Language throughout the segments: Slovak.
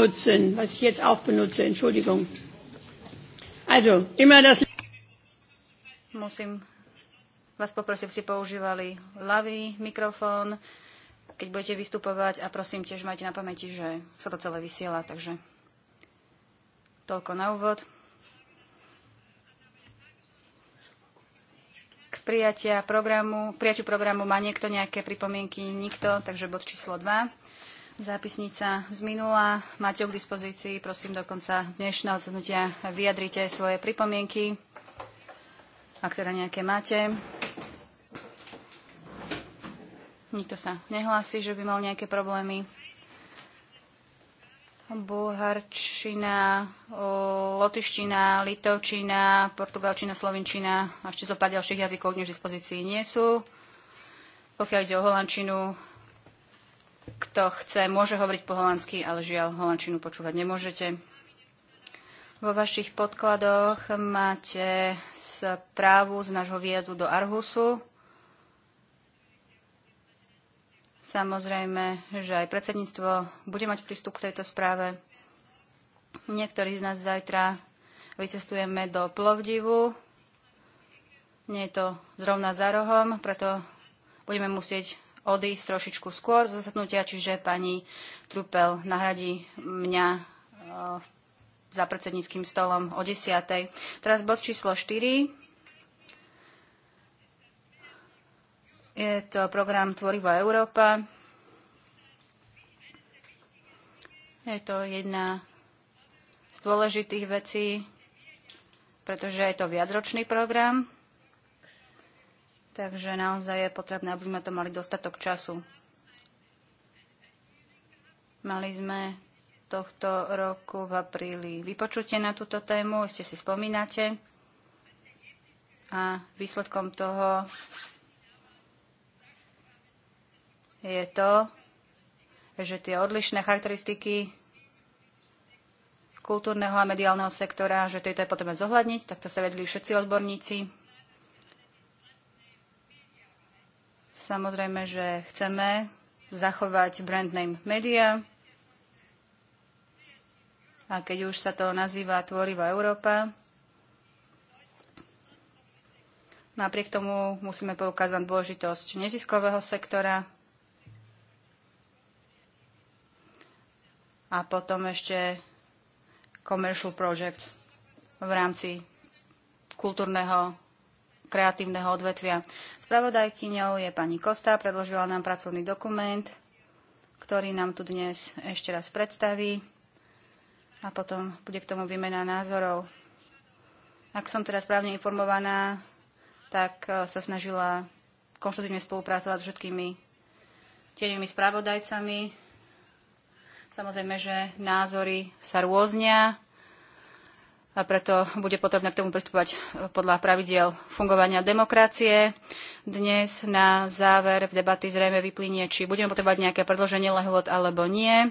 nutzen, was ich jetzt auch benutze. Entschuldigung. Also, immer das... Musím vás poprosiť, aby ste používali ľavý mikrofón, keď budete vystupovať a prosím tiež majte na pamäti, že sa to celé vysiela, takže toľko na úvod. K prijatia programu, prijaťu programu má niekto nejaké pripomienky? Nikto, takže bod číslo 2. Zápisnica z minula. Máte k dispozícii, prosím, do konca dnešného zhodnutia vyjadrite svoje pripomienky, ak teda nejaké máte. Nikto sa nehlási, že by mal nejaké problémy. Bulharčina, lotiština, litovčina, portugalčina, slovinčina a ešte zo pár ďalších jazykov dnes v dispozícii nie sú. Pokiaľ ide o holandčinu, kto chce, môže hovoriť po holandsky, ale žiaľ, holandčinu počúvať nemôžete. Vo vašich podkladoch máte správu z nášho výjazdu do Arhusu. Samozrejme, že aj predsedníctvo bude mať prístup k tejto správe. Niektorí z nás zajtra vycestujeme do Plovdivu. Nie je to zrovna za rohom, preto budeme musieť odísť trošičku skôr zo zasadnutia, čiže pani Trupel nahradí mňa e, za predsedníckým stolom o 10. Teraz bod číslo 4. Je to program Tvorivá Európa. Je to jedna z dôležitých vecí, pretože je to viacročný program. Takže naozaj je potrebné, aby sme to mali dostatok času. Mali sme tohto roku v apríli vypočutie na túto tému, ste si spomínate. A výsledkom toho je to, že tie odlišné charakteristiky kultúrneho a mediálneho sektora, že tieto je potrebné zohľadniť, takto sa vedli všetci odborníci. Samozrejme, že chceme zachovať brand name média. A keď už sa to nazýva Tvorivá Európa, napriek tomu musíme poukázať dôležitosť neziskového sektora, a potom ešte commercial project v rámci kultúrneho kreatívneho odvetvia. Spravodajkyňou je pani Kosta, predložila nám pracovný dokument, ktorý nám tu dnes ešte raz predstaví a potom bude k tomu výmena názorov. Ak som teda správne informovaná, tak e, sa snažila konštruktívne spolupracovať s všetkými tieňovými spravodajcami. Samozrejme, že názory sa rôznia, a preto bude potrebné k tomu pristupovať eh, podľa pravidiel fungovania demokracie. Dnes na záver v debaty zrejme vyplynie, či budeme potrebovať nejaké predloženie lehôd alebo nie.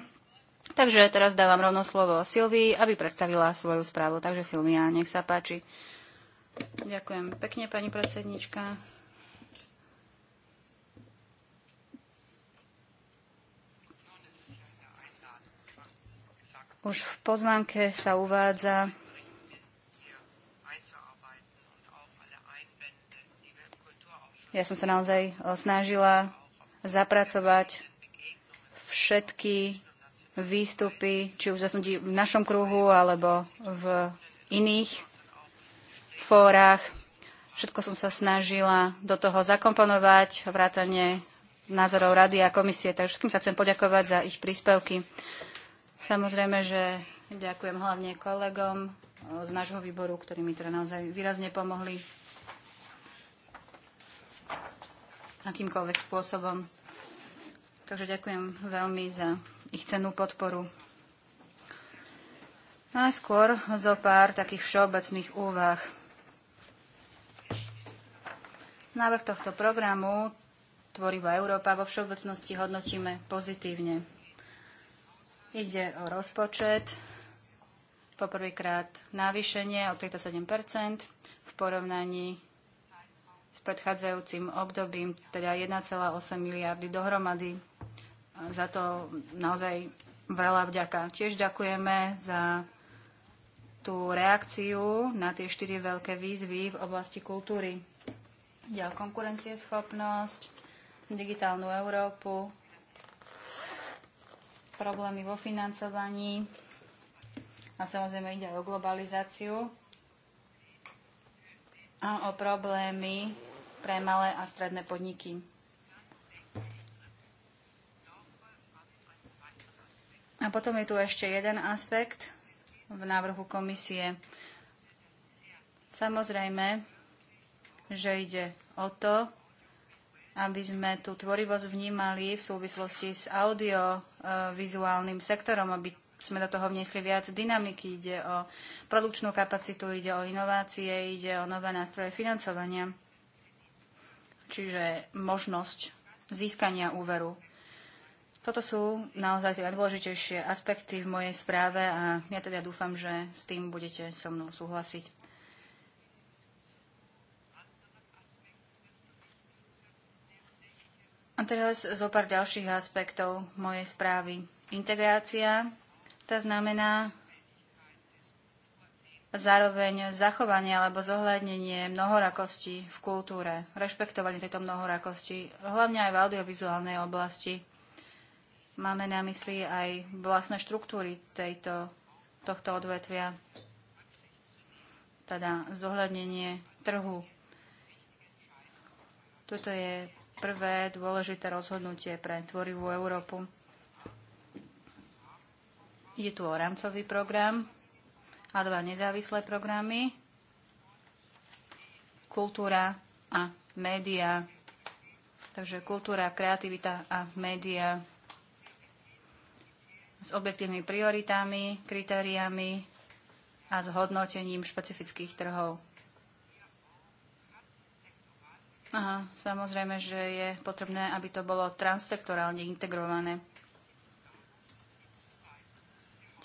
Takže teraz dávam rovno slovo Silvii, aby predstavila svoju správu. Takže Silvia, nech sa páči. Ďakujem pekne, pani predsednička. Už v pozvánke sa uvádza, Ja som sa naozaj e, snažila zapracovať všetky výstupy, či už zasnutí v našom kruhu alebo v iných fórach. Všetko som sa snažila do toho zakomponovať, vrátanie názorov rady a komisie. Takže všetkým sa chcem poďakovať za ich príspevky. Samozrejme, že ďakujem hlavne kolegom e, z nášho výboru, ktorí mi teda naozaj výrazne pomohli akýmkoľvek spôsobom. Takže ďakujem veľmi za ich cenú podporu. No skôr zo pár takých všeobecných úvah. Návrh tohto programu Tvorivá Európa vo všeobecnosti hodnotíme pozitívne. Ide o rozpočet, poprvýkrát návyšenie o 37 v porovnaní s predchádzajúcim obdobím, teda 1,8 miliardy dohromady. Za to naozaj veľa vďaka. Tiež ďakujeme za tú reakciu na tie štyri veľké výzvy v oblasti kultúry. Ďal konkurencieschopnosť, digitálnu Európu, problémy vo financovaní a samozrejme ide aj o globalizáciu a o problémy pre malé a stredné podniky. A potom je tu ešte jeden aspekt v návrhu komisie. Samozrejme, že ide o to, aby sme tú tvorivosť vnímali v súvislosti s audiovizuálnym sektorom, aby sme do toho vniesli viac dynamiky. Ide o produkčnú kapacitu, ide o inovácie, ide o nové nástroje financovania čiže možnosť získania úveru. Toto sú naozaj tie najdôležitejšie aspekty v mojej správe a ja teda dúfam, že s tým budete so mnou súhlasiť. A teraz zo pár ďalších aspektov mojej správy. Integrácia, tá znamená zároveň zachovanie alebo zohľadnenie mnohorakosti v kultúre, rešpektovanie tejto mnohorakosti, hlavne aj v audiovizuálnej oblasti. Máme na mysli aj vlastné štruktúry tejto, tohto odvetvia, teda zohľadnenie trhu. Toto je prvé dôležité rozhodnutie pre tvorivú Európu. Je tu o rámcový program, a dva nezávislé programy kultúra a média. Takže kultúra, kreativita a média s objektívnymi prioritami, kritériami a s hodnotením špecifických trhov. Aha, samozrejme, že je potrebné, aby to bolo transsektorálne integrované.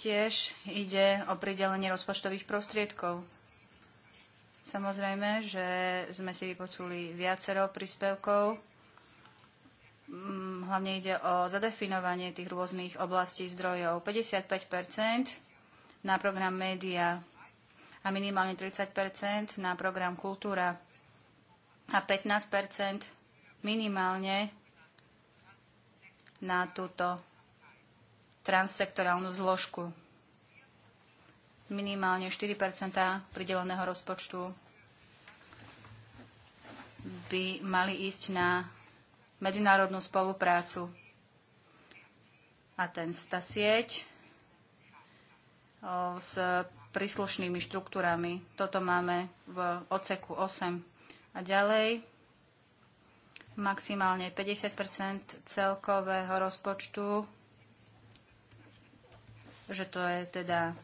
Tiež ide o pridelenie rozpočtových prostriedkov. Samozrejme, že sme si vypočuli viacero príspevkov. Mm, hlavne ide o zadefinovanie tých rôznych oblastí zdrojov. 55 na program média a minimálne 30 na program kultúra a 15 minimálne na túto transsektorálnu zložku. Minimálne 4 prideleného rozpočtu by mali ísť na medzinárodnú spoluprácu. A ten, tá sieť s príslušnými štruktúrami. Toto máme v oceku 8. A ďalej maximálne 50 celkového rozpočtu že to je teda um,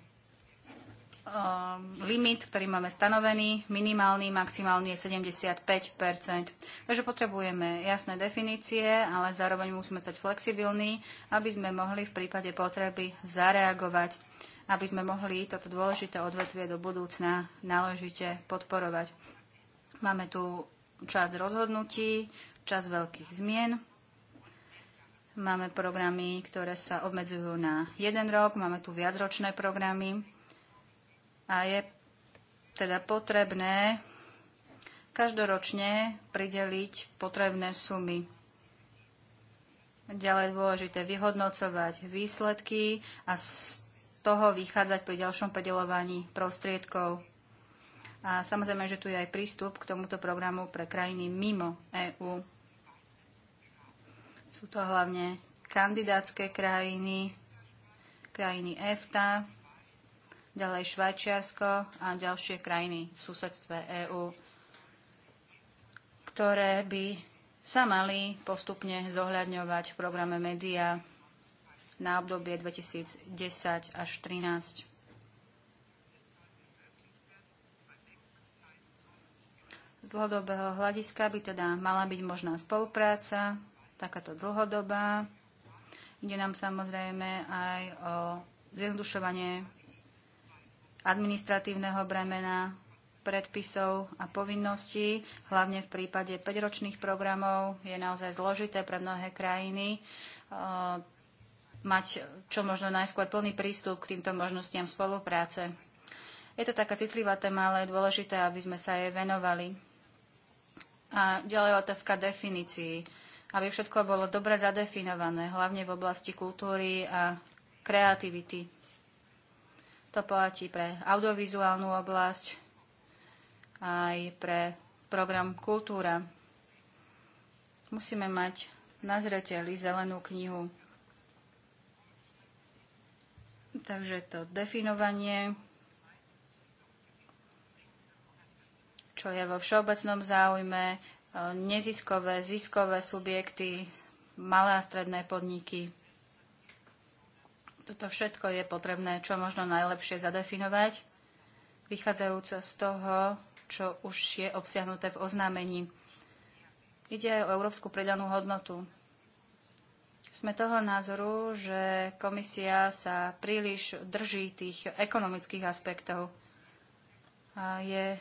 limit, ktorý máme stanovený, minimálny, maximálny je 75 Takže potrebujeme jasné definície, ale zároveň musíme stať flexibilní, aby sme mohli v prípade potreby zareagovať, aby sme mohli toto dôležité odvetvie do budúcna náležite podporovať. Máme tu čas rozhodnutí, čas veľkých zmien Máme programy, ktoré sa obmedzujú na jeden rok, máme tu viacročné programy a je teda potrebné každoročne prideliť potrebné sumy. Ďalej je dôležité vyhodnocovať výsledky a z toho vychádzať pri ďalšom predelovaní prostriedkov. A samozrejme, že tu je aj prístup k tomuto programu pre krajiny mimo EÚ. Sú to hlavne kandidátske krajiny, krajiny EFTA, ďalej Švajčiarsko a ďalšie krajiny v susedstve EÚ, ktoré by sa mali postupne zohľadňovať v programe Media na obdobie 2010 až 2013. Z dlhodobého hľadiska by teda mala byť možná spolupráca takáto dlhodobá. Ide nám samozrejme aj o zjednodušovanie administratívneho bremena, predpisov a povinností, hlavne v prípade 5-ročných programov je naozaj zložité pre mnohé krajiny eh, mať čo možno najskôr plný prístup k týmto možnostiam spolupráce. Je to taká citlivá téma, ale je dôležité, aby sme sa jej venovali. A ďalej otázka definícií aby všetko bolo dobre zadefinované, hlavne v oblasti kultúry a kreativity. To platí pre audiovizuálnu oblasť, aj pre program Kultúra. Musíme mať na zreteli zelenú knihu. Takže to definovanie, čo je vo všeobecnom záujme neziskové, ziskové subjekty, malé a stredné podniky. Toto všetko je potrebné čo možno najlepšie zadefinovať, vychádzajúco z toho, čo už je obsiahnuté v oznámení. Ide aj o európsku pridanú hodnotu. Sme toho názoru, že komisia sa príliš drží tých ekonomických aspektov. A je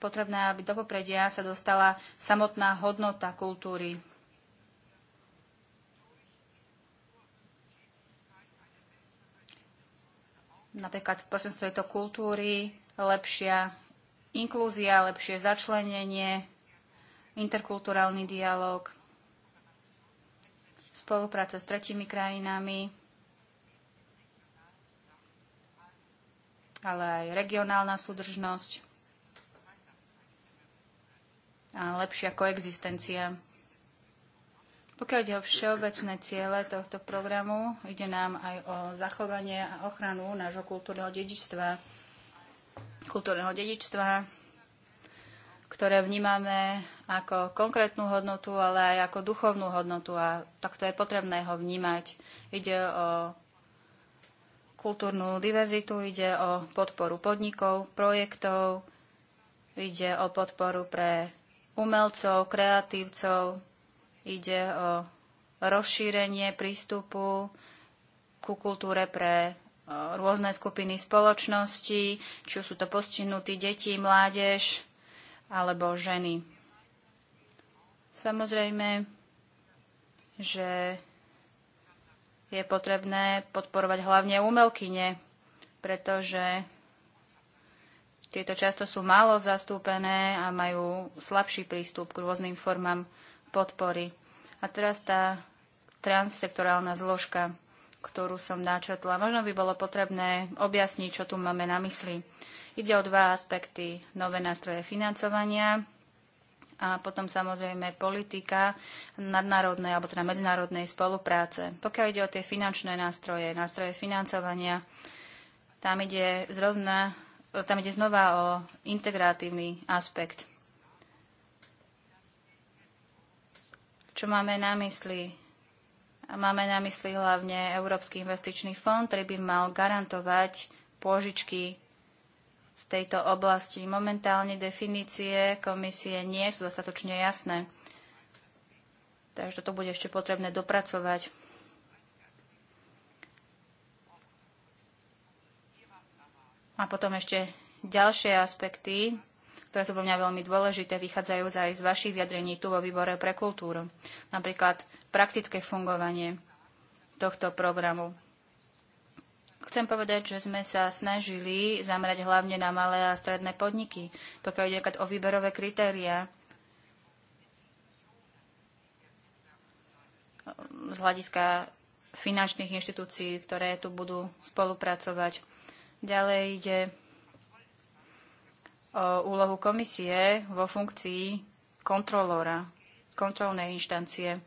potrebné, aby do popredia sa dostala samotná hodnota kultúry. Napríklad prostredstvo tejto kultúry lepšia inklúzia, lepšie začlenenie, interkulturálny dialog, spolupráca s tretimi krajinami, ale aj regionálna súdržnosť a lepšia koexistencia. Pokiaľ ide o všeobecné ciele tohto programu, ide nám aj o zachovanie a ochranu nášho kultúrneho dedičstva, kultúrneho dedičstva, ktoré vnímame ako konkrétnu hodnotu, ale aj ako duchovnú hodnotu a takto je potrebné ho vnímať. Ide o kultúrnu diverzitu, ide o podporu podnikov, projektov, ide o podporu pre umelcov, kreatívcov, ide o rozšírenie prístupu ku kultúre pre rôzne skupiny spoločnosti, či sú to postihnutí deti, mládež alebo ženy. Samozrejme, že je potrebné podporovať hlavne umelkyne, pretože tieto často sú málo zastúpené a majú slabší prístup k rôznym formám podpory. A teraz tá transsektorálna zložka, ktorú som načrtla. Možno by bolo potrebné objasniť, čo tu máme na mysli. Ide o dva aspekty. Nové nástroje financovania a potom samozrejme politika nadnárodnej alebo teda medzinárodnej spolupráce. Pokiaľ ide o tie finančné nástroje, nástroje financovania, tam ide zrovna tam ide znova o integratívny aspekt. Čo máme na mysli? Máme na mysli hlavne Európsky investičný fond, ktorý by mal garantovať pôžičky v tejto oblasti. Momentálne definície komisie nie sú dostatočne jasné. Takže toto bude ešte potrebné dopracovať. A potom ešte ďalšie aspekty, ktoré sú pre mňa veľmi dôležité, vychádzajú aj z vašich vyjadrení tu vo výbore pre kultúru. Napríklad praktické fungovanie tohto programu. Chcem povedať, že sme sa snažili zamerať hlavne na malé a stredné podniky, pokiaľ ide o výberové kritéria z hľadiska finančných inštitúcií, ktoré tu budú spolupracovať. Ďalej ide o úlohu komisie vo funkcii kontrolóra, kontrolnej inštancie.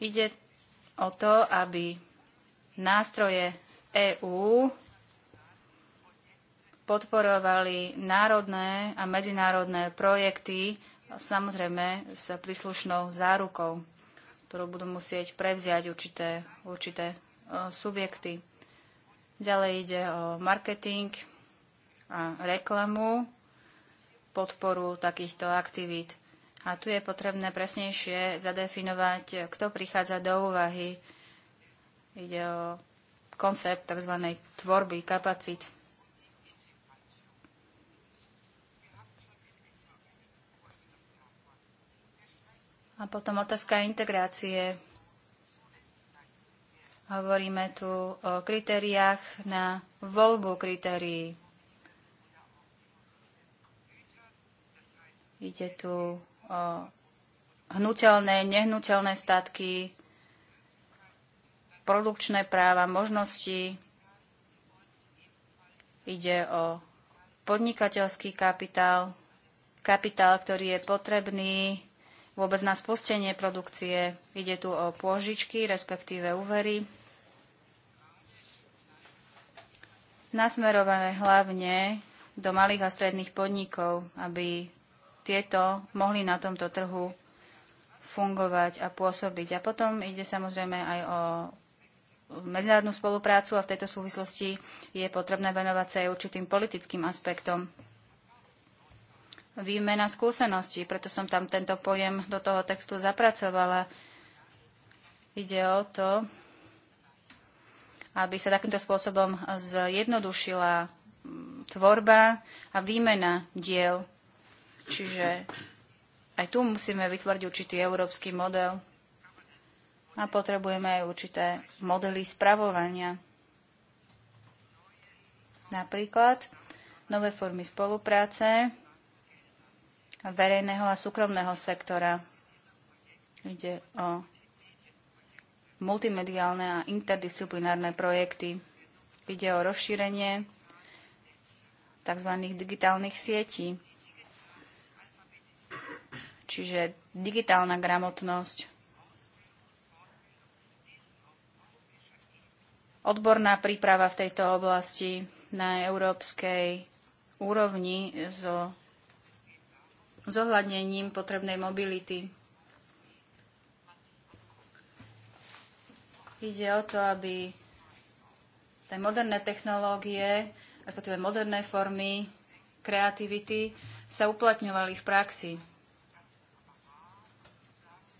Ide o to, aby nástroje EÚ podporovali národné a medzinárodné projekty, samozrejme s príslušnou zárukou, ktorú budú musieť prevziať určité, určité e, subjekty. Ďalej ide o marketing a reklamu, podporu takýchto aktivít. A tu je potrebné presnejšie zadefinovať, kto prichádza do úvahy. Ide o koncept tzv. tvorby kapacít. A potom otázka integrácie Hovoríme tu o kritériách na voľbu kritérií. Ide tu o hnutelné, nehnuteľné statky, produkčné práva, možnosti. Ide o podnikateľský kapitál, kapitál, ktorý je potrebný vôbec na spustenie produkcie. Ide tu o pôžičky, respektíve úvery, nasmerované hlavne do malých a stredných podnikov, aby tieto mohli na tomto trhu fungovať a pôsobiť. A potom ide samozrejme aj o medzinárodnú spoluprácu a v tejto súvislosti je potrebné venovať sa aj určitým politickým aspektom výmena skúseností, preto som tam tento pojem do toho textu zapracovala. Ide o to, aby sa takýmto spôsobom zjednodušila mm, tvorba a výmena diel. Čiže aj tu musíme vytvoriť určitý európsky model a potrebujeme aj určité modely spravovania. Napríklad nové formy spolupráce, verejného a súkromného sektora. Ide o multimediálne a interdisciplinárne projekty. Ide o rozšírenie tzv. digitálnych sietí, čiže digitálna gramotnosť, odborná príprava v tejto oblasti na európskej úrovni so zohľadnením potrebnej mobility. Ide o to, aby tie moderné technológie, respektíve moderné formy kreativity sa uplatňovali v praxi.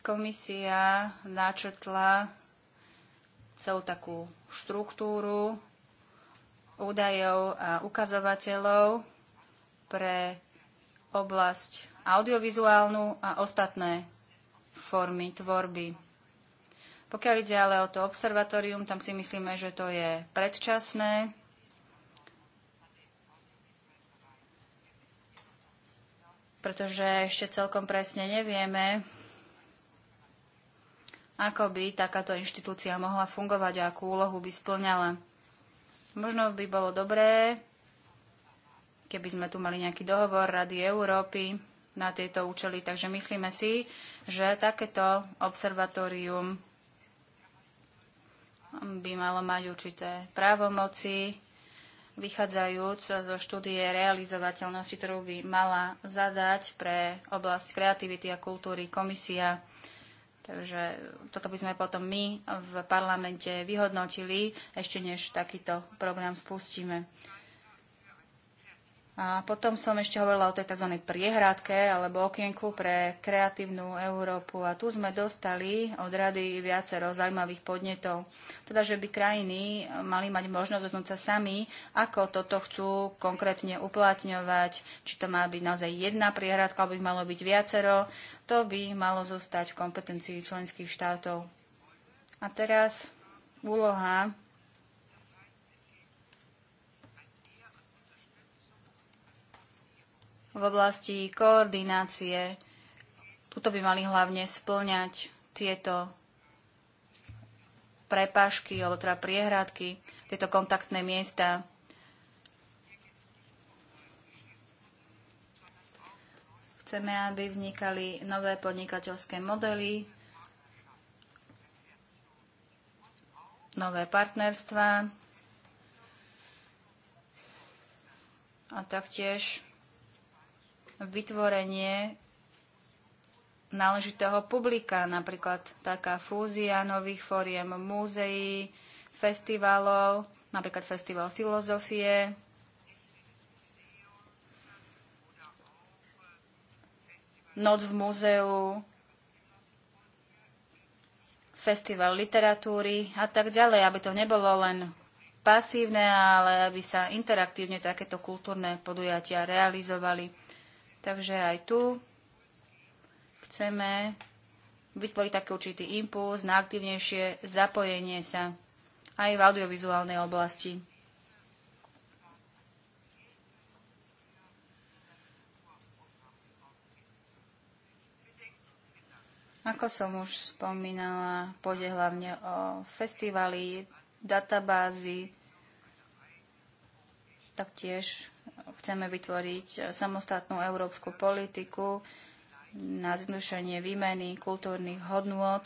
Komisia načrtla celú takú štruktúru údajov a ukazovateľov pre oblasť audiovizuálnu a ostatné formy tvorby. Pokiaľ ide ale o to observatórium, tam si myslíme, že to je predčasné. pretože ešte celkom presne nevieme, ako by takáto inštitúcia mohla fungovať a akú úlohu by splňala. Možno by bolo dobré, keby sme tu mali nejaký dohovor Rady Európy, na tieto účely. Takže myslíme si, že takéto observatórium by malo mať určité právomoci, vychádzajúc zo štúdie realizovateľnosti, ktorú by mala zadať pre oblasť kreativity a kultúry komisia. Takže toto by sme potom my v parlamente vyhodnotili, ešte než takýto program spustíme. A potom som ešte hovorila o tej tzv. priehradke alebo okienku pre kreatívnu Európu a tu sme dostali od rady viacero zaujímavých podnetov. Teda, že by krajiny mali mať možnosť dotknúť sa sami, ako toto chcú konkrétne uplatňovať, či to má byť naozaj jedna priehradka, alebo by malo byť viacero. To by malo zostať v kompetencii členských štátov. A teraz úloha v oblasti koordinácie. Tuto by mali hlavne splňať tieto prepašky alebo teda priehradky, tieto kontaktné miesta. Chceme, aby vznikali nové podnikateľské modely, nové partnerstva a taktiež vytvorenie náležitého publika, napríklad taká fúzia nových fóriem múzeí, festivalov, napríklad festival filozofie, noc v múzeu, festival literatúry a tak ďalej, aby to nebolo len pasívne, ale aby sa interaktívne takéto kultúrne podujatia realizovali. Takže aj tu chceme vytvoriť taký určitý impuls na aktívnejšie zapojenie sa aj v audiovizuálnej oblasti. Ako som už spomínala, pôjde hlavne o festivaly, databázy, taktiež Chceme vytvoriť e, samostatnú európsku politiku na zjednodušenie výmeny kultúrnych hodnôt,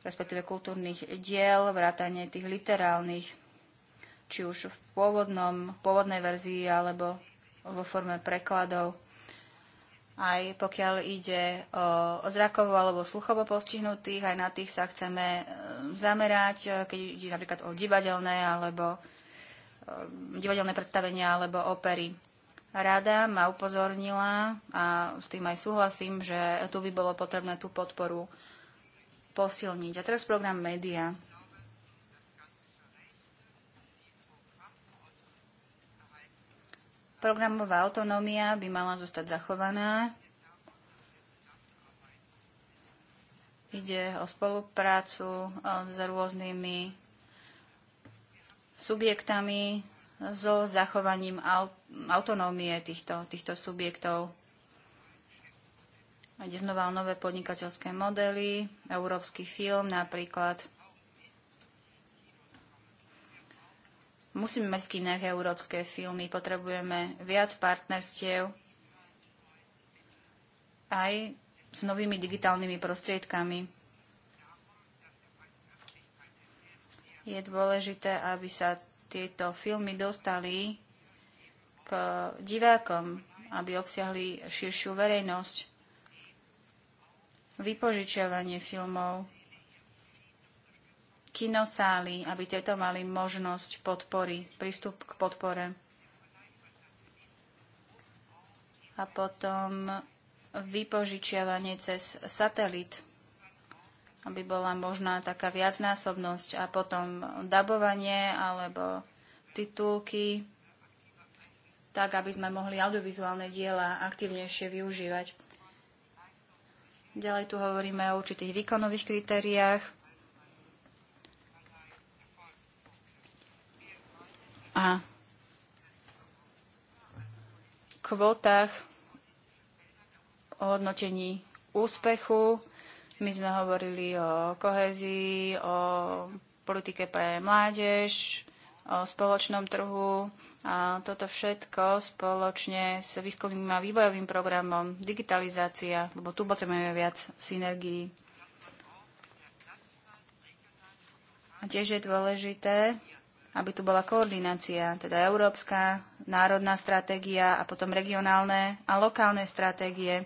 respektíve kultúrnych diel, vrátanie tých literálnych, či už v pôvodnom, pôvodnej verzii alebo vo forme prekladov aj pokiaľ ide o, zrakovo alebo sluchovo postihnutých, aj na tých sa chceme e, zamerať, e, keď ide napríklad o divadelné alebo Eh, divadelné predstavenia alebo opery. Rada ma upozornila a s tým aj súhlasím, že tu by bolo potrebné tú podporu posilniť. A teraz program Média. Programová autonómia by mala zostať zachovaná. Ide o spoluprácu eh, s rôznymi subjektami so zachovaním autonómie týchto, týchto subjektov. Ide znova o nové podnikateľské modely, európsky film napríklad. Musíme mať v kinách európske filmy, potrebujeme viac partnerstiev aj s novými digitálnymi prostriedkami. Je dôležité, aby sa tieto filmy dostali k divákom, aby obsiahli širšiu verejnosť. Vypožičiavanie filmov, kinosály, aby tieto mali možnosť podpory, prístup k podpore. A potom vypožičiavanie cez satelit aby bola možná taká viacnásobnosť a potom dabovanie alebo titulky, tak aby sme mohli audiovizuálne diela aktívnejšie využívať. Ďalej tu hovoríme o určitých výkonových kritériách. A kvótach o hodnotení úspechu my sme hovorili o kohezii, o politike pre mládež, o spoločnom trhu, a toto všetko spoločne s výskumným a vývojovým programom, digitalizácia, lebo tu potrebujeme viac synergií. A tiež je dôležité, aby tu bola koordinácia, teda európska, národná stratégia a potom regionálne a lokálne stratégie,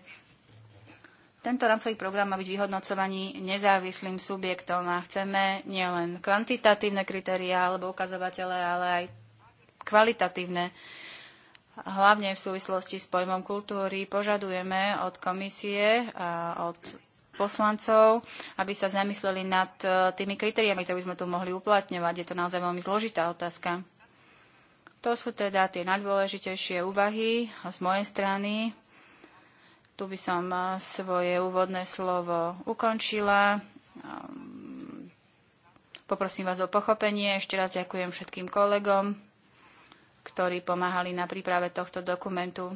tento rámcový program má byť vyhodnocovaný nezávislým subjektom a chceme nielen kvantitatívne kritériá alebo ukazovatele, ale aj kvalitatívne. Hlavne v súvislosti s pojmom kultúry požadujeme od komisie a od poslancov, aby sa zamysleli nad e, tými kritériami, ktoré by sme tu mohli uplatňovať. Je to naozaj veľmi zložitá otázka. To sú teda tie najdôležitejšie úvahy z mojej strany. Tu by som svoje úvodné slovo ukončila. Poprosím vás o pochopenie. Ešte raz ďakujem všetkým kolegom, ktorí pomáhali na príprave tohto dokumentu.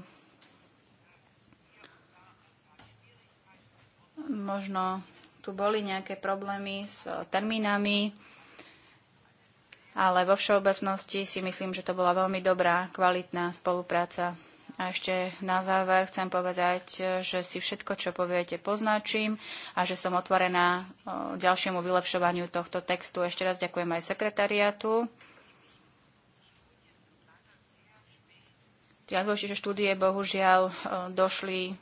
Možno tu boli nejaké problémy s termínami, ale vo všeobecnosti si myslím, že to bola veľmi dobrá, kvalitná spolupráca. A ešte na záver chcem povedať, že si všetko, čo poviete, poznačím a že som otvorená ďalšiemu vylepšovaniu tohto textu. Ešte raz ďakujem aj sekretariátu. Tie najdôležitejšie štúdie bohužiaľ došli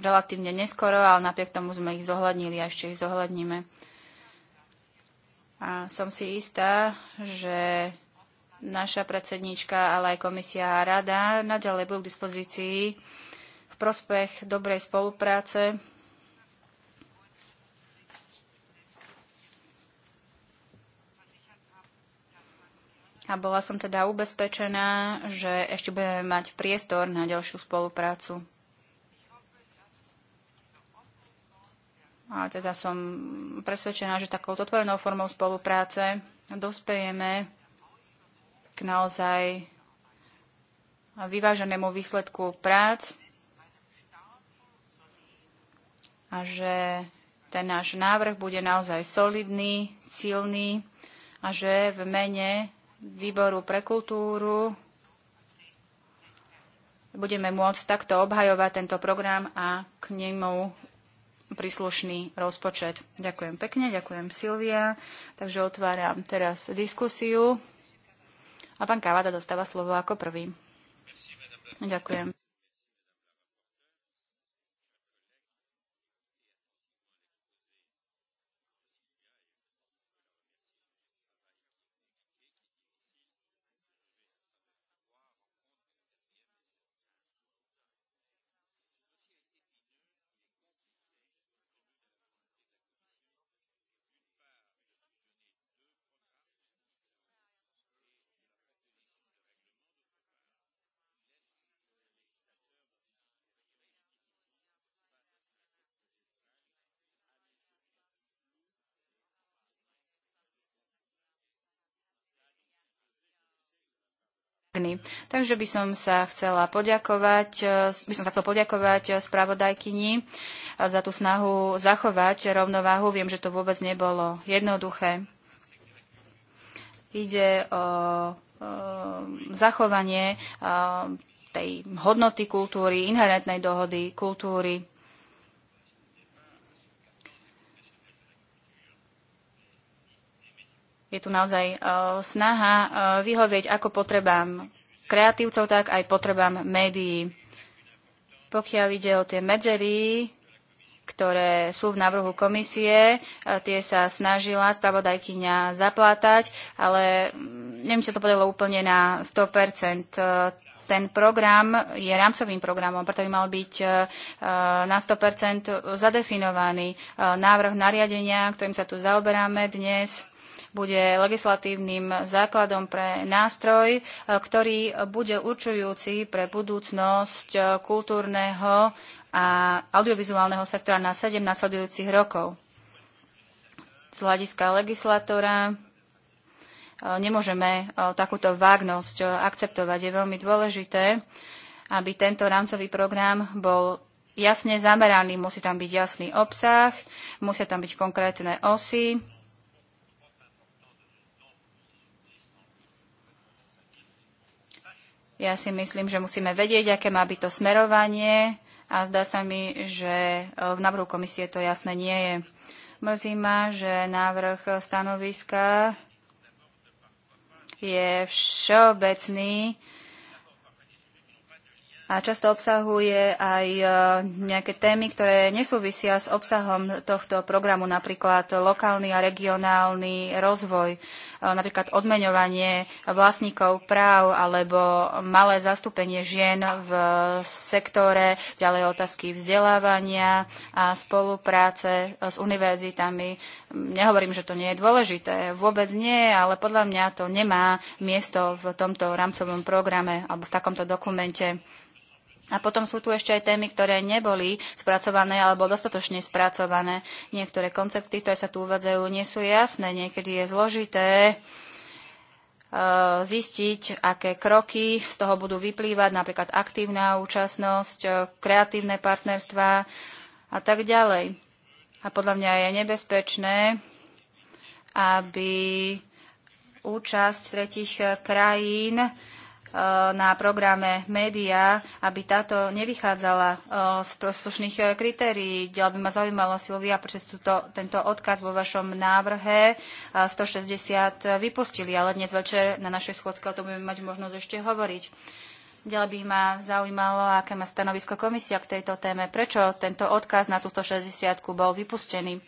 relatívne neskoro, ale napriek tomu sme ich zohľadnili a ešte ich zohľadníme. A som si istá, že naša predsedníčka, ale aj komisia a rada naďalej budú k dispozícii v prospech dobrej spolupráce a bola som teda ubezpečená, že ešte budeme mať priestor na ďalšiu spoluprácu. A teda som presvedčená, že takouto otvorenou formou spolupráce dospejeme k naozaj vyváženému výsledku prác a že ten náš návrh bude naozaj solidný, silný a že v mene výboru pre kultúru budeme môcť takto obhajovať tento program a k nemu príslušný rozpočet. Ďakujem pekne, ďakujem Silvia. Takže otváram teraz diskusiu. A pán Kavada dostáva slovo ako prvý. Ďakujem. Takže by som sa chcela poďakovať, e, by som sa chcela poďakovať e, spravodajkyni e, za tú snahu zachovať rovnováhu. Viem, že to vôbec nebolo jednoduché. Ide o, o zachovanie o, tej hodnoty kultúry, inherentnej dohody kultúry je tu naozaj e, snaha e, vyhovieť ako potrebám kreatívcov, tak aj potrebám médií. Pokiaľ ide o tie medzery, ktoré sú v návrhu komisie, e, tie sa snažila spravodajkyňa zaplátať, ale mm, neviem, či to podelo úplne na 100% ten program je rámcovým programom, preto by mal byť na 100% zadefinovaný. Návrh nariadenia, ktorým sa tu zaoberáme dnes, bude legislatívnym základom pre nástroj, e, ktorý bude určujúci pre budúcnosť e, kultúrneho a audiovizuálneho sektora na 7 nasledujúcich rokov. Z hľadiska legislatora e, nemôžeme takúto vágnosť akceptovať. Je veľmi dôležité, aby tento rámcový program bol jasne zameraný. Musí tam byť jasný obsah, musia tam byť konkrétne osy, Ja si myslím, že musíme vedieť, aké má byť to smerovanie a zdá sa mi, že e, v návrhu komisie to jasné nie je. Mrzí ma, že návrh stanoviska je všeobecný a často obsahuje aj e, nejaké témy, ktoré nesúvisia s obsahom tohto programu, napríklad lokálny a regionálny rozvoj, e, napríklad odmeňovanie vlastníkov práv alebo malé zastúpenie žien v sektore, ďalej otázky vzdelávania a spolupráce s univerzitami. Nehovorím, že to nie je dôležité, vôbec nie, ale podľa mňa to nemá miesto v tomto rámcovom programe alebo v takomto dokumente. A potom sú tu ešte aj témy, ktoré neboli spracované alebo dostatočne spracované. Niektoré koncepty, ktoré sa tu uvádzajú, nie sú jasné. Niekedy je zložité e, zistiť, aké kroky z toho budú vyplývať, napríklad aktívna účastnosť, e, kreatívne partnerstva a tak ďalej. A podľa mňa je nebezpečné, aby účasť tretich krajín E, na programe média, aby táto nevychádzala e, z proslušných e, kritérií. Ďalej by ma zaujímalo, Silvia, prečo túto, tento odkaz vo vašom návrhe 160 vypustili, ale dnes večer na našej schodke o tom budeme mať možnosť ešte hovoriť. Ďalej by ma zaujímalo, aké má stanovisko komisia k tejto téme, prečo tento odkaz na tú 160 bol vypustený.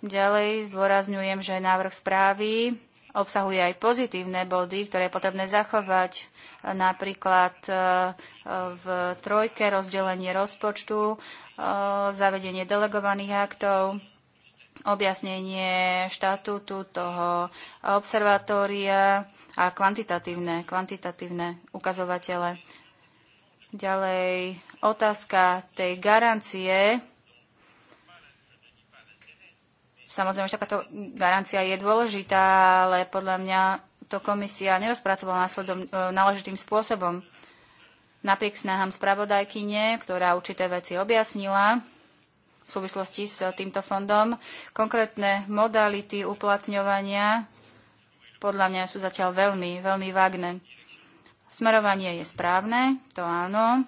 Ďalej zdôrazňujem, že návrh správy obsahuje aj pozitívne body, ktoré je potrebné zachovať. Napríklad e, e, v trojke rozdelenie rozpočtu, e, zavedenie delegovaných aktov, objasnenie štatútu toho observatória a kvantitatívne, kvantitatívne ukazovatele. Ďalej otázka tej garancie Samozrejme, že takáto garancia je dôležitá, ale podľa mňa to komisia nerozpracovala následom, e, náležitým spôsobom. Napriek snahám spravodajkyne, ktorá určité veci objasnila v súvislosti s týmto fondom, konkrétne modality uplatňovania podľa mňa sú zatiaľ veľmi, veľmi vágne. Smerovanie je správne, to áno,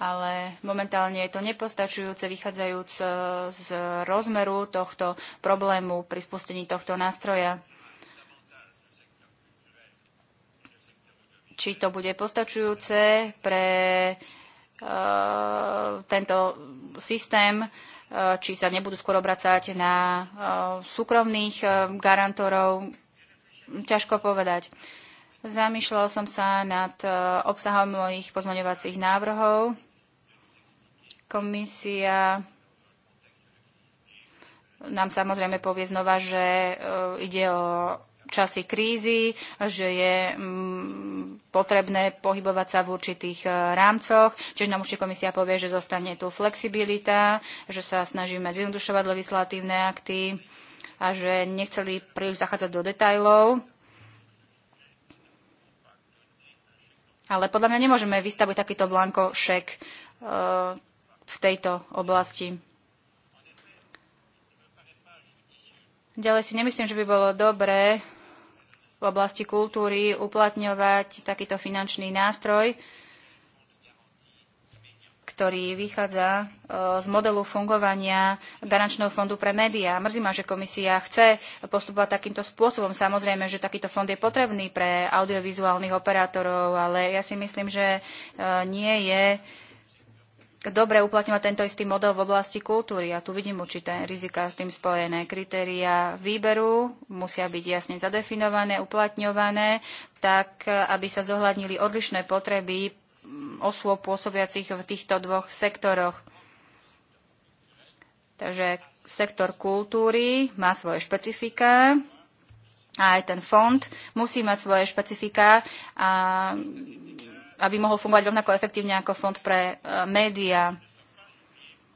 ale momentálne je to nepostačujúce, vychádzajúc e, z rozmeru tohto problému pri spustení tohto nástroja. Či to bude postačujúce pre e, tento systém, e, či sa nebudú skôr obracať na súkromných garantorov, ťažko povedať. Zamýšľal som sa nad obsahom mojich pozmaňovacích návrhov Komisia nám samozrejme povie znova, že e, ide o časy krízy, že je mm, potrebné pohybovať sa v určitých e, rámcoch. Čiže nám určite komisia povie, že zostane tu flexibilita, že sa snažíme zjednodušovať legislatívne akty a že nechceli príliš zachádzať do detajlov. Ale podľa mňa nemôžeme vystaviť takýto blanko šek e, v tejto oblasti. Ďalej si nemyslím, že by bolo dobré v oblasti kultúry uplatňovať takýto finančný nástroj, ktorý vychádza e, z modelu fungovania garančného fondu pre médiá. Mrzí ma, že komisia chce postupovať takýmto spôsobom. Samozrejme, že takýto fond je potrebný pre audiovizuálnych operátorov, ale ja si myslím, že e, nie je dobre uplatňovať tento istý model v oblasti kultúry. A tu vidím určité rizika s tým spojené. Kritéria výberu musia byť jasne zadefinované, uplatňované, tak aby sa zohľadnili odlišné potreby osôb pôsobiacich v týchto dvoch sektoroch. Takže sektor kultúry má svoje špecifika a aj ten fond musí mať svoje špecifika a aby mohol fungovať rovnako efektívne ako fond pre e, médiá.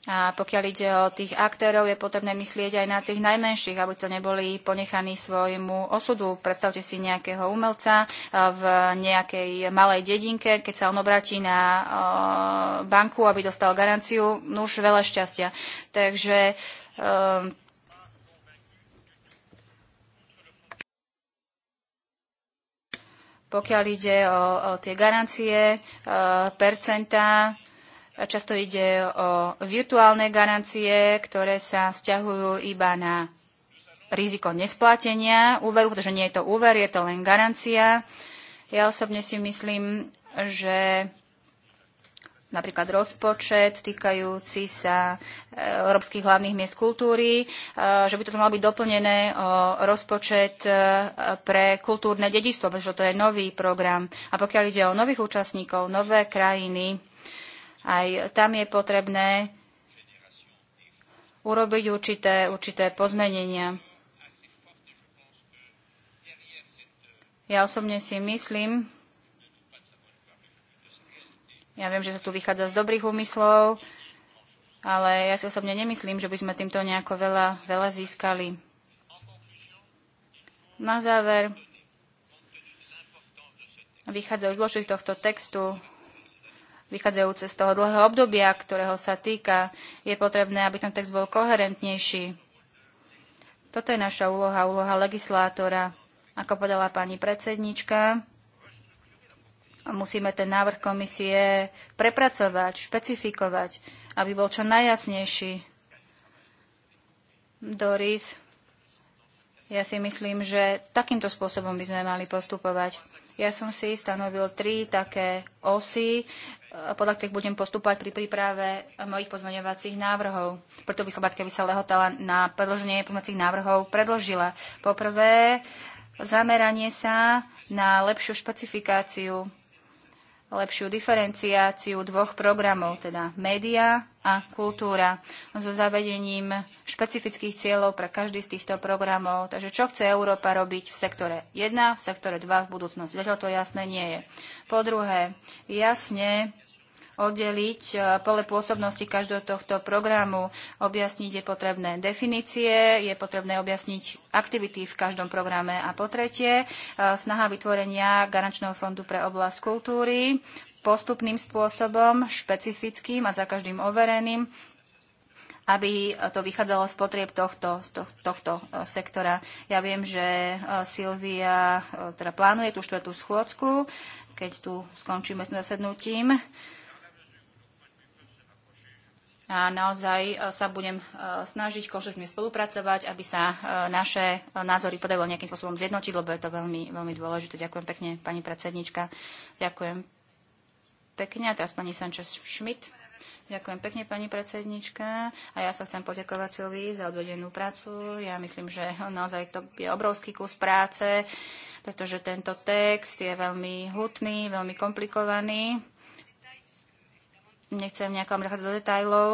A pokiaľ ide o tých aktérov, je potrebné myslieť aj na tých najmenších, aby to neboli ponechaní svojmu osudu. Predstavte si nejakého umelca e, v nejakej malej dedinke, keď sa on obratí na e, banku, aby dostal garanciu, no už veľa šťastia. Takže Pokiaľ ide o, o tie garancie, e, percentá, často ide o virtuálne garancie, ktoré sa vzťahujú iba na riziko nesplatenia úveru, pretože nie je to úver, je to len garancia. Ja osobne si myslím, že napríklad rozpočet týkajúci sa e, európskych hlavných miest kultúry, e, že by toto malo byť doplnené o rozpočet e, pre kultúrne dedistvo, pretože to je nový program. A pokiaľ ide o nových účastníkov, nové krajiny, aj tam je potrebné urobiť určité, určité pozmenenia. Ja osobne si myslím, ja viem, že sa tu vychádza z dobrých úmyslov, ale ja si osobne nemyslím, že by sme týmto nejako veľa, veľa získali. Na záver, vychádzajú zložky tohto textu, vychádzajúce z toho dlhého obdobia, ktorého sa týka, je potrebné, aby ten text bol koherentnejší. Toto je naša úloha, úloha legislátora. Ako povedala pani predsednička, musíme ten návrh komisie prepracovať, špecifikovať, aby bol čo najjasnejší. Doris, ja si myslím, že takýmto spôsobom by sme mali postupovať. Ja som si stanovil tri také osy, podľa ktorých budem postupovať pri príprave mojich pozmeňovacích návrhov. Preto by som Batka Vysela Hotala na predloženie pomocných návrhov predložila. Poprvé, zameranie sa na lepšiu špecifikáciu lepšiu diferenciáciu dvoch programov, teda média a kultúra, so zavedením špecifických cieľov pre každý z týchto programov. Takže čo chce Európa robiť v sektore 1, v sektore 2 v budúcnosti? Zatiaľ to jasné nie je. Po druhé, jasne oddeliť e, pole pôsobnosti každého tohto programu, objasniť je potrebné definície, je potrebné objasniť aktivity v každom programe a po tretie e, snaha vytvorenia garančného fondu pre oblasť kultúry postupným spôsobom, špecifickým a za každým overeným, aby to vychádzalo z potrieb tohto, z tohto e, sektora. Ja viem, že Silvia teda plánuje tú štvrtú schôdzku, keď tu skončíme s zasednutím a naozaj e, sa budem e, snažiť konštruktívne spolupracovať, aby sa e, naše názory podarilo nejakým spôsobom zjednotiť, lebo je to veľmi, veľmi dôležité. Ďakujem pekne, pani predsednička. Ďakujem pekne. A teraz pani Sanchez Schmidt. Ďakujem pekne, pani predsednička. A ja sa chcem poďakovať Silvi za odvedenú prácu. Ja myslím, že naozaj to je obrovský kus práce, pretože tento text je veľmi hutný, veľmi komplikovaný Nechcem nejako vám do detajlov.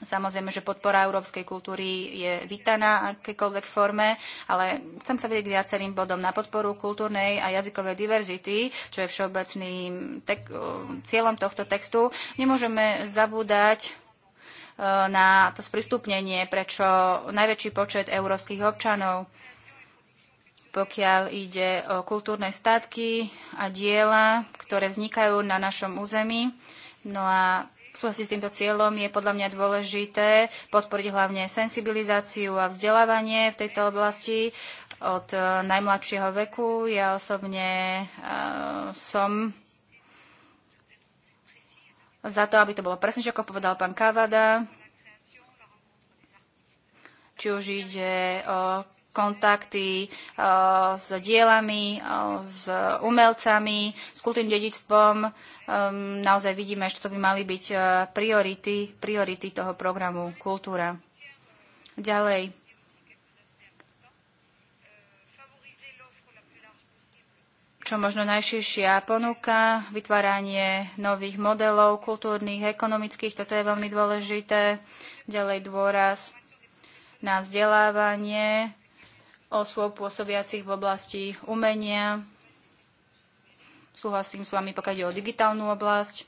Samozrejme, že podpora európskej kultúry je vítaná v akékoľvek forme, ale chcem sa vedieť k viacerým bodom na podporu kultúrnej a jazykovej diverzity, čo je všeobecným cieľom tohto textu. Nemôžeme zabúdať e, na to sprístupnenie, prečo najväčší počet európskych občanov, pokiaľ ide o kultúrne statky a diela, ktoré vznikajú na našom území, No a súvisí s týmto cieľom je podľa mňa dôležité podporiť hlavne sensibilizáciu a vzdelávanie v tejto oblasti od e, najmladšieho veku. Ja osobne uh, som za to, aby to bolo presne, ako povedal pán Kavada, či už ide o kontakty eh, s dielami, eh, s umelcami, s kultým dedičstvom. Naozaj vidíme, že to by mali byť eh, priority, priority toho programu Kultúra. Ďalej. čo možno najširšia ponuka, vytváranie nových modelov kultúrnych, ekonomických, toto je veľmi dôležité. Ďalej dôraz na vzdelávanie, osôb pôsobiacich v oblasti umenia. Súhlasím s vami, pokiaľ ide o digitálnu oblasť.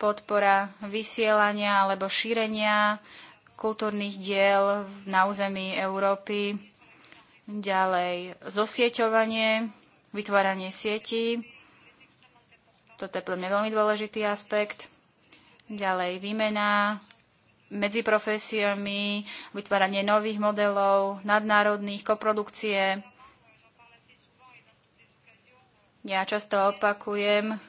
Podpora vysielania alebo šírenia kultúrnych diel na území Európy. Ďalej zosieťovanie, vytváranie sietí. Toto je pre mňa veľmi dôležitý aspekt. Ďalej výmena medzi profesiami, vytváranie nových modelov, nadnárodných, koprodukcie. Ja často opakujem,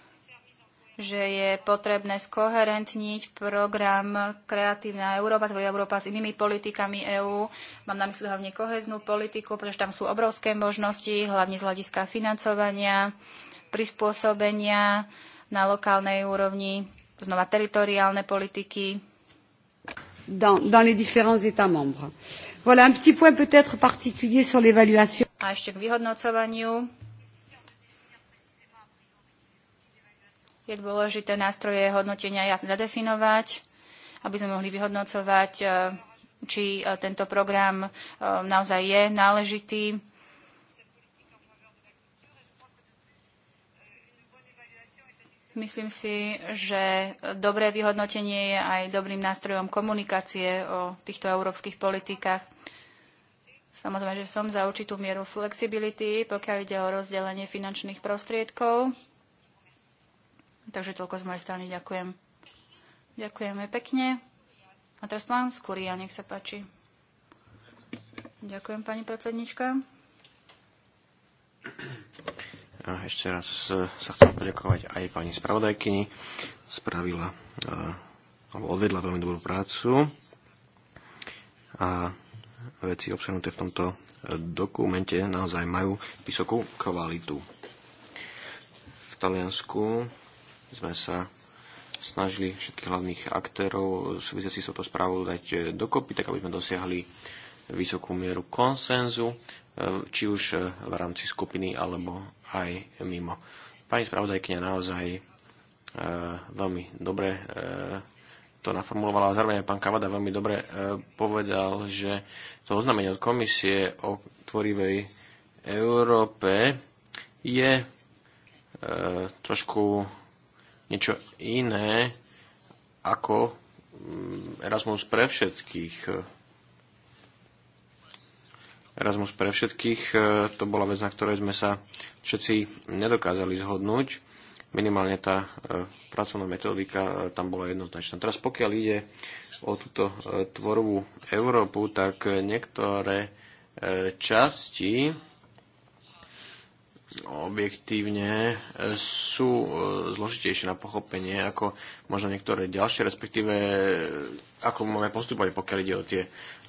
že je potrebné skoherentniť program Kreatívna Európa, teda Európa s inými politikami EÚ. Mám na mysli hlavne koheznú politiku, pretože tam sú obrovské možnosti, hlavne z hľadiska financovania, prispôsobenia na lokálnej úrovni, znova teritoriálne politiky, dans, dans les différents États membres. Voilà un petit point peut-être particulier sur l'évaluation. A ešte k vyhodnocovaniu. Je dôležité nástroje hodnotenia jasne zadefinovať, aby sme mohli vyhodnocovať, eh, či eh, tento program eh, naozaj je náležitý Myslím si, že dobré vyhodnotenie je aj dobrým nástrojom komunikácie o týchto európskych politikách. Samozrejme, že som za určitú mieru flexibility, pokiaľ ide o rozdelenie finančných prostriedkov. Takže toľko z mojej strany. Ďakujem. Ďakujeme pekne. A teraz pán Skúria, nech sa páči. Ďakujem, pani predsednička. A ešte raz e, sa chcem poďakovať aj pani spravodajkyni. Spravila e, alebo odvedla veľmi dobrú prácu a veci obsahnuté v tomto e, dokumente naozaj majú vysokú kvalitu. V Taliansku sme sa snažili všetkých hlavných aktérov súvisiaci s touto správou dať dokopy, tak aby sme dosiahli vysokú mieru konsenzu, e, či už e, v rámci skupiny alebo aj mimo. Pani spravodajkňa naozaj e, veľmi dobre to naformulovala a zároveň aj pán Kavada veľmi dobre povedal, že to oznámenie od komisie o tvorivej Európe je trošku niečo iné ako mm, Erasmus pre všetkých Erasmus pre všetkých, e, to bola vec, na ktorej sme sa všetci nedokázali zhodnúť. Minimálne tá e, pracovná metodika e, tam bola jednoznačná. Teraz pokiaľ ide o túto tvorbu Európu, tak niektoré časti objektívne e, sú e, zložitejšie na pochopenie ako možno niektoré ďalšie, respektíve e, ako máme postupovať, pokiaľ ide o tie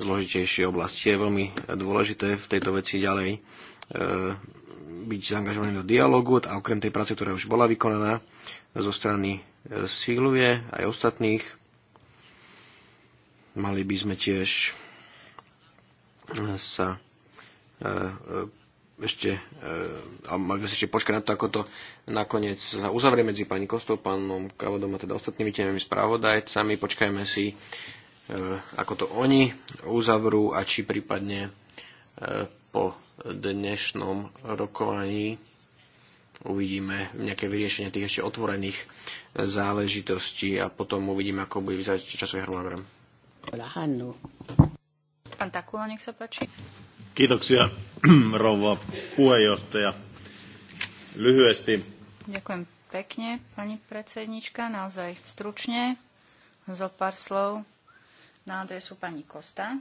zložitejšie oblasti. Je veľmi dôležité v tejto veci ďalej byť zaangažovaný do dialogu a okrem tej práce, ktorá už bola vykonaná zo strany Silvie aj ostatných, mali by sme tiež sa ešte, eh, a mali by ešte počkať na to, ako to nakoniec sa uzavrie medzi pani Kostou, pánom Kavodom a teda ostatnými tenami spravodajcami. Počkajme si, eh, ako to oni uzavrú a či prípadne eh, po dnešnom rokovaní uvidíme nejaké vyriešenie tých ešte otvorených záležitostí a potom uvidíme, ako bude vyzerať časový harmonogram. Pán Takula, nech sa páči. Kiitoksia, rouva Ďakujem pekne, pani predsednička, naozaj stručne, zo pár slov na adresu pani costa.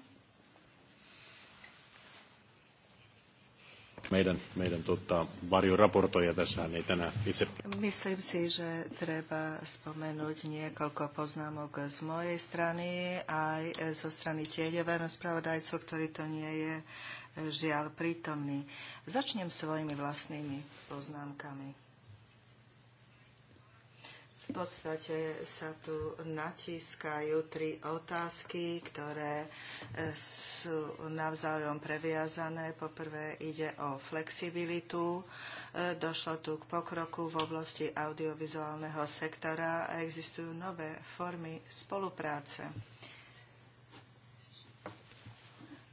meidän, meidän tota, varjoraportoja tässähän ei tänään itse... Myslím si, že treba spomenúť niekoľko poznámok z mojej strany aj zo strany tieňového spravodajcu, ktorý to nie je žiaľ prítomný. Začnem svojimi vlastnými poznámkami. V podstate sa tu natískajú tri otázky, ktoré e, sú navzájom previazané. Poprvé ide o flexibilitu. E, došlo tu k pokroku v oblasti audiovizuálneho sektora a existujú nové formy spolupráce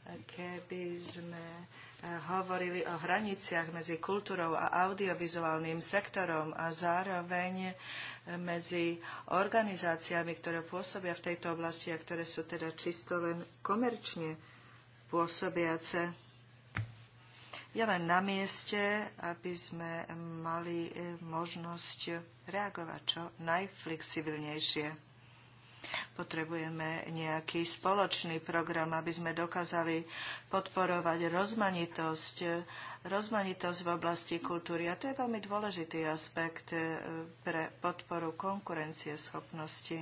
keby sme eh, hovorili o hraniciach medzi kultúrou a audiovizuálnym sektorom a zároveň eh, medzi organizáciami, ktoré pôsobia v tejto oblasti a ktoré sú teda čisto len komerčne pôsobiace. Je len na mieste, aby sme mali eh, možnosť reagovať čo najflexibilnejšie. Potrebujeme nejaký spoločný program, aby sme dokázali podporovať rozmanitosť, rozmanitosť v oblasti kultúry. A to je veľmi dôležitý aspekt eh, pre podporu konkurencie schopnosti.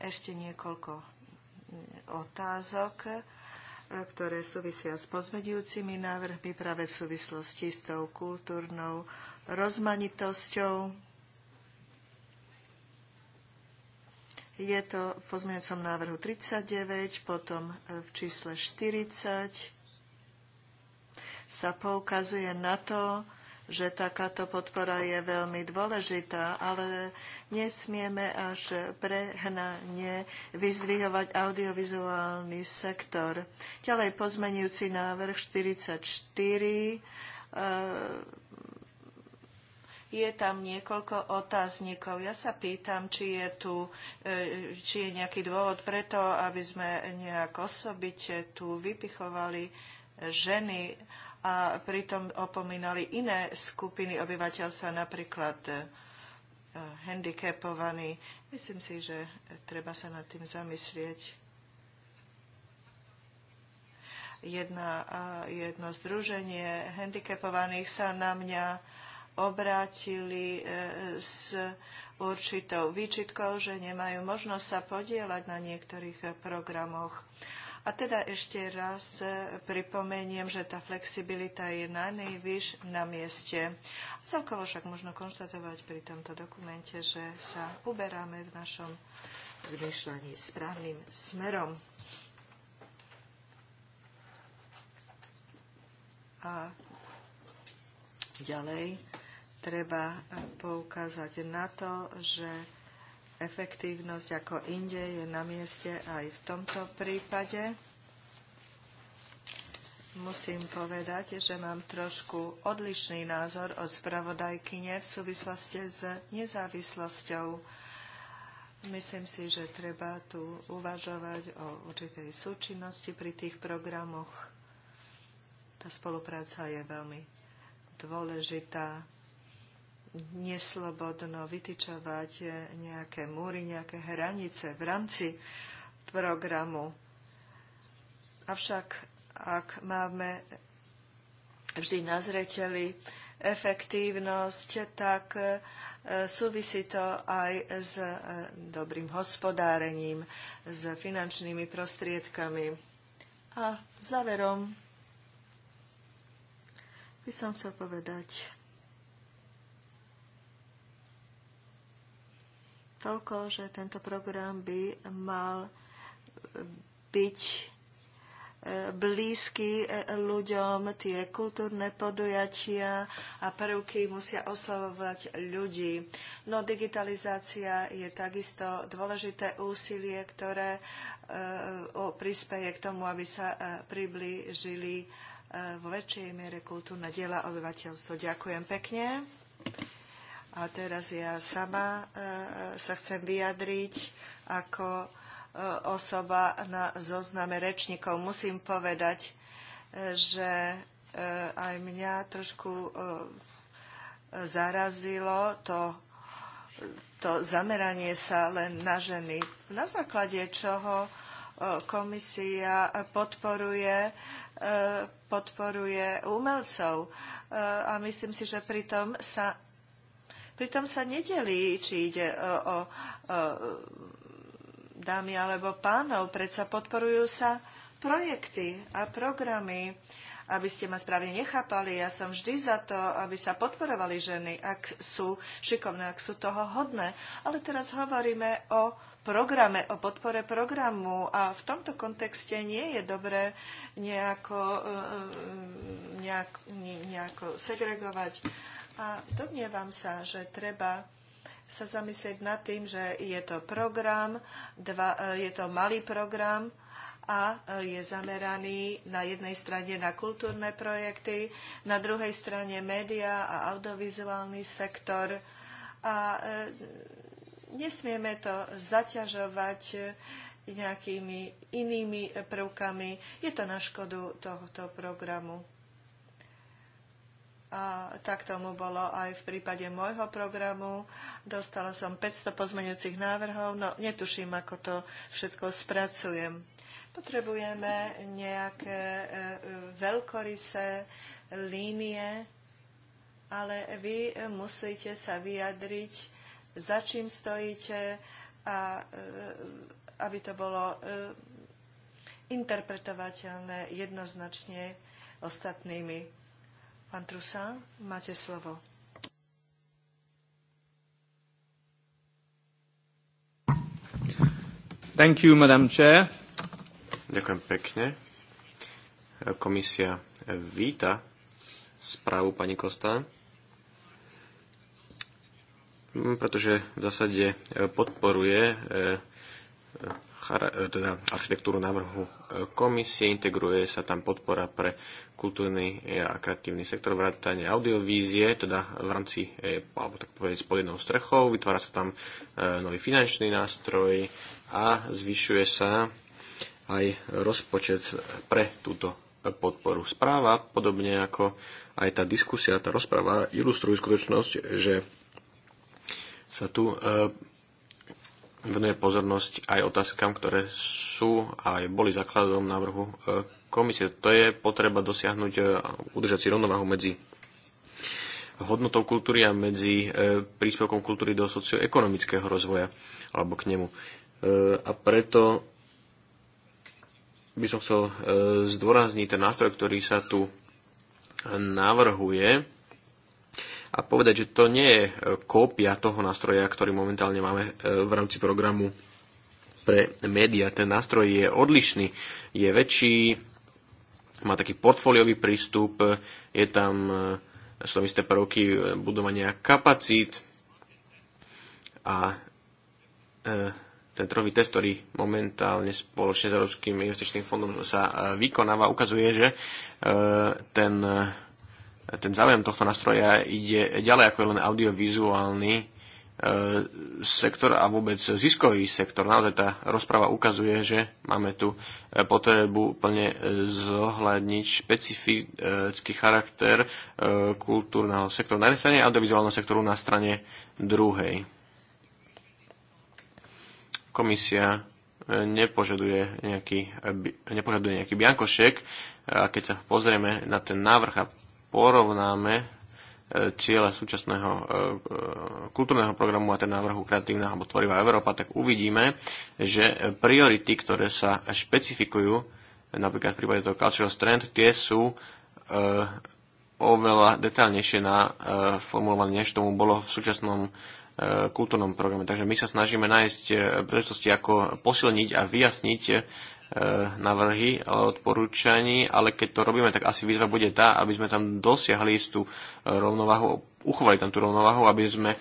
Ešte niekoľko mm, otázok eh, ktoré súvisia s pozvedujúcimi návrhmi práve v súvislosti s tou kultúrnou rozmanitosťou. Je to v pozmeňujúcom návrhu 39, potom v čísle 40 sa poukazuje na to, že takáto podpora je veľmi dôležitá, ale nesmieme až prehnane vyzdvihovať audiovizuálny sektor. Ďalej pozmenujúci návrh 44 je tam niekoľko otáznikov. Ja sa pýtam, či je tu e, či je nejaký dôvod preto, aby sme nejak osobite tu vypichovali ženy a pritom opomínali iné skupiny obyvateľstva, napríklad e, handicapovaní. Myslím si, že treba sa nad tým zamyslieť jedna, jedno združenie handicapovaných sa na mňa obrátili e, s určitou výčitkou, že nemajú možnosť sa podielať na niektorých programoch. A teda ešte raz e, pripomeniem, že tá flexibilita je na nejvyš na mieste. celkovo však možno konštatovať pri tomto dokumente, že sa uberáme v našom zmyšľaní správnym smerom. A ďalej treba poukázať na to, že efektívnosť ako inde je na mieste aj v tomto prípade. Musím povedať, že mám trošku odlišný názor od spravodajkyne v súvislosti s nezávislosťou. Myslím si, že treba tu uvažovať o určitej súčinnosti pri tých programoch. Tá spolupráca je veľmi dôležitá neslobodno vytyčovať nejaké múry, nejaké hranice v rámci programu. Avšak ak máme vždy na zreteli efektívnosť, tak e, súvisí to aj s e, dobrým hospodárením, s finančnými prostriedkami. A záverom by som chcel povedať, toľko, že tento program by mal byť e, blízky e, ľuďom, tie kultúrne podujatia a prvky musia oslavovať ľudí. No digitalizácia je takisto dôležité úsilie, ktoré e, prispieje k tomu, aby sa priblížili vo väčšej miere kultúrne diela obyvateľstvo. Ďakujem pekne. A teraz ja sama e, e, sa chcem vyjadriť ako e, osoba na zozname rečníkov. Musím povedať, že aj mňa trošku zarazilo to, to zameranie sa len na ženy, na základe čoho komisia podporuje, podporuje umelcov. A myslím si, že pritom sa Pritom sa nedelí, či ide e, o, o e, dámy alebo pánov, predsa podporujú sa projekty a programy. Aby ste ma správne nechápali, ja som vždy za to, aby sa podporovali ženy, ak sú šikovné, ak sú toho hodné. Ale teraz hovoríme o programe, o podpore programu a v tomto kontexte nie je dobré nejako, e, nejako, nejako segregovať a domnievam sa, že treba sa zamyslieť nad tým, že je to program, dva, e, je to malý program a e, je zameraný na jednej strane na kultúrne projekty, na druhej strane média a audiovizuálny sektor. A e, nesmieme to zaťažovať nejakými inými prvkami. Je to na škodu tohoto programu a tak tomu bolo aj v prípade môjho programu. Dostala som 500 pozmeňujúcich návrhov, no netuším, ako to všetko spracujem. Potrebujeme nejaké e, e, veľkorysé línie, ale vy musíte sa vyjadriť, za čím stojíte, a e, aby to bolo interpretovateľné jednoznačne ostatnými Pán Trusa, máte slovo. Thank you, Madam Chair. Ďakujem pekne. Komisia víta správu pani Kosta, pretože v zásade podporuje eh, eh, teda architektúru návrhu komisie, integruje sa tam podpora pre kultúrny eh, a kreatívny sektor, vrátane audiovízie, teda v rámci, eh, alebo tak povedať, pod jednou strechou, vytvára sa tam eh, nový finančný nástroj a zvyšuje sa aj rozpočet pre túto podporu. Správa, podobne ako aj tá diskusia, tá rozpráva, ilustrujú skutočnosť, že sa tu venuje pozornosť aj otázkam, ktoré sú aj boli základom návrhu komisie. To je potreba dosiahnuť e, a udržať si rovnováhu medzi hodnotou kultúry a medzi e, príspevkom kultúry do socioekonomického rozvoja alebo k nemu. E, a preto by som chcel zdôrazniť ten nástroj, ktorý sa tu navrhuje a povedať, že to nie je kópia toho nástroja, ktorý momentálne máme v rámci programu pre médiá. Ten nástroj je odlišný, je väčší, má taký portfóliový prístup, je tam, e, sú tam isté prvky e, budovania kapacít a e, ten trhový test, ktorý momentálne spoločne s Európskym investičným fondom sa vykonáva, ukazuje, že ten, ten záujem tohto nástroja ide ďalej ako je len audiovizuálny E, sektor a vôbec ziskový sektor. Naozaj tá rozpráva ukazuje, že máme tu e, potrebu plne e, zohľadniť špecifický charakter kultúrneho sektoru na jednej strane a audiovizuálneho sektoru na strane druhej. Komisia nepožaduje nejaký, nepožaduje nejaký biankošek a keď sa pozrieme na ten návrh a porovnáme ciele súčasného e, e, kultúrneho programu a ten návrhu Kreatívna alebo Tvorivá Európa, tak uvidíme, že priority, ktoré sa špecifikujú, napríklad v prípade toho Cultural Strand, tie sú e, oveľa detaľnejšie na formulované, než tomu bolo v súčasnom kultúrnom programe. Takže my sa snažíme nájsť príležitosti, ako posilniť a vyjasniť E, navrhy odporúčaní, ale keď to robíme, tak asi výzva bude tá, aby sme tam dosiahli istú e, rovnováhu, uchovali tam tú rovnováhu, aby sme e,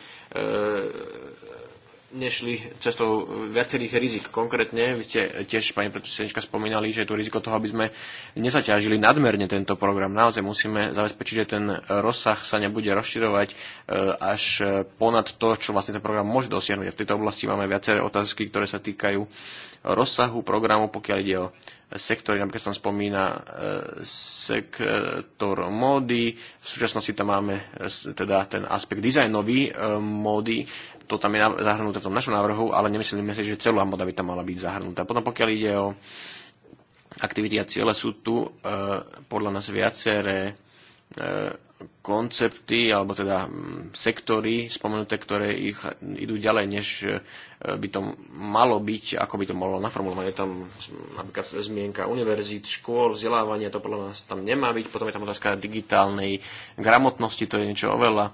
nešli cestou viacerých rizik. Konkrétne, vy ste tiež, pani predsednička, spomínali, že je tu riziko toho, aby sme nezaťažili nadmerne tento program. Naozaj musíme zabezpečiť, že ten rozsah sa nebude rozširovať e, až ponad to, čo vlastne ten program môže dosiahnuť. V tejto oblasti máme viaceré otázky, ktoré sa týkajú rozsahu programu, pokiaľ ide o sektory, napríklad tam spomína e, sektor módy, v súčasnosti tam máme e, teda ten aspekt dizajnový e, módy, to tam je zahrnuté v tom našom návrhu, ale nemyslíme si, že celá moda by tam mala byť zahrnutá. Potom pokiaľ ide o aktivity a ciele sú tu podľa nás viaceré koncepty, alebo teda mm, sektory spomenuté, ktoré ich idú ďalej, než e, by to malo byť, ako by to malo naformulované. Je tam napríklad zmienka univerzít, škôl, vzdelávanie to podľa nás tam nemá byť. Potom je tam otázka digitálnej gramotnosti, to je niečo oveľa e,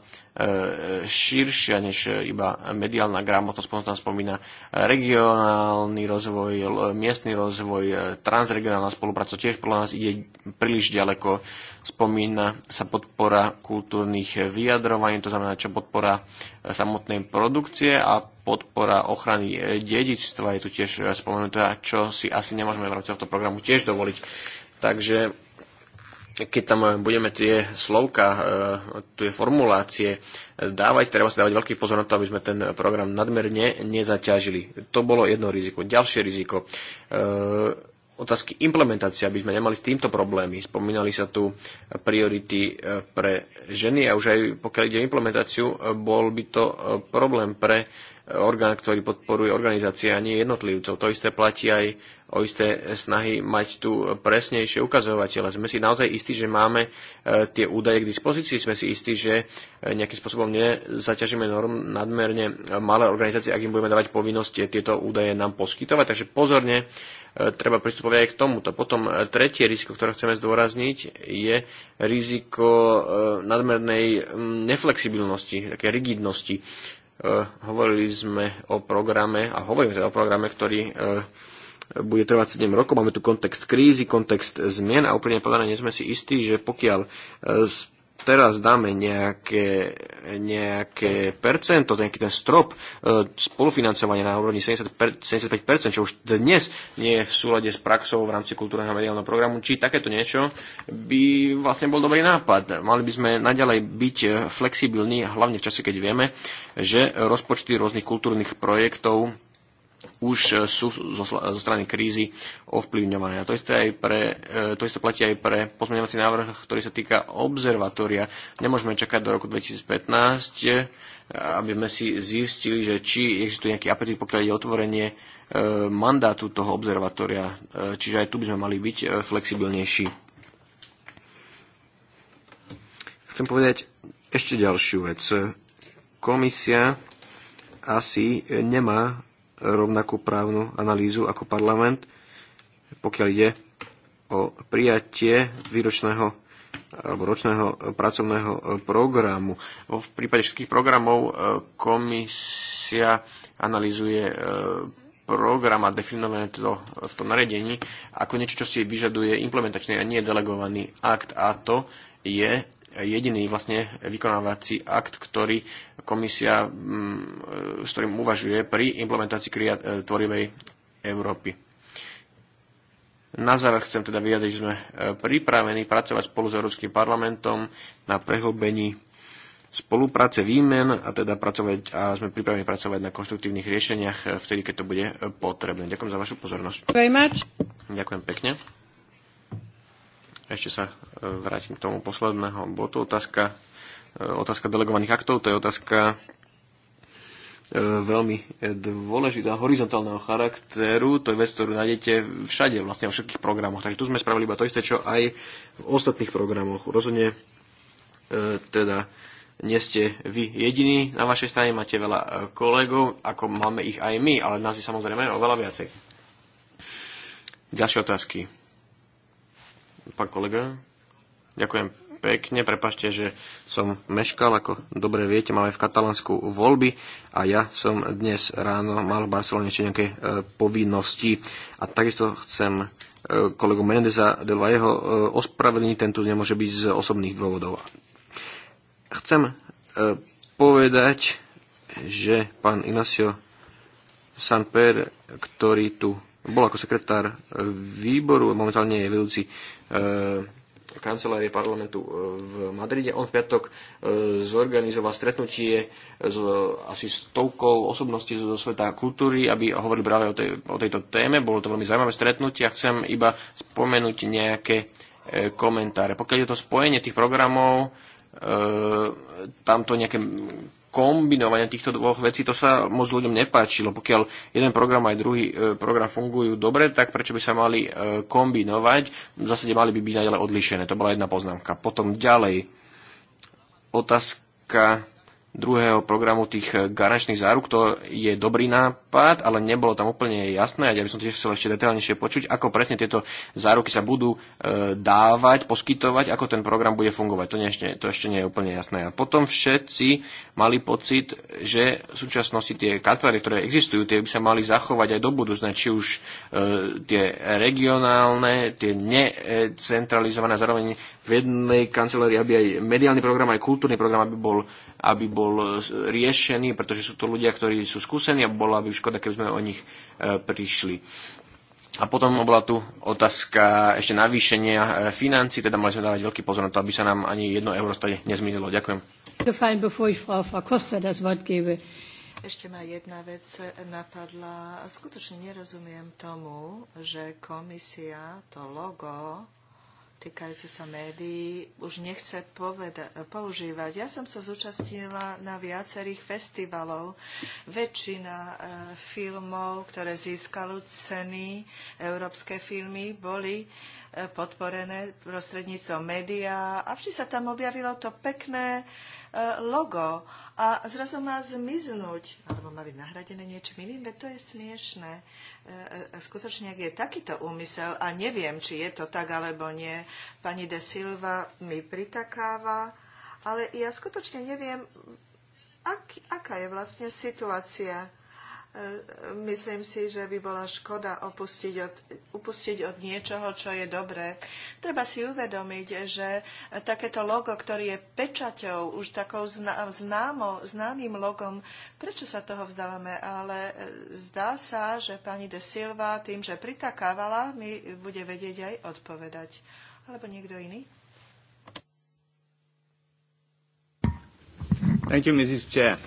širšia než iba mediálna gramotnosť. Potom tam spomína regionálny rozvoj, miestny rozvoj, e, transregionálna spolupráca. Tiež podľa nás ide príliš ďaleko. Spomína sa podpora podpora kultúrnych vyjadrovaní, to znamená čo podpora e, samotnej produkcie a podpora ochrany e, dedičstva je tu tiež e, spomenuté, čo si asi nemôžeme v rámci tohto programu tiež dovoliť. Takže keď tam budeme tie slovka, tie formulácie dávať, treba sa dávať veľký pozor na to, aby sme ten program nadmerne nezaťažili. To bolo jedno riziko. Ďalšie riziko otázky implementácie, aby sme nemali s týmto problémy. Spomínali sa tu priority e, pre ženy a už aj pokiaľ ide o implementáciu, e, bol by to e, problém pre orgán, ktorý podporuje organizácie a nie jednotlivcov. To isté platí aj o isté snahy mať tu presnejšie ukazovateľe. Sme si naozaj istí, že máme e, tie údaje k dispozícii, sme si istí, že e, nejakým spôsobom nezaťažíme norm nadmerne malé organizácie, ak im budeme dávať povinnosť tieto údaje nám poskytovať. Takže pozorne e, treba pristupovať aj k tomuto. Potom tretie riziko, ktoré chceme zdôrazniť, je riziko nadmernej neflexibilnosti, také rigidnosti. Hovorili sme o programe, a hovoríme teda o programe, ktorý bude trvať 7 rokov. Máme tu kontext krízy, kontext zmien a úplne povedané nie sme si istí, že pokiaľ e, teraz dáme nejaké, nejaké percento, nejaký ten strop e, spolufinancovania na úrovni 75%, čo už dnes nie je v súlade s praxou v rámci kultúrneho mediálneho programu, či takéto niečo by vlastne bol dobrý nápad. Mali by sme naďalej byť e, flexibilní, hlavne v čase, keď vieme, že rozpočty rôznych kultúrnych projektov už e, sú zo, zo strany krízy ovplyvňované. A to isté, aj pre, e, to isté platí aj pre pozmeňovací návrh, ktorý sa týka observatória. Nemôžeme čakať do roku 2015, e, aby sme si zistili, že či existuje nejaký apetit, pokiaľ je otvorenie mandátu toho observatória. Čiže aj tu by sme mali byť flexibilnejší. Chcem povedať ešte ďalšiu vec. Komisia asi nemá rovnakú právnu analýzu ako parlament, pokiaľ ide o prijatie výročného alebo ročného pracovného programu. V prípade všetkých programov e, komisia analýzuje e, program a definované to v tom naredení ako niečo, čo si vyžaduje implementačný a nie delegovaný akt a to je jediný vlastne vykonávací akt, ktorý komisia, mm, e, s ktorým uvažuje pri implementácii e, tvorivej Európy. Na záver chcem teda vyjadriť, že sme e, pripravení pracovať spolu s Európskym parlamentom na prehlbení spolupráce výmen a teda pracovať a sme pripravení pracovať na konštruktívnych riešeniach vtedy, keď to bude potrebné. Ďakujem za vašu pozornosť. Ďakujem pekne. Ešte sa e, vrátim k tomu posledného botu. Otázka, e, otázka delegovaných aktov, to je otázka e, veľmi dôležitá horizontálneho charakteru. To je vec, ktorú nájdete všade, vlastne vo všetkých programoch. Takže tu sme spravili iba to isté, čo aj v ostatných programoch. Rozhodne teda nie ste vy jediní na vašej strane, máte veľa kolegov, ako máme ich aj my, ale nás je samozrejme oveľa viacej. Ďalšie otázky pán kolega. Ďakujem pekne, prepašte, že som meškal, ako dobre viete, máme v Katalánsku voľby a ja som dnes ráno mal v Barcelone ešte nejaké e, povinnosti a takisto chcem e, kolegu Menendeza del jeho e, ospravedlniť, ten tu nemôže byť z osobných dôvodov. Chcem e, povedať, že pán Ignacio Sanper, ktorý tu bol ako sekretár e, výboru, momentálne je vedúci e, kancelárie parlamentu e, v Madride. On v piatok zorganizoval stretnutie s asi stovkou osobností zo sveta kultúry, aby hovorili práve o, tej, o tejto téme. Bolo to veľmi zaujímavé stretnutie a chcem iba spomenúť nejaké komentáre. Pokiaľ je to spojenie tých programov, tamto nejaké kombinovania týchto dvoch vecí, to sa moc ľuďom nepáčilo. Pokiaľ jeden program aj druhý e, program fungujú dobre, tak prečo by sa mali e, kombinovať? V zásade mali by byť naďalej odlišené. To bola jedna poznámka. Potom ďalej otázka druhého programu tých eh, garančných záruk. To je dobrý nápad, ale nebolo tam úplne jasné. a Ja by som tiež chcel ešte detailnejšie počuť, ako presne tieto záruky sa budú eh, dávať, poskytovať, ako ten program bude fungovať. To, nie, to ešte nie je úplne jasné. A potom všetci mali pocit, že v súčasnosti tie kancelárie, ktoré existujú, tie by sa mali zachovať aj do budúcna, či už eh, tie regionálne, tie necentralizované, zároveň v jednej kancelárii, aby aj mediálny program, aj kultúrny program, aby bol aby bol e, riešený, pretože sú to ľudia, ktorí sú skúsení a bola by škoda, keby sme o nich e, prišli. A potom bola tu otázka ešte navýšenia e, financí, teda mali sme dávať veľký pozor na to, aby sa nám ani jedno euro stade nezmýlilo. Ďakujem. Ešte ma jedna vec napadla. Skutočne nerozumiem tomu, že komisia to logo týkajúce sa médií už nechce poveda- používať. Ja som sa zúčastnila na viacerých festivalov. Väčšina e, filmov, ktoré získali ceny, európske filmy, boli e, E, podporené prostredníctvom médiá a vždy sa tam objavilo to pekné e, logo a zrazu má zmiznúť, alebo má byť nahradené niečím iným, veď to je smiešné. E, skutočne, ak je takýto úmysel, a neviem, či je to tak alebo nie, pani De Silva mi pritakáva, ale ja skutočne neviem, ak, aká je vlastne situácia myslím si, že by bola škoda opustiť od, upustiť od niečoho, čo je dobré. Treba si uvedomiť, že takéto logo, ktorý je pečaťou, už takou známo, známym logom, prečo sa toho vzdávame? Ale e, zdá sa, že pani de Silva tým, že pritakávala, mi bude vedieť aj odpovedať. Alebo niekto iný? Thank you, Mrs. Chair.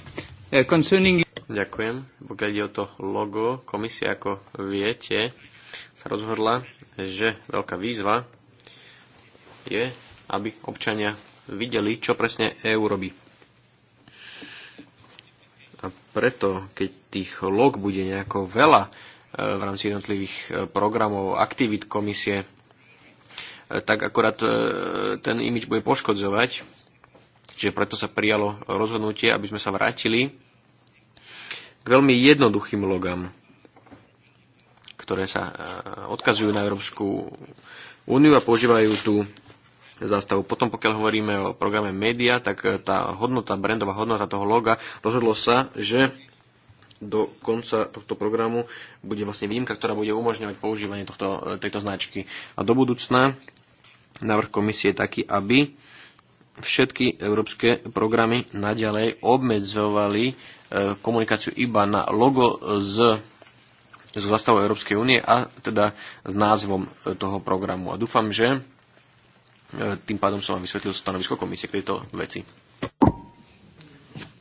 Uh, concerning Ďakujem. Pokiaľ ide o to logo, komisia, ako viete, sa rozhodla, že veľká výzva je, aby občania videli, čo presne EU robí. A preto, keď tých log bude nejako veľa e, v rámci jednotlivých e, programov, aktivít komisie, e, tak akorát ten imič bude poškodzovať. Čiže preto sa prijalo rozhodnutie, aby sme sa vrátili k veľmi jednoduchým logám, ktoré sa e, odkazujú na Európsku úniu a používajú tú zástavu. Potom, pokiaľ hovoríme o programe média, tak e, tá hodnota, brandová hodnota toho loga, rozhodlo sa, že do konca tohto programu bude vlastne výjimka, ktorá bude umožňovať používanie tohto, e, tejto značky. A do budúcna návrh komisie je taký, aby všetky európske programy naďalej obmedzovali E, komunikáciu iba na logo z so zastavu Európskej únie a teda s názvom e, toho programu. A dúfam, že e, tým pádom som vám vysvetlil stanovisko komisie k tejto veci.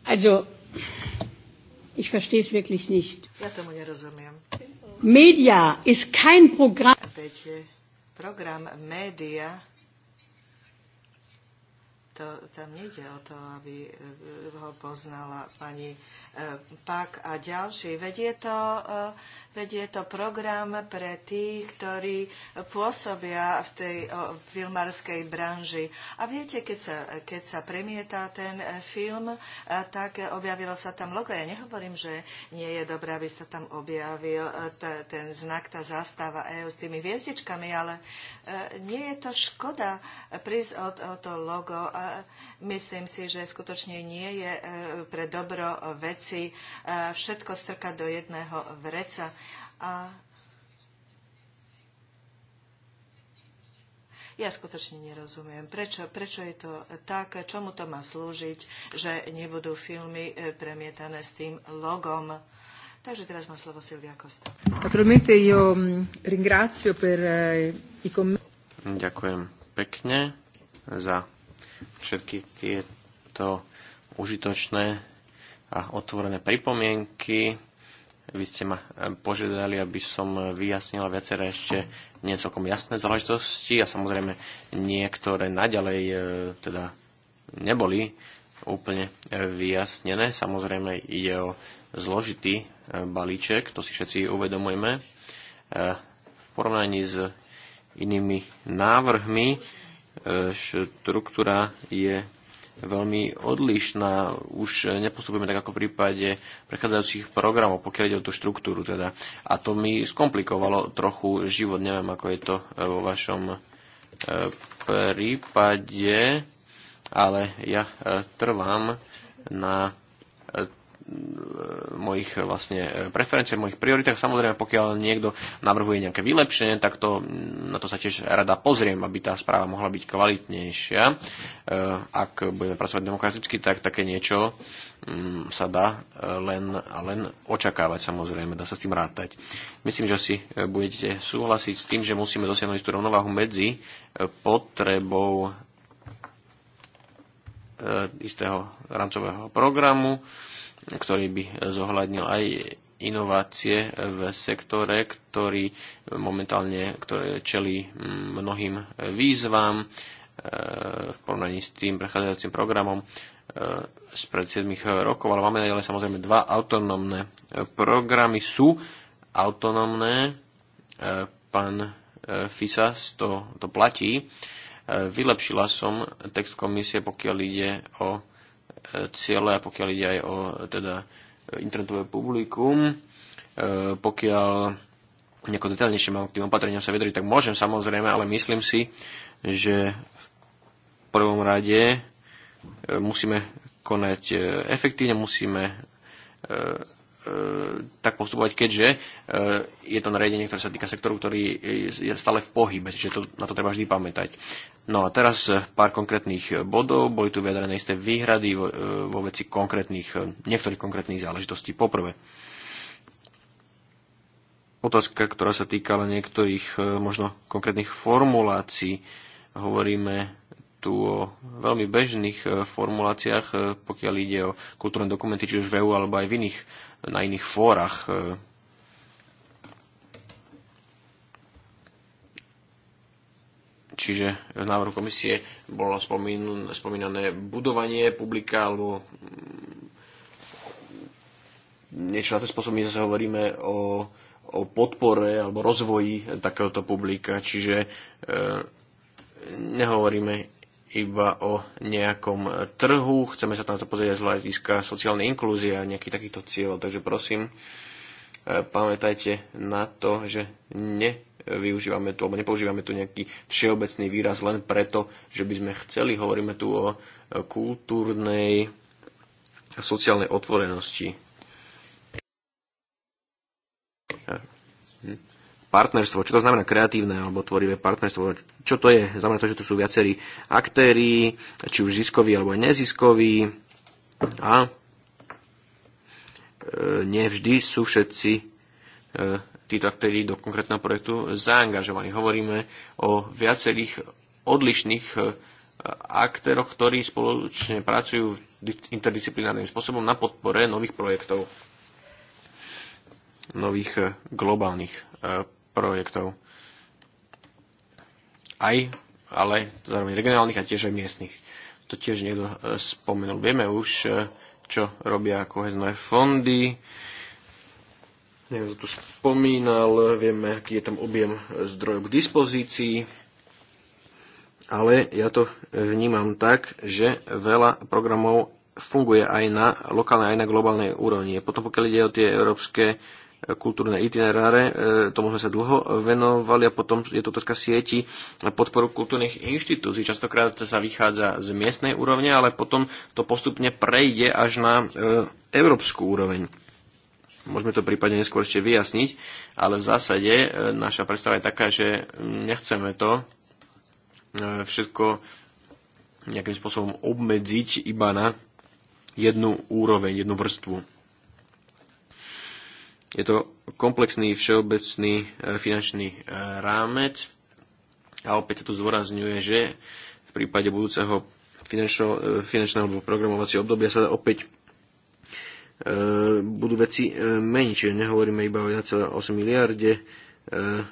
Also, ich verstehe es wirklich nicht. Ja tomu nerozumiem. Media ist kein program... Viete, program média to, tam nejde o to, aby e, ho poznala pani e, Pak a ďalší. vedie to e, Veď je to program pre tých, ktorí pôsobia v tej filmárskej branži. A viete, keď sa, keď sa premietá ten e, film, e, tak objavilo sa tam logo. Ja nehovorím, že nie je dobré, aby sa tam objavil e, ten znak, tá zástava EU s tými hviezdičkami, ale nie je to škoda prísť o, o to logo. A, Myslím si, že skutočne nie je e, pre dobro veci e, všetko strkať do jedného vreca. A Ja skutočne nerozumiem, prečo, prečo je to tak, čomu to má slúžiť, že nebudú filmy e, premietané s tým logom. Takže teraz má slovo Silvia Costa. Mm, eh, Ďakujem pekne za všetky tieto užitočné a otvorené pripomienky. Vy ste ma eh, požiadali, aby som vyjasnila viaceré ešte nie jasné záležitosti a samozrejme niektoré naďalej eh, teda neboli úplne eh, vyjasnené. Samozrejme ide o zložitý balíček, to si všetci uvedomujeme. V porovnaní s inými návrhmi štruktúra je veľmi odlišná. Už nepostupujeme tak ako v prípade prechádzajúcich programov, pokiaľ ide o tú štruktúru. Teda. A to mi skomplikovalo trochu život. Neviem, ako je to e, vo vašom e, prípade, ale ja e, trvám na mojich vlastne preferenciách, mojich prioritách. Samozrejme, pokiaľ niekto navrhuje nejaké vylepšenie, tak to, na to sa tiež rada pozriem, aby tá správa mohla byť kvalitnejšia. E, ak budeme pracovať demokraticky, tak také niečo mm, sa dá e, len, len očakávať, samozrejme, dá sa s tým rátať. Myslím, že si e, budete súhlasiť s tým, že musíme dosiahnuť tú rovnováhu medzi potrebou istého rámcového programu, ktorý by zohľadnil aj inovácie v sektore, ktorý momentálne ktoré čelí mm, mnohým výzvam e, v porovnaní s tým prechádzajúcim programom spred e, 7 rokov, ale máme ale samozrejme dva autonómne programy. Sú autonómne, e, pán Fisas to, to platí. Vylepšila som text komisie, pokiaľ ide o cieľe, pokiaľ ide aj o teda internetové publikum, e, pokiaľ nejako detaľnejšie mám k tým opatreniam sa vedriť, tak môžem samozrejme, ale myslím si, že v prvom rade e, musíme konať e, efektívne, musíme E, tak postupovať, keďže e, je to nariadenie, ktoré sa týka sektoru, ktorý je stále v pohybe, čiže to, na to treba vždy pamätať. No a teraz pár konkrétnych bodov. Boli tu vyjadrené isté výhrady vo, e, vo veci konkrétnych, niektorých konkrétnych záležitostí. Poprvé, otázka, ktorá sa týka niektorých možno konkrétnych formulácií. Hovoríme tu o veľmi bežných formuláciách, pokiaľ ide o kultúrne dokumenty, či už v EU alebo aj v iných na iných fórach. E, čiže v návrhu komisie bolo spomínané budovanie publika alebo mm, niečo na ten spôsob. My zase hovoríme o, o podpore alebo rozvoji takéhoto publika, čiže e, nehovoríme iba o nejakom trhu, chceme sa tam to pozrieť z hľadiska sociálnej inklúzie a nejakých takýchto cieľov. Takže prosím, e, pamätajte na to, že nevyužívame tu, alebo nepoužívame tu nejaký všeobecný výraz len preto, že by sme chceli. Hovoríme tu o kultúrnej a sociálnej otvorenosti partnerstvo. Čo to znamená kreatívne alebo tvorivé partnerstvo? Čo to je? Znamená to, že tu sú viacerí aktéry, či už ziskoví alebo aj neziskoví. A e, nevždy sú všetci e, títo aktéry do konkrétneho projektu zaangažovaní. Hovoríme o viacerých odlišných e, aktéroch, ktorí spoločne pracujú interdisciplinárnym spôsobom na podpore nových projektov, nových globálnych projektov. Aj, ale zároveň regionálnych a tiež aj miestnych. To tiež niekto e, spomenul. Vieme už, e, čo robia kohezné fondy. Niekto tu spomínal, vieme, aký je tam objem zdrojov k dispozícii. Ale ja to e, vnímam tak, že veľa programov funguje aj na lokálnej, aj na globálnej úrovni. Potom pokiaľ ide o tie európske kultúrne itineráre, e, tomu sme sa dlho venovali a potom je to otázka sieti na podporu kultúrnych inštitúcií. Častokrát sa vychádza z miestnej úrovne, ale potom to postupne prejde až na e, európsku úroveň. Môžeme to prípadne neskôr ešte vyjasniť, ale v zásade e, naša predstava je taká, že nechceme to všetko nejakým spôsobom obmedziť iba na jednu úroveň, jednu vrstvu je to komplexný všeobecný e, finančný e, rámec a opäť sa tu zdôrazňuje, že v prípade budúceho finančného e, alebo programovacieho obdobia sa opäť budú veci meniť, čiže nehovoríme iba o 1,8 miliarde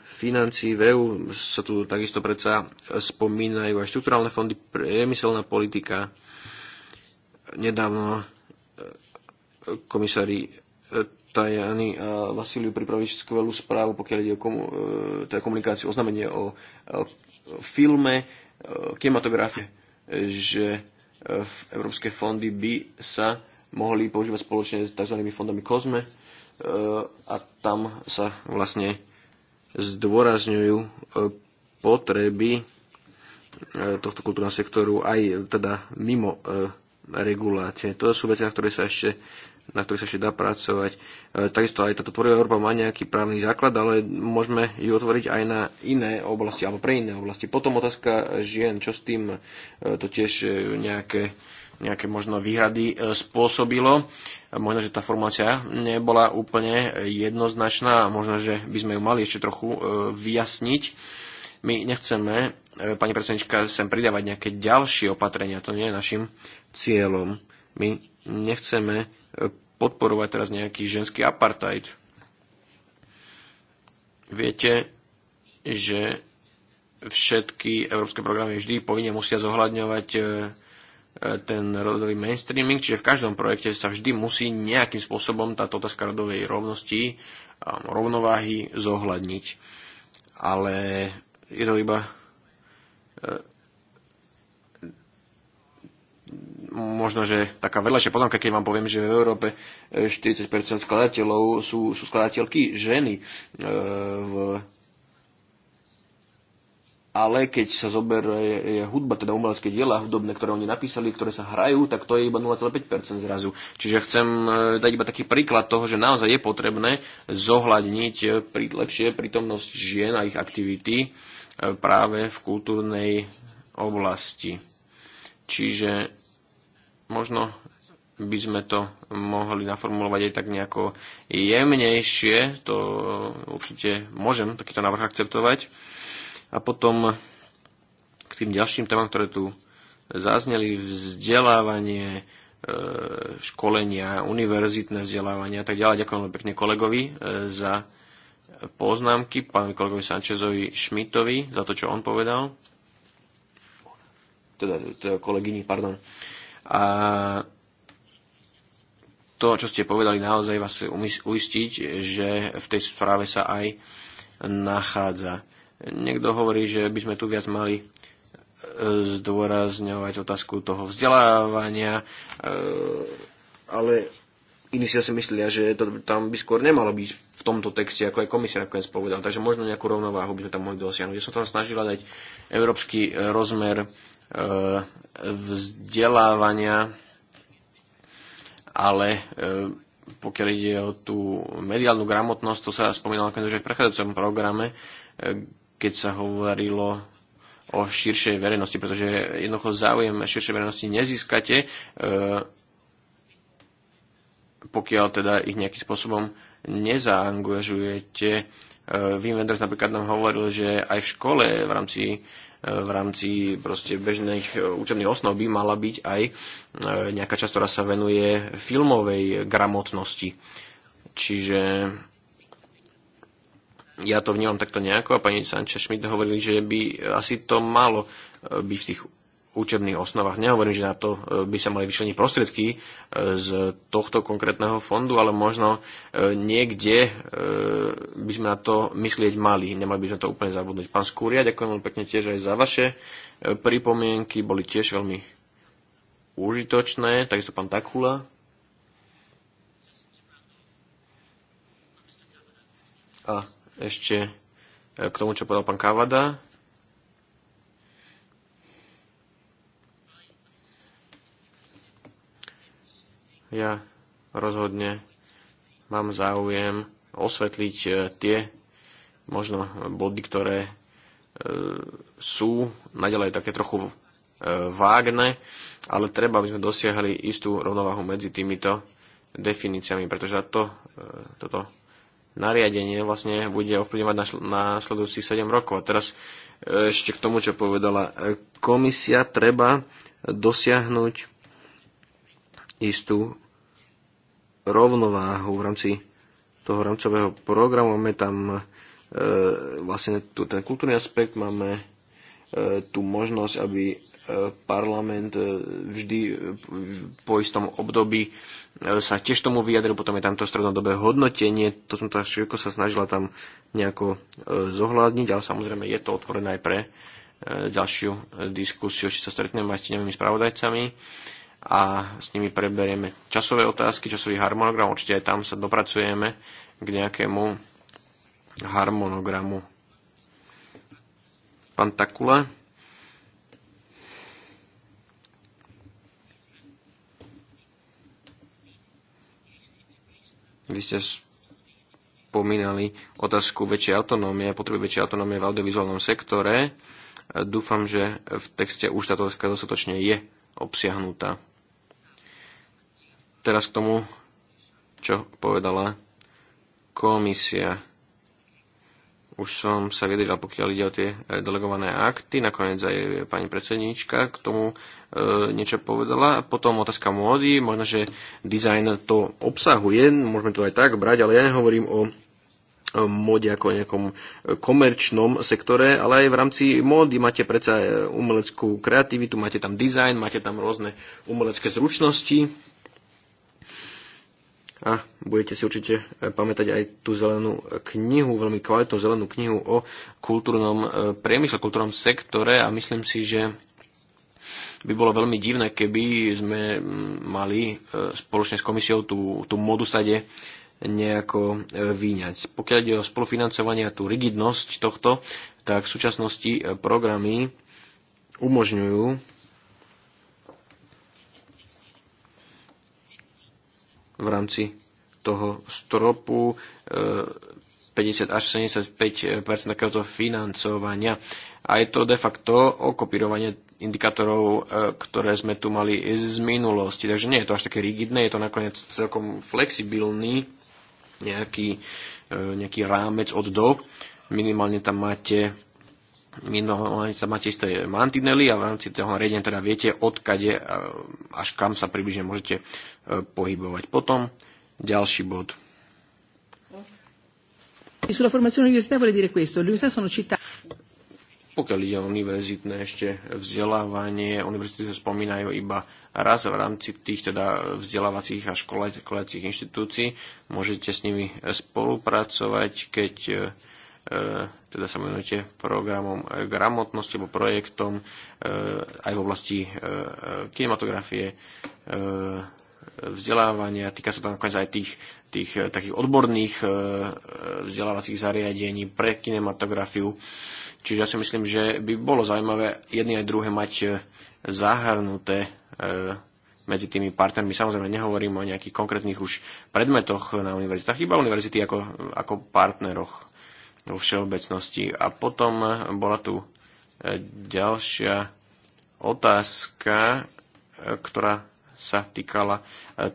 financí v EU, sa tu takisto predsa spomínajú aj štrukturálne fondy, priemyselná politika. Nedávno komisári Tajani a Vasiliu pripraviť skvelú správu, pokiaľ ide o komu, e, teda komunikáciu, oznámenie o, o filme, o e, kinematografie, že e, v európske fondy by sa mohli používať spoločne s tzv. fondami COSME a tam sa vlastne zdôrazňujú potreby tohto kultúrneho sektoru aj teda mimo regulácie. To sú veci, na ktoré sa ešte na ktorých sa ešte dá pracovať. E, takisto aj táto tvorivá Európa má nejaký právny základ, ale môžeme ju otvoriť aj na iné oblasti, alebo pre iné oblasti. Potom otázka žien, čo s tým e, to tiež e, nejaké nejaké možno výhrady spôsobilo. Možno, že tá formulácia nebola úplne jednoznačná a možno, že by sme ju mali ešte trochu vyjasniť. My nechceme, pani predsednička, sem pridávať nejaké ďalšie opatrenia. To nie je našim cieľom. My nechceme podporovať teraz nejaký ženský apartheid. Viete, že všetky európske programy vždy povinne musia zohľadňovať e, e, ten rodový mainstreaming, čiže v každom projekte sa vždy musí nejakým spôsobom táto otázka rodovej rovnosti a rovnováhy zohľadniť. Ale je to iba e, možno, že taká vedľajšia poznámka, keď vám poviem, že v Európe 40% e, skladateľov sú, sú skladateľky ženy. E, v... Ale keď sa zoberie hudba, teda umelecké diela hudobné, ktoré oni napísali, ktoré sa hrajú, tak to je iba 0,5% zrazu. Čiže chcem e, dať iba taký príklad toho, že naozaj je potrebné zohľadniť pri, lepšie prítomnosť žien a ich aktivity práve v kultúrnej oblasti. Čiže možno by sme to mohli naformulovať aj tak nejako jemnejšie, to určite môžem takýto návrh akceptovať. A potom k tým ďalším témam, ktoré tu zazneli, vzdelávanie, e, školenia, univerzitné vzdelávanie a tak ďalej. Ďakujem pekne kolegovi e, za poznámky, pánovi kolegovi Sančezovi Šmitovi za to, čo on povedal. Teda, teda kolegyni, pardon. A to, čo ste povedali, naozaj vás uistiť, že v tej správe sa aj nachádza. Niekto hovorí, že by sme tu viac mali e, zdôrazňovať otázku toho vzdelávania, e, ale iní si asi myslia, že to tam by skôr nemalo byť v tomto texte, ako aj komisia nakoniec povedala. Takže možno nejakú rovnováhu by sme tam mohli dosiahnuť. Ja som tam snažila dať európsky rozmer E, vzdelávania, ale e, pokiaľ ide o tú mediálnu gramotnosť, to sa spomínalo nakoniec aj v prechádzajúcom programe, e, keď sa hovorilo o širšej verejnosti, pretože jednoducho záujem širšej verejnosti nezískate, pokiaľ teda ich nejakým spôsobom nezaangažujete. Wim Wenders napríklad nám hovoril, že aj v škole v rámci v rámci proste bežných e, učebných osnov by mala byť aj e, nejaká časť, ktorá sa venuje filmovej gramotnosti. Čiže ja to vnímam takto nejako a pani Sanča Schmidt hovorili, že by asi to malo e, byť v tých učebných osnovách. Nehovorím, že na to e, by sa mali vyčleniť prostriedky e, z tohto konkrétneho fondu, ale možno e, niekde by sme na to myslieť mali. Nemali by sme to úplne zabudnúť. Pán Skúria, ďakujem veľmi pekne tiež aj za vaše pripomienky. Boli tiež veľmi užitočné. Takisto pán Takula. A ešte k tomu, čo povedal pán Kavada Ja rozhodne mám záujem osvetliť e, tie možno body, ktoré e, sú naďalej také trochu e, vágne, ale treba, aby sme dosiahli istú rovnováhu medzi týmito definíciami, pretože to, toto nariadenie vlastne bude ovplyvňovať na, na sledujúcich 7 rokov. A teraz ešte k tomu, čo povedala komisia, treba dosiahnuť istú rovnováhu v rámci toho rámcového programu. Máme tam e, vlastne tu ten kultúrny aspekt, máme e, tú možnosť, aby e, parlament e, vždy e, po istom období e, sa tiež tomu vyjadril, potom je tam to strednodobé hodnotenie, to som tá všetko sa snažila tam nejako e, zohľadniť, ale samozrejme je to otvorené aj pre e, ďalšiu e, diskusiu, či sa stretneme aj s spravodajcami. E, a s nimi preberieme časové otázky, časový harmonogram, určite aj tam sa dopracujeme k nejakému harmonogramu. Pán Takula. Vy ste spomínali otázku väčšej autonómie, potreby väčšej autonómie v audiovizuálnom sektore. Dúfam, že v texte už táto otázka dostatočne je obsiahnutá. Teraz k tomu, čo povedala komisia. Už som sa vyjadrila, pokiaľ ide o tie e, delegované akty. Nakoniec aj pani predsedníčka k tomu e, niečo povedala. Potom otázka módy. Možno, že dizajn to obsahuje. Môžeme to aj tak brať, ale ja nehovorím o móde ako nejakom komerčnom sektore, ale aj v rámci módy máte predsa e, umeleckú kreativitu, máte tam dizajn, máte tam rôzne umelecké zručnosti, a budete si určite e, pamätať aj tú zelenú e, knihu, veľmi kvalitnú zelenú knihu o kultúrnom e, priemysle, kultúrnom sektore a myslím si, že by bolo veľmi divné, keby sme mali spoločne s komisiou tú, tú modu stade nejako vyňať. Pokiaľ ide o spolufinancovanie a tú rigidnosť tohto, tak v súčasnosti programy umožňujú v rámci toho stropu 50 e, až 75 takéhoto financovania. A je to de facto kopírovanie indikátorov, e, ktoré sme tu mali z minulosti. Takže nie je to až také rigidné, je to nakoniec celkom flexibilný nejaký, e, nejaký rámec od do. Minimálne tam máte minimálne tam máte isté mantinely a v rámci toho riadenia teda viete, odkade až kam sa približne môžete E, pohybovať. Potom ďalší bod. E pokiaľ ide o univerzitné ešte vzdelávanie, univerzity sa spomínajú iba raz v rámci tých teda vzdelávacích a školacích inštitúcií. Môžete s nimi spolupracovať, keď e, teda sa menujete programom gramotnosti alebo projektom aj v oblasti kinematografie, vzdelávania, týka sa to nakoniec aj tých, tých eh, takých odborných eh, vzdelávacích zariadení pre kinematografiu. Čiže ja si myslím, že by bolo zaujímavé jedné aj druhé mať eh, zahrnuté medzi tými partnermi. Samozrejme, nehovorím o nejakých konkrétnych už predmetoch na univerzitách, iba univerzity ako, ako partneroch vo všeobecnosti. A potom bola tu ďalšia otázka, ktorá sa týkala e,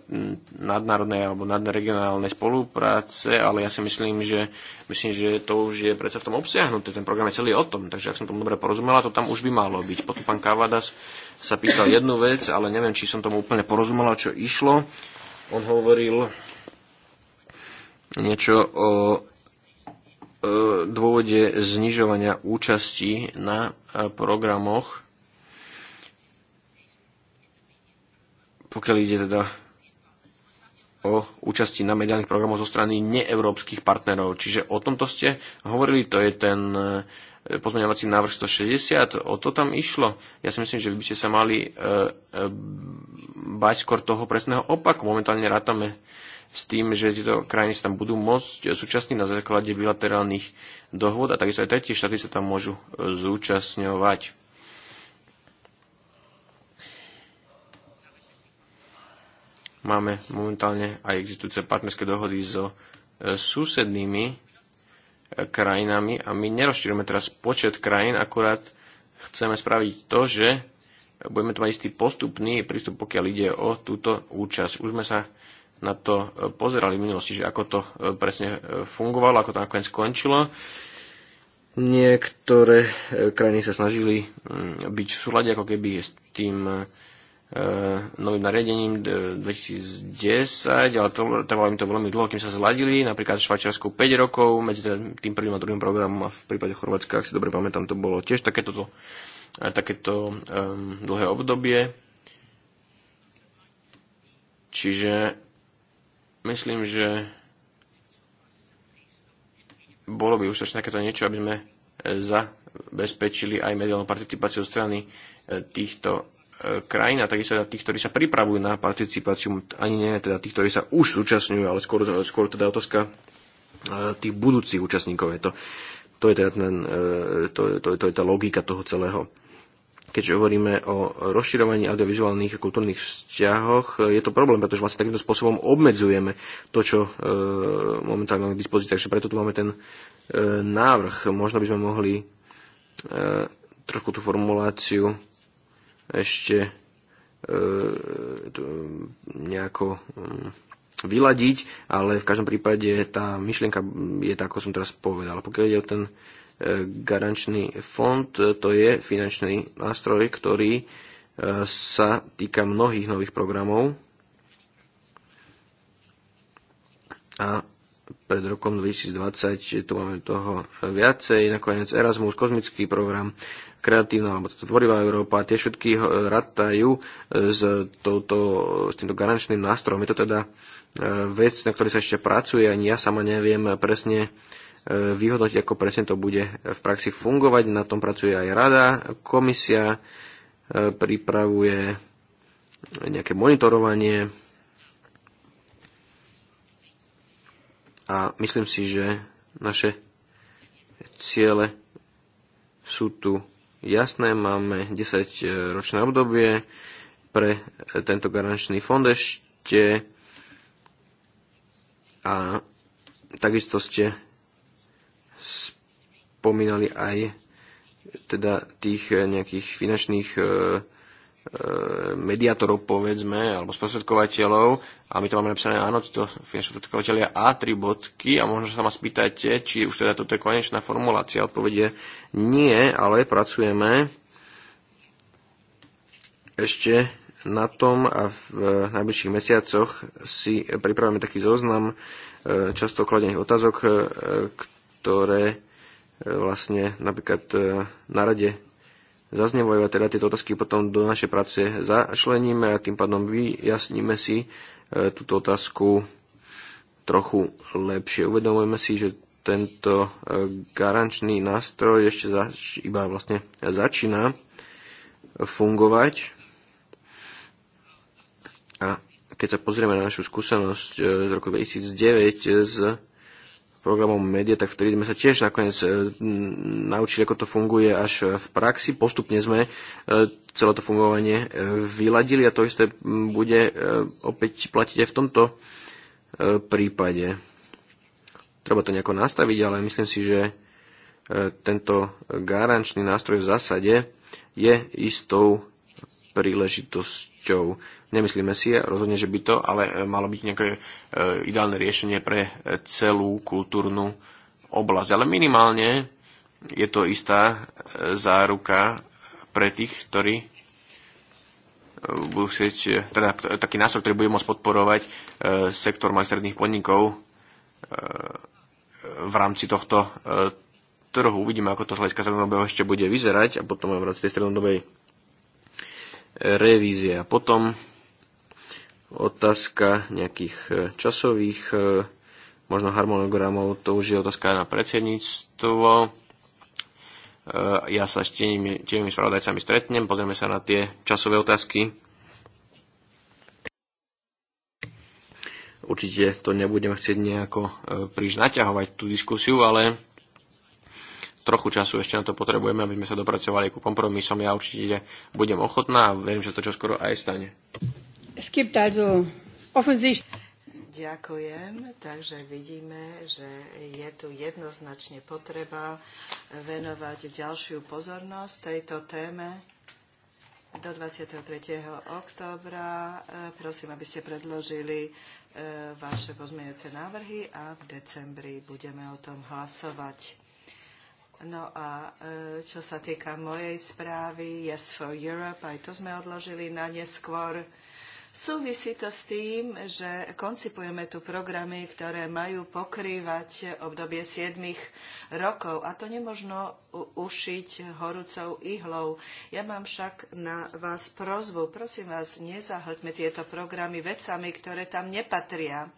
nadnárodnej alebo nadregionálnej spolupráce, ale ja si myslím, že, myslím, že to už je predsa v tom obsiahnuté, ten program je celý o tom, takže ak som tomu dobre porozumela, to tam už by malo byť. Potom pán Kavadas sa pýtal jednu vec, ale neviem, či som tomu úplne porozumela, čo išlo. On hovoril niečo o dôvode znižovania účasti na e, programoch pokiaľ ide teda o účasti na mediálnych programoch zo strany neeurópskych partnerov. Čiže o tomto ste hovorili, to je ten e, pozmeňovací návrh 160, o to tam išlo. Ja si myslím, že vy by ste sa mali e, e, bať skôr toho presného opaku. Momentálne rátame s tým, že tieto krajiny sa tam budú môcť súčasniť na základe bilaterálnych dohod a takisto aj tretie štáty sa tam môžu e, zúčastňovať. Máme momentálne aj existujúce partnerské dohody so e, susednými e, krajinami a my nerozširujeme teraz počet krajín, akurát chceme spraviť to, že budeme tu mať istý postupný prístup, pokiaľ ide o túto účasť. Už sme sa na to e, pozerali v minulosti, že ako to presne fungovalo, ako to nakoniec skončilo. Niektoré krajiny sa snažili mm, byť v súlade ako keby s tým E, novým nariadením 2010, e, ale to, trvalo im to veľmi dlho, kým sa zladili. Napríklad v Švajčiarsku 5 rokov, medzi teda tým prvým a druhým programom a v prípade Chorvátska, ak si dobre pamätám, to bolo tiež takéto, e, takéto um, dlhé obdobie. Čiže myslím, že bolo by už takéto niečo, aby sme zabezpečili aj mediálnu participáciu strany týchto E, krajín a takisto teda tých, ktorí sa pripravujú na participáciu, ani nie teda tých, ktorí sa už zúčastňujú, ale skôr, skôr teda otázka e, tých budúcich účastníkov. Je to, to, je teda ten, e, to, to, to je tá logika toho celého. Keďže hovoríme o rozširovaní audiovizuálnych a kultúrnych vzťahoch, je to problém, pretože vlastne takýmto spôsobom obmedzujeme to, čo e, momentálne máme k dispozícii. Takže preto tu máme ten e, návrh. Možno by sme mohli e, trochu tú formuláciu ešte e, nejako mm, vyladiť, ale v každom prípade tá myšlienka je tá, ako som teraz povedal. Pokiaľ ide o ten e, garančný fond, to je finančný nástroj, ktorý e, sa týka mnohých nových programov a pred rokom 2020 tu máme toho viacej, nakoniec Erasmus, kozmický program, kreatívna alebo tvorivá Európa, tie všetky ratajú e, s, touto, s týmto garančným nástrojom. Je to teda e, vec, na ktorej sa ešte pracuje, ani ja sama neviem presne e, vyhodnotiť, ako presne to bude v praxi fungovať. Na tom pracuje aj rada, komisia pripravuje nejaké monitorovanie a myslím si, že naše ciele sú tu jasné, máme 10-ročné obdobie pre tento garančný fond ešte a takisto ste spomínali aj teda tých nejakých finančných e, E, mediátorov, povedzme, alebo sprostredkovateľov, a my to máme napísané, áno, títo finanční sprostredkovateľia a tri bodky, a možno sa ma spýtate, či už teda toto je konečná formulácia, odpovede nie, ale pracujeme ešte na tom a v e, najbližších mesiacoch si pripravíme taký zoznam e, často kladených otázok, ktoré vlastne napríklad na rade Zaznevajú, a teda tieto otázky potom do našej práce zašleníme a tým pádom vyjasníme si e, túto otázku trochu lepšie. Uvedomujeme si, že tento e, garančný nástroj ešte zač- iba vlastne začína fungovať. A keď sa pozrieme na našu skúsenosť e, z roku 2009 z programom Media, tak vtedy sme sa tiež nakoniec e, naučili, ako to funguje až v praxi. Postupne sme e, celé to fungovanie e, vyladili a to isté bude opäť platiť aj v tomto prípade. Treba to nejako nastaviť, ale myslím si, že tento garančný nástroj v zásade je istou príležitosť činnosťou. Nemyslíme si rozhodne, že by to, ale e, malo byť nejaké e, ideálne riešenie pre e, celú kultúrnu oblasť. Ale minimálne je to istá záruka pre tých, ktorí budú chcieť, teda taký nástroj, ktorý bude môcť podporovať sektor majstredných podnikov v rámci tohto trhu. Uvidíme, ako to z hľadiska strednodobého ešte bude vyzerať a potom aj v rámci tej strednodobej revízia. Potom otázka nejakých e, časových, e, možno harmonogramov, to už je otázka na predsedníctvo. E, ja sa s tými spravodajcami stretnem, pozrieme sa na tie časové otázky. Určite to nebudeme chcieť nejako príliš naťahovať tú diskusiu, ale trochu času ešte na to potrebujeme, aby sme sa dopracovali ku kompromisom. Ja určite budem ochotná a verím, že to skoro aj stane. Es gibt also Ďakujem. Takže vidíme, že je tu jednoznačne potreba venovať ďalšiu pozornosť tejto téme do 23. októbra. E, prosím, aby ste predložili e, vaše pozmeňujúce návrhy a v decembri budeme o tom hlasovať. No a e, čo sa týka mojej správy, Yes for Europe, aj to sme odložili na neskôr. Súvisí to s tým, že koncipujeme tu programy, ktoré majú pokrývať obdobie 7 rokov a to nemožno ušiť horúcou ihlou. Ja mám však na vás prozvu. Prosím vás, nezahltme tieto programy vecami, ktoré tam nepatria. E,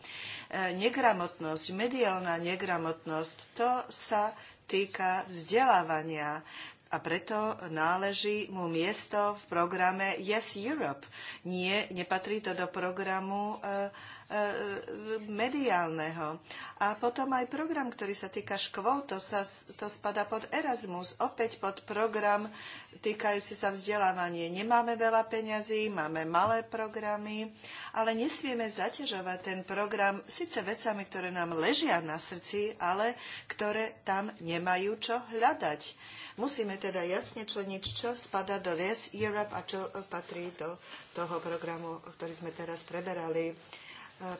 negramotnosť, mediálna negramotnosť, to sa týka vzdelávania a preto náleží mu miesto v programe Yes Europe. Nie, nepatrí to do programu uh, E, mediálneho. A potom aj program, ktorý sa týka škôl, to, sa, to spada pod Erasmus, opäť pod program týkajúci sa vzdelávanie. Nemáme veľa peňazí, máme malé programy, ale nesmieme zaťažovať ten program síce vecami, ktoré nám ležia na srdci, ale ktoré tam nemajú čo hľadať. Musíme teda jasne členiť, čo spada do Yes Europe a čo patrí do toho programu, ktorý sme teraz preberali.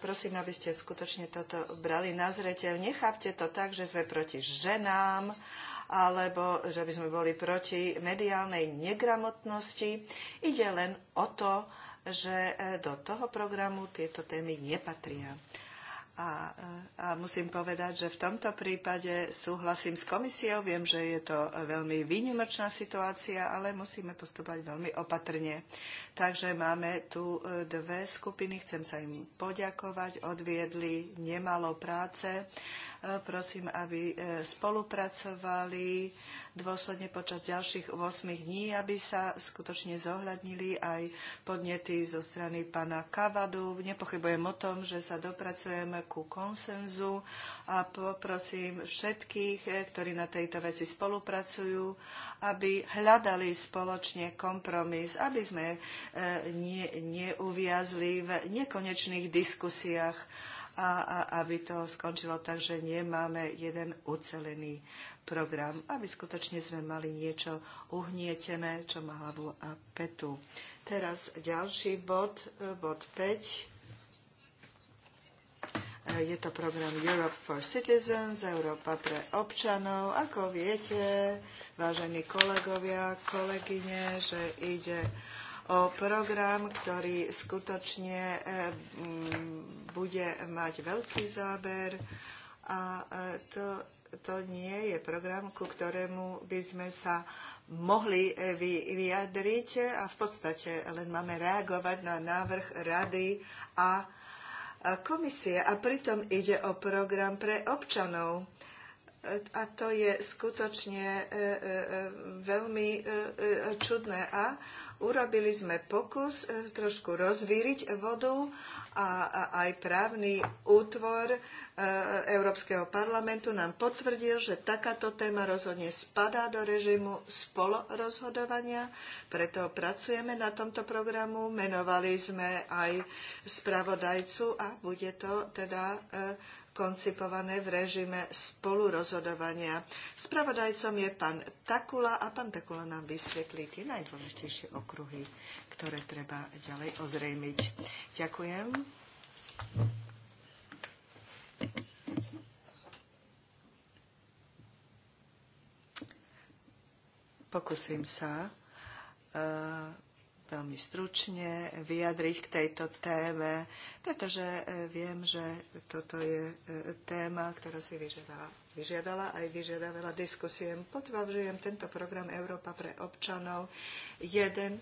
Prosím, aby ste skutočne toto brali na zreteľ. Nechápte to tak, že sme proti ženám, alebo že by sme boli proti mediálnej negramotnosti. Ide len o to, že e, do toho programu tieto témy nepatria. A, a musím povedať, že v tomto prípade súhlasím s komisiou. Viem, že je to veľmi výnimočná situácia, ale musíme postupovať veľmi opatrne. Takže máme tu e, dve skupiny. Chcem sa im poďakovať. Odviedli nemalo práce. E, prosím, aby e, spolupracovali dôsledne počas ďalších 8 dní, aby sa skutočne zohľadnili aj podnety zo strany pána Kavadu. Nepochybujem o tom, že sa dopracujeme ku konsenzu a poprosím všetkých, eh, ktorí na tejto veci spolupracujú, aby hľadali spoločne kompromis, aby sme eh, ne, neuviazli v nekonečných diskusiách a, a aby to skončilo tak, že nemáme jeden ucelený program, aby skutočne sme mali niečo uhnietené, čo má hlavu a petu. Teraz ďalší bod, eh, bod 5 je to program Europe for Citizens, Európa pre občanov. Ako viete, vážení kolegovia, kolegyne, že ide o program, ktorý skutočne eh, mm, bude mať veľký záber a eh, to, to nie je program, ku ktorému by sme sa mohli eh, vyjadriť a v podstate len máme reagovať na návrh rady a komisie a pritom ide o program pre občanov. E, a to je skutočne e, e, veľmi čudné. A urobili sme pokus trošku rozvíriť vodu a, aj právny útvor e, Európskeho parlamentu nám potvrdil, že takáto téma rozhodne spadá do režimu spolorozhodovania, preto pracujeme na tomto programu, menovali sme aj spravodajcu a bude to teda e, koncipované v režime spolurozhodovania. Spravodajcom je pán Takula a pán Takula nám vysvetlí tie najdôležitejšie okruhy, ktoré treba ďalej ozrejmiť. Ďakujem. Pokúsim sa eh, veľmi stručne vyjadriť k tejto téme, pretože e, viem, že toto je e, téma, ktorá si vyžiadala, vyžiadala aj vyžiada veľa diskusie. Potvrdzujem tento program Európa pre občanov. Jeden,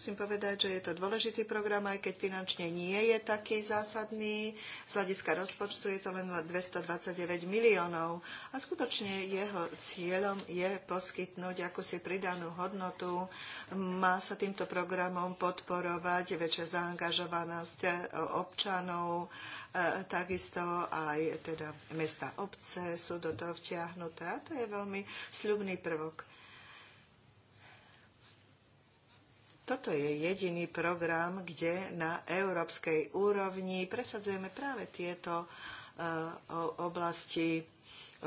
Musím povedať, že je to dôležitý program, aj keď finančne nie je taký zásadný. Z hľadiska rozpočtu je to len 229 miliónov. A skutočne jeho cieľom je poskytnúť akúsi pridanú hodnotu. Má sa týmto programom podporovať väčšia zaangažovanosť občanov, e, takisto aj teda mesta obce sú do toho vtiahnuté. A to je veľmi sľubný prvok. Toto je jediný program, kde na európskej úrovni presadzujeme práve tieto eh, oblasti,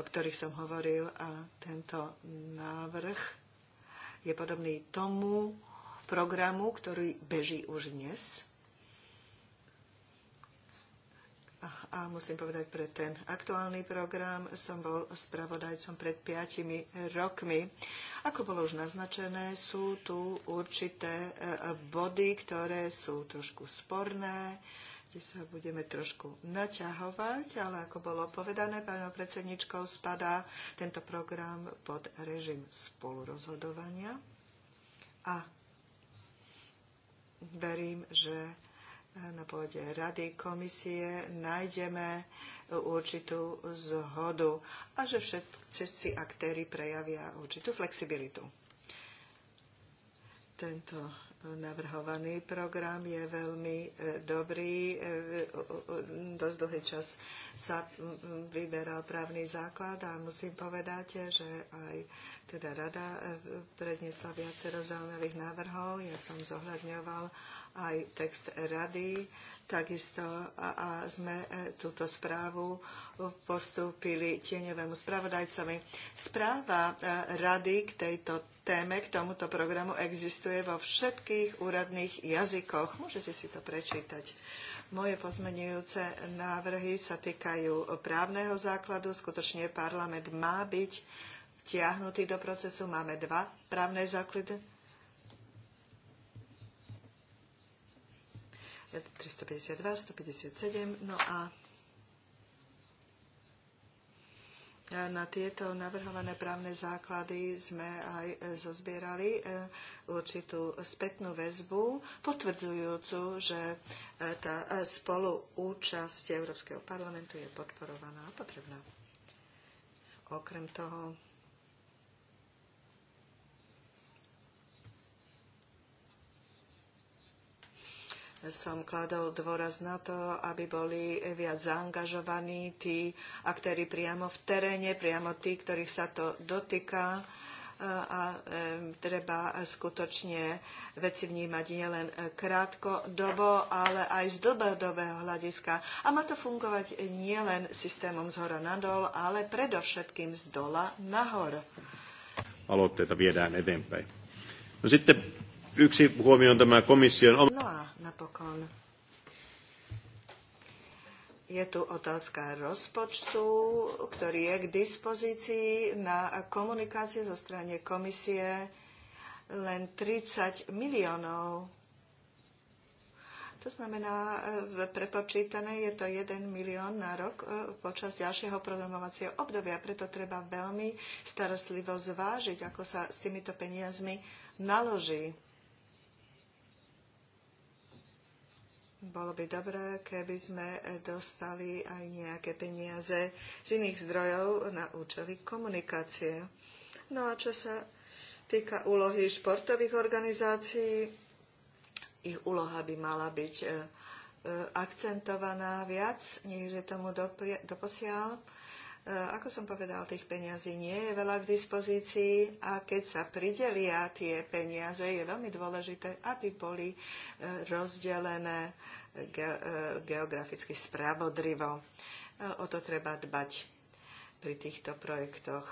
o ktorých som hovoril a tento návrh je podobný tomu programu, ktorý beží už dnes a musím povedať pre ten aktuálny program som bol spravodajcom pred 5 rokmi. Ako bolo už naznačené, sú tu určité e, body, ktoré sú trošku sporné, kde sa budeme trošku naťahovať, ale ako bolo povedané pánom predsedničkou, spadá tento program pod režim spolurozhodovania a verím, že na pôde Rady komisie nájdeme určitú zhodu a že všetci aktéry prejavia určitú flexibilitu. Tento navrhovaný program je veľmi e, dobrý. E, dosť dlhý čas sa vyberal právny základ a musím povedať, že aj teda rada e, predniesla viacero zaujímavých návrhov. Ja som zohľadňoval aj text rady. Takisto a, a sme e, túto správu postúpili tieňovému spravodajcovi. Správa e, rady k tejto téme, k tomuto programu existuje vo všetkých úradných jazykoch. Môžete si to prečítať. Moje pozmenujúce návrhy sa týkajú právneho základu. Skutočne parlament má byť vtiahnutí do procesu. Máme dva právne základy. 352, 157, no a Na tieto navrhované právne základy sme aj zozbierali e, určitú spätnú väzbu, potvrdzujúcu, že e, tá e, spoluúčasť Európskeho parlamentu je podporovaná a potrebná. Okrem toho som kladol dôraz na to, aby boli viac zaangažovaní tí aktéry priamo v teréne, priamo tí, ktorých sa to dotýka a treba skutočne veci vnímať nielen krátko dobo, ale aj z dlhodobého hľadiska. A má to fungovať nielen systémom z hora nadol, ale predovšetkým z dola nahor. Aloitteita viedään eteenpäin. No sitten Yksi huomio on tämä komission... No a napokon. Je tu otázka rozpočtu, ktorý je k dispozícii na komunikáciu zo strane komisie len 30 miliónov. To znamená, v prepočítané je to 1 milión na rok e, počas ďalšieho programovacieho obdobia. Preto treba veľmi starostlivo zvážiť, ako sa s týmito peniazmi naloží. bolo by dobré, keby sme dostali aj nejaké peniaze z iných zdrojov na účely komunikácie. No a čo sa týka úlohy športových organizácií, ich úloha by mala byť e, e, akcentovaná viac, než je tomu doposiaľ. Eh, ako som povedal, tých peniazí nie je veľa k dispozícii a keď sa pridelia tie peniaze, je veľmi dôležité, aby boli eh, rozdelené eh, geograficky spravodrivo. O to treba dbať pri týchto projektoch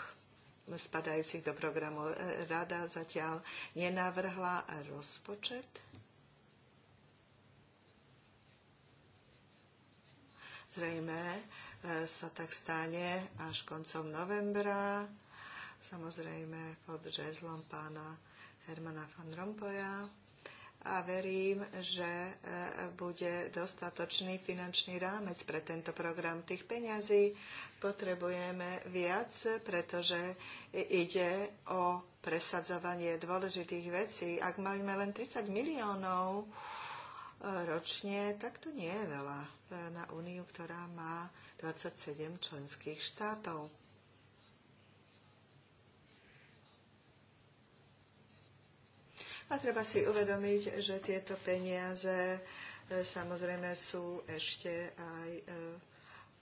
spadajúcich do programu. Rada zatiaľ nenavrhla rozpočet. Zrejme sa tak stane až koncom novembra, samozrejme pod žezlom pána Hermana van Rompoja. A verím, že e, bude dostatočný finančný rámec pre tento program. Tých peňazí potrebujeme viac, pretože ide o presadzovanie dôležitých vecí. Ak máme len 30 miliónov, e, ročne, tak to nie je veľa e, na Úniu, ktorá má 27 členských štátov. A treba si uvedomiť, že tieto peniaze e, samozrejme sú ešte aj e,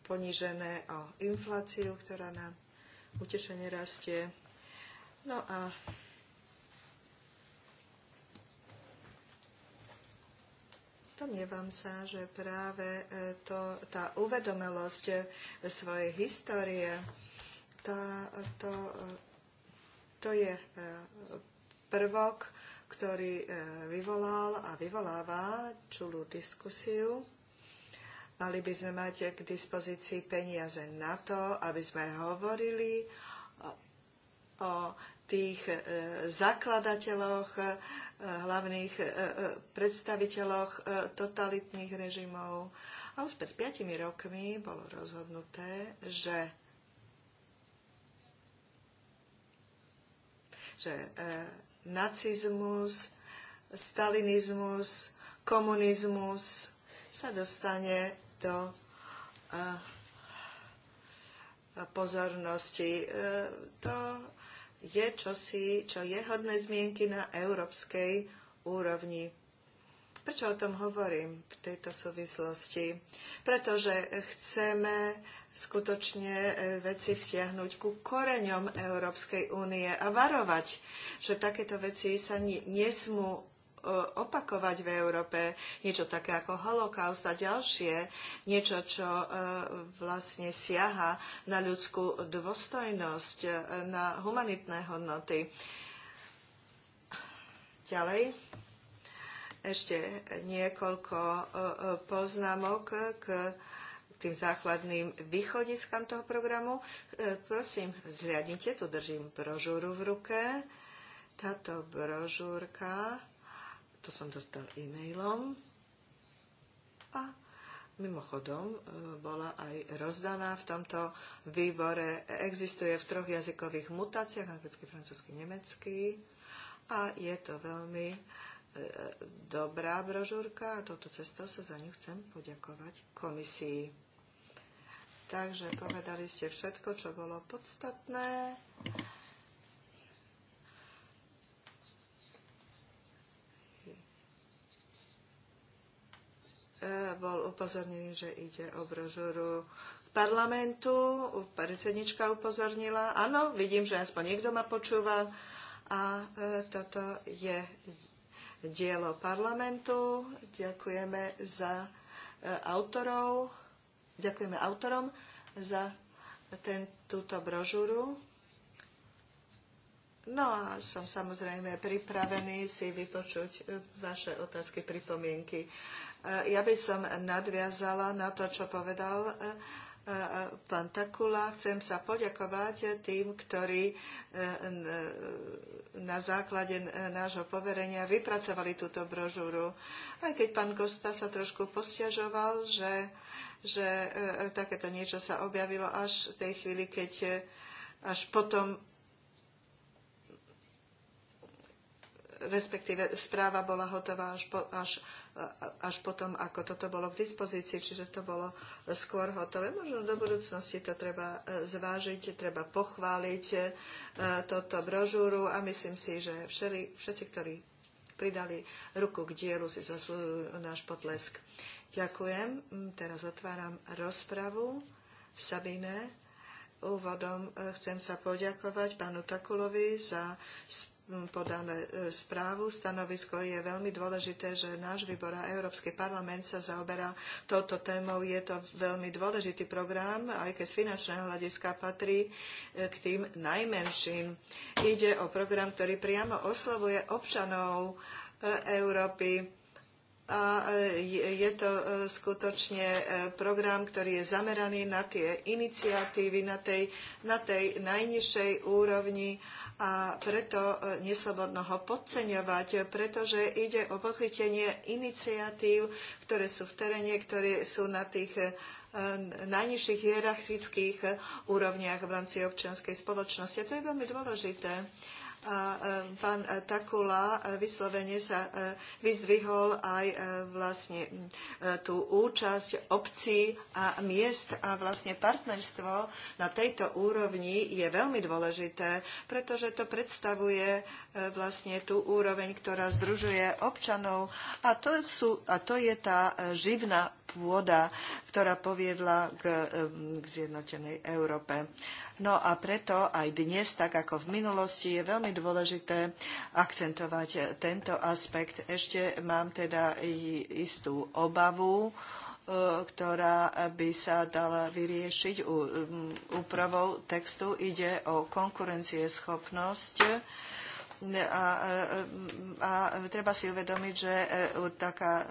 ponížené o infláciu, ktorá nám utešenie rastie. No a Domnievam sa, že práve e, to, tá uvedomelosť e, svojej histórie, to, to, e, to je prvok, ktorý vyvolal a vyvoláva čulú diskusiu. Mali by sme mať k dispozícii peniaze na to, aby sme hovorili o tých e, zakladateľoch, e, hlavných e, predstaviteľoch totalitných režimov. A už pred piatimi rokmi bolo rozhodnuté, že že nacizmus, stalinizmus, komunizmus sa dostane do pozornosti, do je čosi, čo je hodné zmienky na európskej úrovni. Prečo o tom hovorím v tejto súvislosti? Pretože chceme skutočne e, veci vzťahnuť ku koreňom Európskej únie a varovať, že takéto veci sa nesmú opakovať v Európe. Niečo také ako holokaust a ďalšie. Niečo, čo e, vlastne siaha na ľudskú dôstojnosť, e, na humanitné hodnoty. Ďalej. Ešte niekoľko e, poznámok k tým základným východiskám toho programu. Prosím, zhľadnite, tu držím brožúru v ruke. Táto brožúrka to som dostal e-mailom. A mimochodom e, bola aj rozdaná v tomto výbore. Existuje v troch jazykových mutáciách, anglicky, francúzsky, nemecky. A je to veľmi e, dobrá brožúrka a touto cestou sa za ňu chcem poďakovať komisii. Takže povedali ste všetko, čo bolo podstatné. bol upozornený, že ide o brožúru parlamentu. Predsednička upozornila. Áno, vidím, že aspoň niekto ma počúva. A e, toto je dielo parlamentu. Ďakujeme za e, autorov. Ďakujeme autorom za ten, túto brožúru. No a som samozrejme pripravený si vypočuť e, vaše otázky, pripomienky. E, ja by som nadviazala na to, čo povedal e, e, pán Takula. Chcem sa poďakovať tým, ktorí na základe nášho poverenia vypracovali túto brožúru. Aj keď pán Gosta sa trošku postiažoval, že, že takéto niečo sa objavilo až v tej chvíli, keď až potom respektíve správa bola hotová až, po, až až potom, ako toto bolo k dispozícii, čiže to bolo skôr hotové. Možno do budúcnosti to treba e, zvážiť, treba pochváliť e, toto brožúru a myslím si, že všeli, všetci, ktorí pridali ruku k dielu, si zaslúžili náš potlesk. Ďakujem. Mm, teraz otváram rozpravu. Sabine, úvodom e, chcem sa poďakovať pánu Takulovi za spoločnosť podané e, správu. Stanovisko je veľmi dôležité, že náš výbor a Európsky parlament sa zaoberá touto témou. Je to veľmi dôležitý program, aj keď z finančného hľadiska patrí e, k tým najmenším. Ide o program, ktorý priamo oslovuje občanov e, Európy a je to skutočne program, ktorý je zameraný na tie iniciatívy na tej, na tej najnižšej úrovni a preto e, neslobodno ho podceňovať, pretože ide o podchytenie iniciatív, ktoré sú v teréne, ktoré sú na tých e, najnižších hierarchických e, úrovniach v rámci občianskej spoločnosti. A to je veľmi dôležité a e, pán e, Takula e, vyslovene sa vyzdvihol aj vlastne tú účasť obcí a miest a vlastne partnerstvo na tejto úrovni je veľmi dôležité, pretože to predstavuje vlastne tú úroveň, ktorá združuje občanov a to, sú, a to je tá živná pôda, ktorá poviedla k, k zjednotenej Európe. No a preto aj dnes, tak ako v minulosti, je veľmi dôležité akcentovať tento aspekt. Ešte mám teda istú obavu, e, ktorá by sa dala vyriešiť mm, úpravou textu. Ide o konkurencieschopnosť a, a, e, a treba si uvedomiť, že e, taká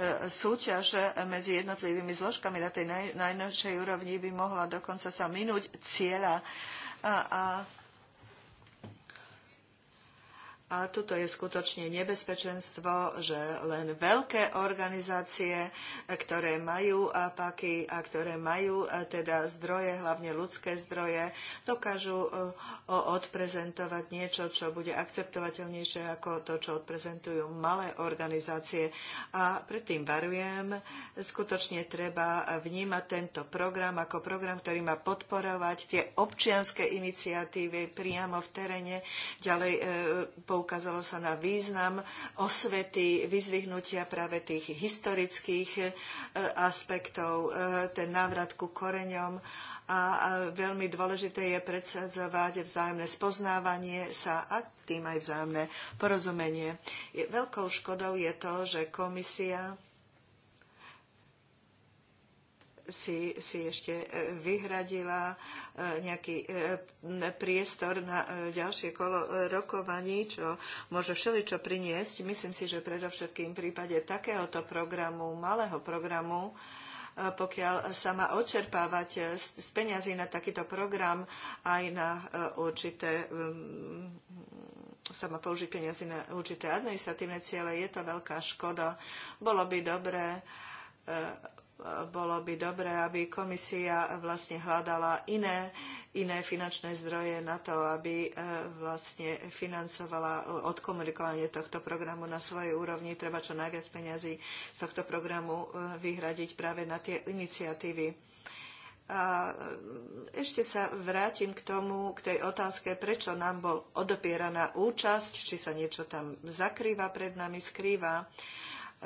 E, súťaž medzi jednotlivými zložkami na tej najnovšej úrovni by mohla dokonca sa minúť cieľa a, a a toto je skutočne nebezpečenstvo, že len veľké organizácie, ktoré majú paky a ktoré majú teda zdroje, hlavne ľudské zdroje, dokážu e, odprezentovať niečo, čo bude akceptovateľnejšie ako to, čo odprezentujú malé organizácie. A predtým varujem, skutočne treba vnímať tento program ako program, ktorý má podporovať tie občianské iniciatívy priamo v teréne, ďalej po e, poukázalo sa na význam osvety, vyzvihnutia práve tých historických e, aspektov, e, ten návrat ku koreňom a veľmi dôležité je predsazovať vzájomné spoznávanie sa a tým aj vzájomné porozumenie. Veľkou škodou je to, že komisia si, si ešte e, vyhradila e, nejaký e, priestor na ďalšie kolo rokovaní, čo môže všeličo priniesť. Myslím si, že predovšetkým v prípade takéhoto programu, malého programu, pokiaľ sa má odčerpávať z peňazí na takýto program aj na určité mm, sa má použiť peniazy na určité administratívne ciele, je to veľká škoda. Bolo by dobré bolo by dobré, aby komisia vlastne hľadala iné, iné finančné zdroje na to, aby e, vlastne financovala e, odkomunikovanie tohto programu na svojej úrovni. Treba čo najviac peňazí z tohto programu e, vyhradiť práve na tie iniciatívy. A ešte sa vrátim k tomu, k tej otázke, prečo nám bol odopieraná účasť, či sa niečo tam zakrýva pred nami, skrýva. Uh,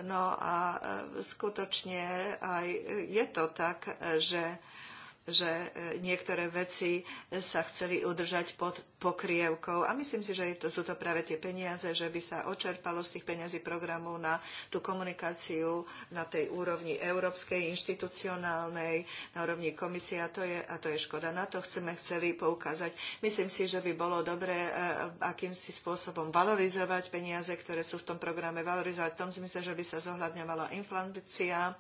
No a e, skutočne aj e, je to tak, e, že že e, niektoré veci e, sa chceli udržať pod pokrievkou. A myslím si, že sú to práve tie peniaze, že by sa očerpalo z tých peniazí programu na tú komunikáciu na tej úrovni európskej, inštitucionálnej, na úrovni komisie a to je, a to je škoda. Na to chceme chceli poukázať. Myslím si, že by bolo dobré e, akýmsi spôsobom valorizovať peniaze, ktoré sú v tom programe, valorizovať v tom zmysle, že by sa zohľadňovala inflácia.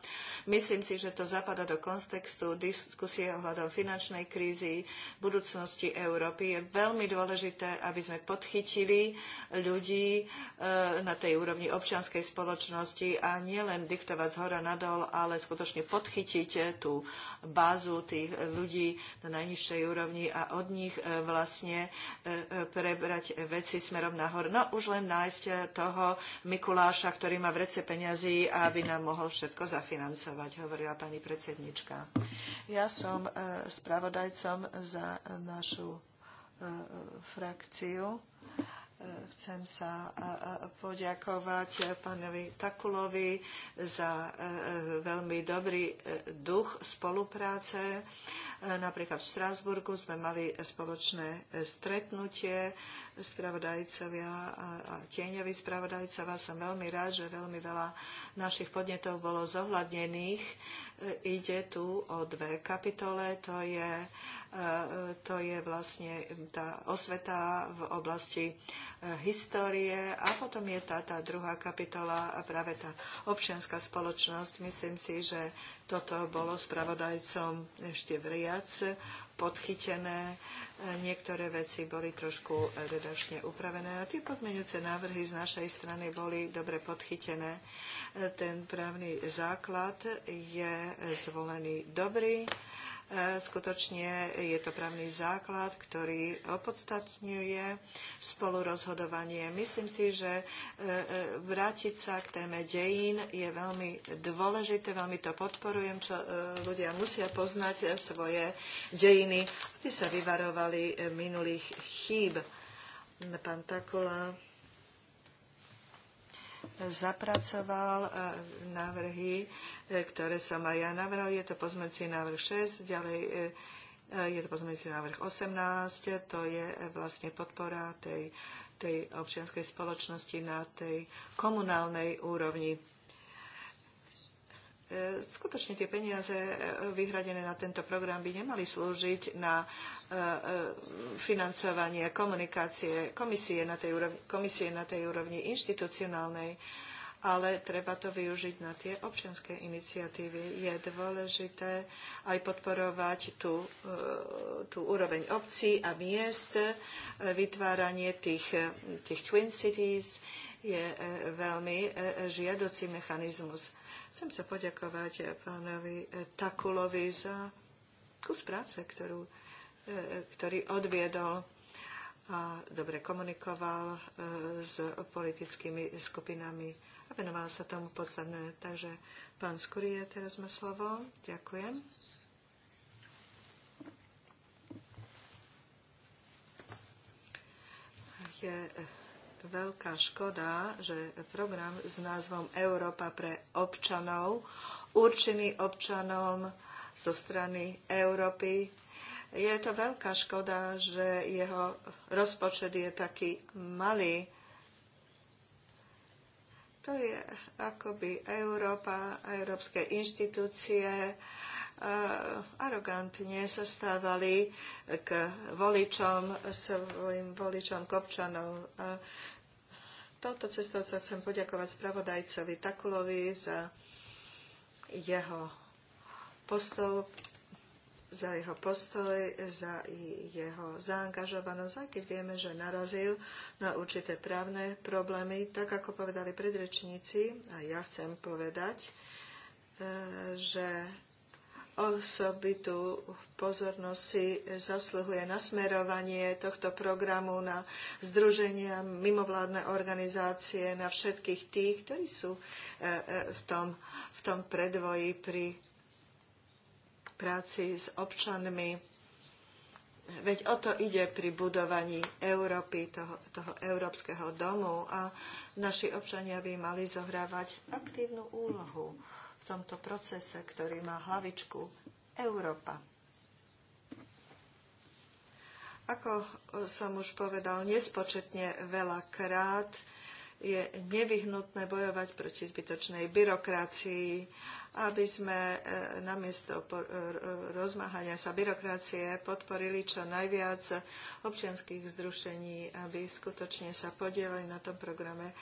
Myslím si, že to zapada do kontextu diskusie ohľadom finančnej krízy, budúcnosti Európy, je veľmi dôležité, aby sme podchytili ľudí E, na tej úrovni občianskej spoločnosti a nielen diktovať z hora nadol, ale skutočne podchytiť e, tú bázu tých ľudí na najnižšej úrovni a od nich e, vlastne prebrať veci smerom nahor. No už len nájsť toho Mikuláša, ktorý má v rece peňazí, aby nám mohol všetko zafinancovať, hovorila pani predsednička. Ja som spravodajcom za našu frakciu Chcem sa poďakovať pánovi Takulovi za e, e, veľmi dobrý e, duch spolupráce. Napríklad v Štrásburgu sme mali spoločné stretnutie spravodajcovia a tieňoví spravodajcovia. Som veľmi rád, že veľmi veľa našich podnetov bolo zohľadnených. Ide tu o dve kapitole. To je E, to je vlastne tá osveta v oblasti e, histórie a potom je tá, tá druhá kapitola a práve tá občianská spoločnosť. Myslím si, že toto bolo spravodajcom ešte vriac podchytené. E, niektoré veci boli trošku redačne upravené a tie podmenujúce návrhy z našej strany boli dobre podchytené. Ten právny základ je zvolený dobrý E, skutočne je to právny základ, ktorý opodstatňuje spolurozhodovanie. Myslím si, že e, e, vrátiť sa k téme dejín je veľmi dôležité, veľmi to podporujem, čo ľudia musia poznať svoje dejiny, aby sa vyvarovali minulých chýb. Pán Takula zapracoval e, návrhy, e, ktoré som aj ja navrhol. Je to pozmeňujúci návrh 6, ďalej e, je to pozmeňujúci návrh 18, to je vlastne podpora tej, tej občianskej spoločnosti na tej komunálnej úrovni. E, skutočne tie peniaze e, vyhradené na tento program by nemali slúžiť na e, financovanie komunikácie komisie na tej úrovni, komisie na tej úrovni inštitucionálnej, ale treba to využiť na tie občianské iniciatívy. Je dôležité aj podporovať tú, tú úroveň obcí a miest, vytváranie tých, tých Twin Cities je veľmi žiadocí mechanizmus Chcem sa poďakovať eh, pánovi eh, Takulovi za kus práce, ktorú, eh, ktorý odviedol a dobre komunikoval s politickými skupinami a venoval sa tomu podstatné. Takže pán Skurie, teraz má slovo. Ďakujem. Je veľká škoda, že program s názvom Európa pre občanov, určený občanom zo strany Európy, je to veľká škoda, že jeho rozpočet je taký malý. To je akoby Európa, európske inštitúcie, e, arogantne sa stávali k voličom, svojim voličom, k občanov. E, touto cestou sa chcem poďakovať spravodajcovi Takulovi za jeho postoj, za jeho postoj, za jeho zaangažovanosť, aj keď vieme, že narazil na určité právne problémy, tak ako povedali predrečníci, a ja chcem povedať, e, že osobitú pozornosť si zasluhuje nasmerovanie tohto programu na združenia, mimovládne organizácie, na všetkých tých, ktorí sú e, e, v tom, v tom predvoji pri práci s občanmi. Veď o to ide pri budovaní Európy, toho, toho európskeho domu a naši občania by mali zohrávať aktívnu úlohu v tomto procese, ktorý má hlavičku Európa. Ako e, som už povedal nespočetne veľa krát, je nevyhnutné bojovať proti zbytočnej byrokracii, aby sme e, namiesto e, rozmáhania sa byrokracie podporili čo najviac občianských združení, aby skutočne sa podielali na tom programe.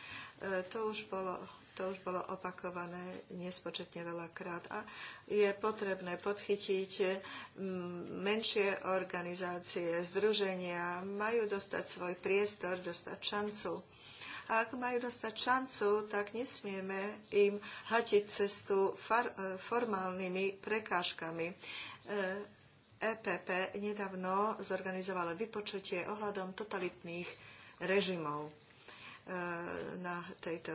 To už bolo to už bolo opakované nespočetne veľakrát a je potrebné podchytiť mm, menšie organizácie, združenia, majú dostať svoj priestor, dostať šancu. A ak majú dostať šancu, tak nesmieme im hatiť cestu e, formálnymi prekážkami. EPP e nedávno zorganizovalo vypočutie ohľadom totalitných režimov e, na tejto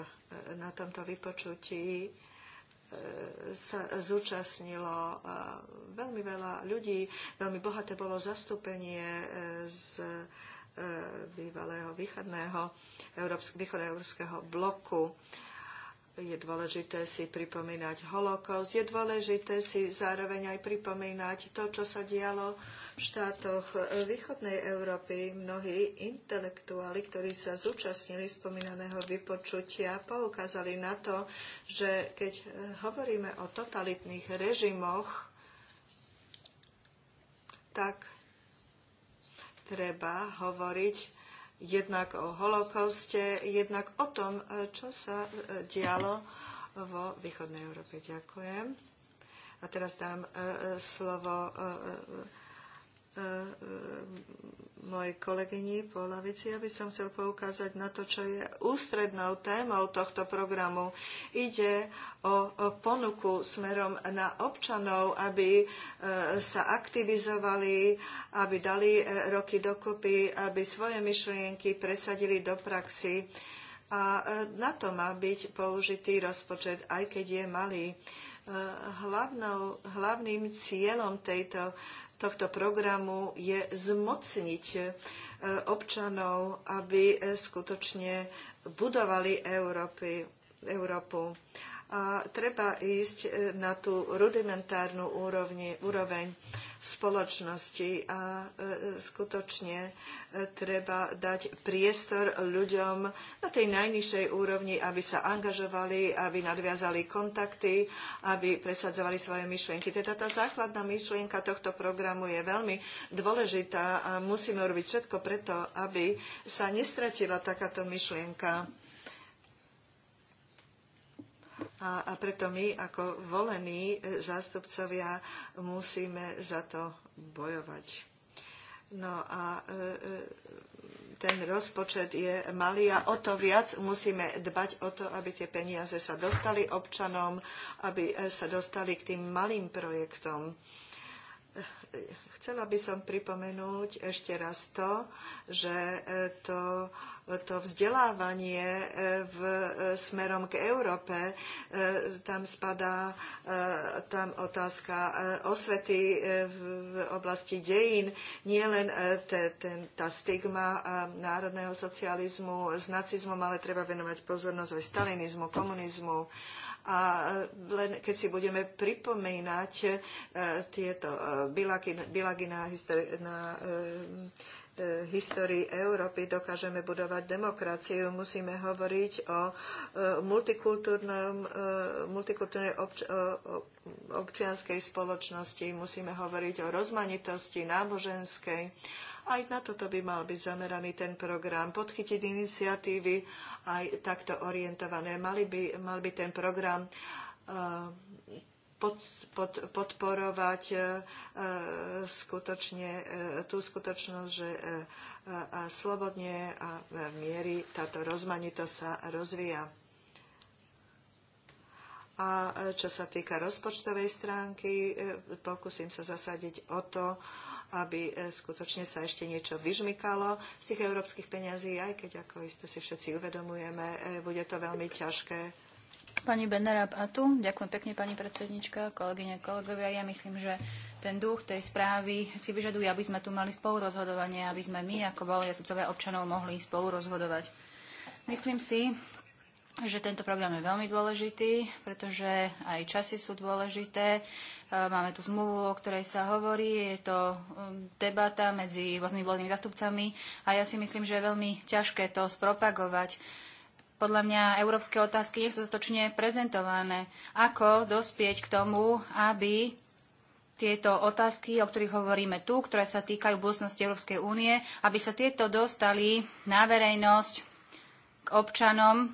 na tomto vypočutí e, sa zúčastnilo e, veľmi veľa ľudí. Veľmi bohaté bolo zastúpenie e, z bývalého východného, európskeho bloku je dôležité si pripomínať holokaust, je dôležité si zároveň aj pripomínať to, čo sa dialo v štátoch východnej Európy. Mnohí intelektuáli, ktorí sa zúčastnili spomínaného vypočutia, poukázali na to, že keď hovoríme o totalitných režimoch, tak treba hovoriť jednak o holokauste, jednak o tom, e, čo sa e, dialo vo východnej Európe. Ďakujem. A teraz dám e, slovo mojej kolegyni po lavici, aby som chcel poukázať na to, čo je ústrednou témou tohto programu. Ide o, ponuku smerom na občanov, aby e, sa aktivizovali, aby dali e, roky dokopy, aby svoje myšlienky presadili do praxi. A e, na to má byť použitý rozpočet, aj keď je malý. Hlavnou, hlavným cieľom tejto tohto programu je zmocniť e, občanov, aby e, skutočne budovali Európy, Európu. A treba ísť e, na tú rudimentárnu úroveň, úroveň v spoločnosti a e, skutočne e, treba dať priestor ľuďom na tej najnižšej úrovni, aby sa angažovali, aby nadviazali kontakty, aby presadzovali svoje myšlienky. Teda tá základná myšlienka tohto programu je veľmi dôležitá a musíme urobiť všetko preto, aby sa nestratila takáto myšlienka a, a preto my ako volení e, zástupcovia musíme za to bojovať. No a e, e, ten rozpočet je malý a o to viac musíme dbať o to, aby tie peniaze sa dostali občanom, aby sa dostali k tým malým projektom. Chcela by som pripomenúť ešte raz to, že to to vzdelávanie e, v, e, smerom k Európe. E, tam spadá tam otázka osvety v oblasti dejín. Nie len tá stigma národného socializmu s nacizmom, ale treba venovať pozornosť aj stalinizmu, komunizmu a len keď si budeme pripomínať tieto bilagina, bilagina na E, histórii Európy dokážeme budovať demokraciu, musíme hovoriť o e, e, multikultúrnej obč- občianskej spoločnosti, musíme hovoriť o rozmanitosti náboženskej. Aj na toto by mal byť zameraný ten program, podchytiť iniciatívy aj takto orientované. Mal by, mal by ten program uh, pod, pod, podporovať e, e, skutočne e, tú skutočnosť, že slobodne a v miery táto rozmanitosť sa rozvíja. A čo sa týka rozpočtovej stránky, pokúsim sa zasadiť o to, aby skutočne sa ešte niečo vyžmykalo z tých európskych peňazí, aj keď ako isto si všetci uvedomujeme, bude to veľmi ťažké Pani Benarab a tu. Ďakujem pekne, pani predsednička, kolegyne, kolegovia. Ja myslím, že ten duch tej správy si vyžaduje, aby sme tu mali spolurozhodovanie, aby sme my ako volia zúbtovia občanov mohli spolurozhodovať. Myslím si, že tento program je veľmi dôležitý, pretože aj časy sú dôležité. E, máme tu zmluvu, o ktorej sa hovorí, je to um, debata medzi vlastnými voľnými zastupcami a ja si myslím, že je veľmi ťažké to spropagovať podľa mňa európske otázky nie sú dostatočne prezentované. Ako dospieť k tomu, aby tieto otázky, o ktorých hovoríme tu, ktoré sa týkajú budúcnosti Európskej únie, aby sa tieto dostali na verejnosť k občanom,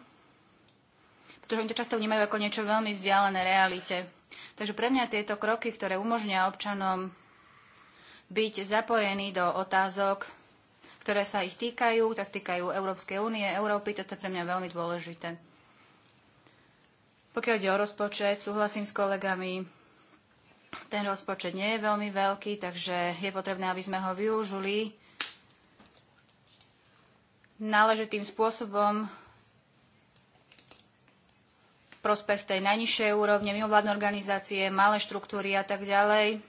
pretože oni to často vnímajú ako niečo veľmi vzdialené realite. Takže pre mňa tieto kroky, ktoré umožnia občanom byť zapojení do otázok ktoré sa ich týkajú, ktoré sa týkajú Európskej únie, Európy. Toto je pre mňa veľmi dôležité. Pokiaľ ide o rozpočet, súhlasím s kolegami, ten rozpočet nie je veľmi veľký, takže je potrebné, aby sme ho využili náležitým spôsobom prospech tej najnižšej úrovne, mimovládne organizácie, malé štruktúry a tak ďalej.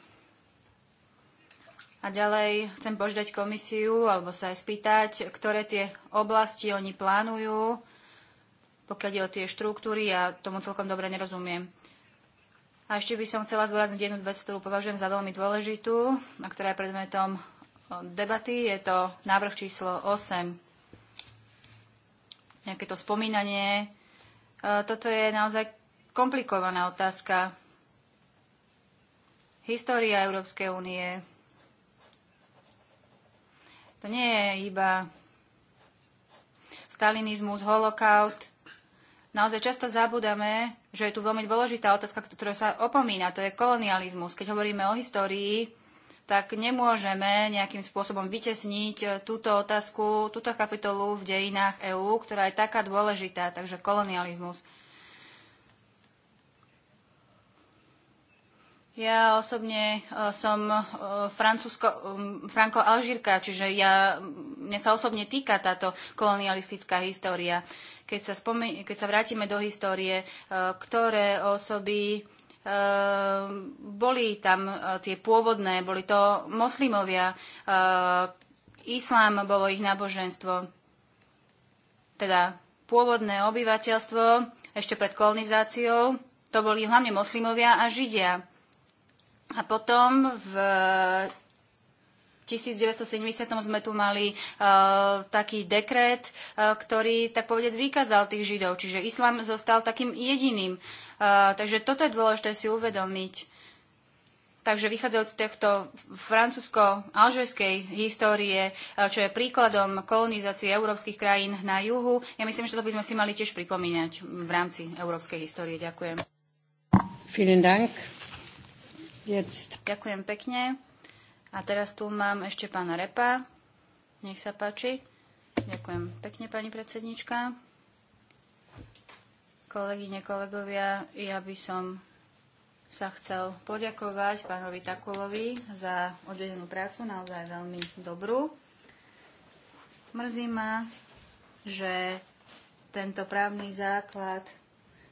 A ďalej chcem požiadať komisiu alebo sa aj spýtať, ktoré tie oblasti oni plánujú, pokiaľ ide o tie štruktúry, ja tomu celkom dobre nerozumiem. A ešte by som chcela zvorazniť jednu vec, ktorú považujem za veľmi dôležitú a ktorá je predmetom debaty. Je to návrh číslo 8. Nejaké to spomínanie. E, toto je naozaj komplikovaná otázka. História Európskej únie, to nie je iba stalinizmus, holokaust. Naozaj často zabudame, že je tu veľmi dôležitá otázka, ktorá sa opomína, to je kolonializmus. Keď hovoríme o histórii, tak nemôžeme nejakým spôsobom vytesniť e, túto otázku, túto kapitolu v dejinách EÚ, ktorá je taká dôležitá, takže kolonializmus. Ja osobne e, som e, franko-alžírka, čiže ja, mňa sa osobne týka táto kolonialistická história. Keď sa, spome- keď sa vrátime do histórie, e, ktoré osoby boli tam tie pôvodné, boli to moslimovia, islám bolo ich náboženstvo, teda pôvodné obyvateľstvo ešte pred kolonizáciou, to boli hlavne moslimovia a židia. A potom v 1970 eh, sme tu mali uh, taký dekret, uh, ktorý tak povedec vykázal tých Židov, čiže islám zostal takým jediným. Uh, takže toto je dôležité si uvedomiť. Takže vychádzajúc z tohto francúzsko-alžerskej histórie, uh, čo je príkladom kolonizácie európskych krajín na juhu, ja myslím, že to by sme si mali tiež pripomínať v rámci európskej histórie. Ďakujem. Vielen Dank. Jetzt. Ďakujem pekne. A teraz tu mám ešte pána Repa. Nech sa páči. Ďakujem pekne, pani predsednička. Kolegyne, kolegovia, ja by som sa chcel poďakovať pánovi Takulovi za odvedenú prácu, naozaj veľmi dobrú. Mrzí ma, že tento právny základ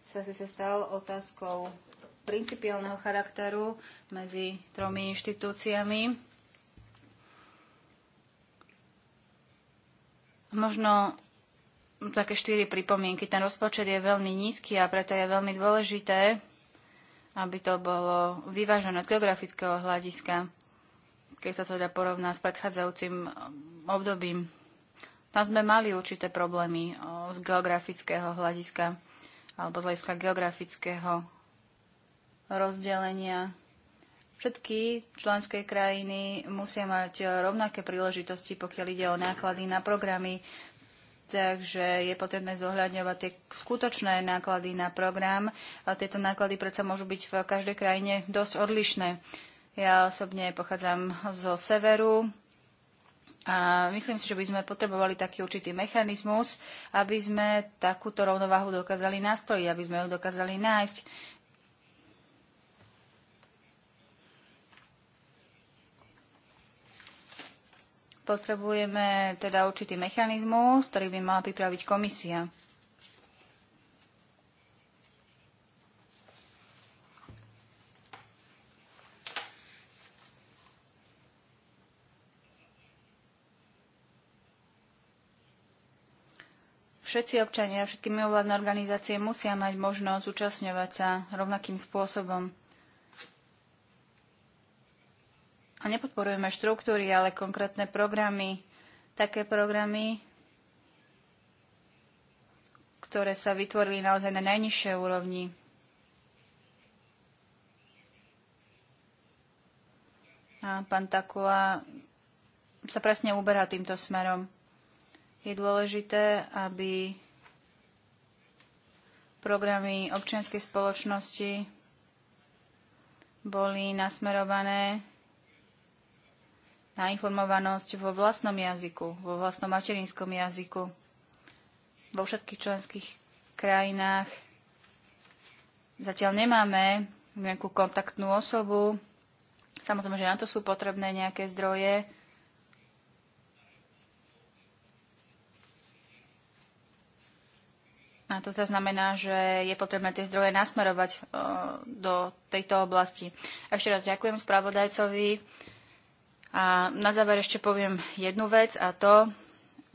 sa, sa stal otázkou principiálneho charakteru medzi tromi inštitúciami. Možno také štyri pripomienky. Ten rozpočet je veľmi nízky a preto je veľmi dôležité, aby to bolo vyvážené z geografického hľadiska, keď sa to teda porovná s predchádzajúcim obdobím. Tam sme mali určité problémy z geografického hľadiska alebo z hľadiska geografického rozdelenia. Všetky členské krajiny musia mať e, rovnaké príležitosti, pokiaľ ide o náklady na programy, takže je potrebné zohľadňovať tie skutočné náklady na program. A tieto náklady predsa môžu byť v každej krajine dosť odlišné. Ja osobne pochádzam zo severu, a myslím si, že by sme potrebovali taký určitý mechanizmus, aby sme takúto rovnováhu dokázali nastoliť, aby sme ju dokázali nájsť. Potrebujeme teda určitý mechanizmus, ktorý by mala pripraviť komisia. všetci občania, všetky mimovládne organizácie musia mať možnosť zúčastňovať sa rovnakým spôsobom. a nepodporujeme štruktúry, ale konkrétne programy, také programy, ktoré sa vytvorili naozaj na najnižšie úrovni. A pán Takula sa presne uberá týmto smerom. Je dôležité, aby programy občianskej spoločnosti boli nasmerované na informovanosť vo vlastnom jazyku, vo vlastnom materinskom jazyku, vo všetkých členských krajinách. Zatiaľ nemáme nejakú kontaktnú osobu. Samozrejme, že na to sú potrebné nejaké zdroje. A to sa teda znamená, že je potrebné tie zdroje nasmerovať do tejto oblasti. Ešte raz ďakujem spravodajcovi a na záver ešte poviem jednu vec a to,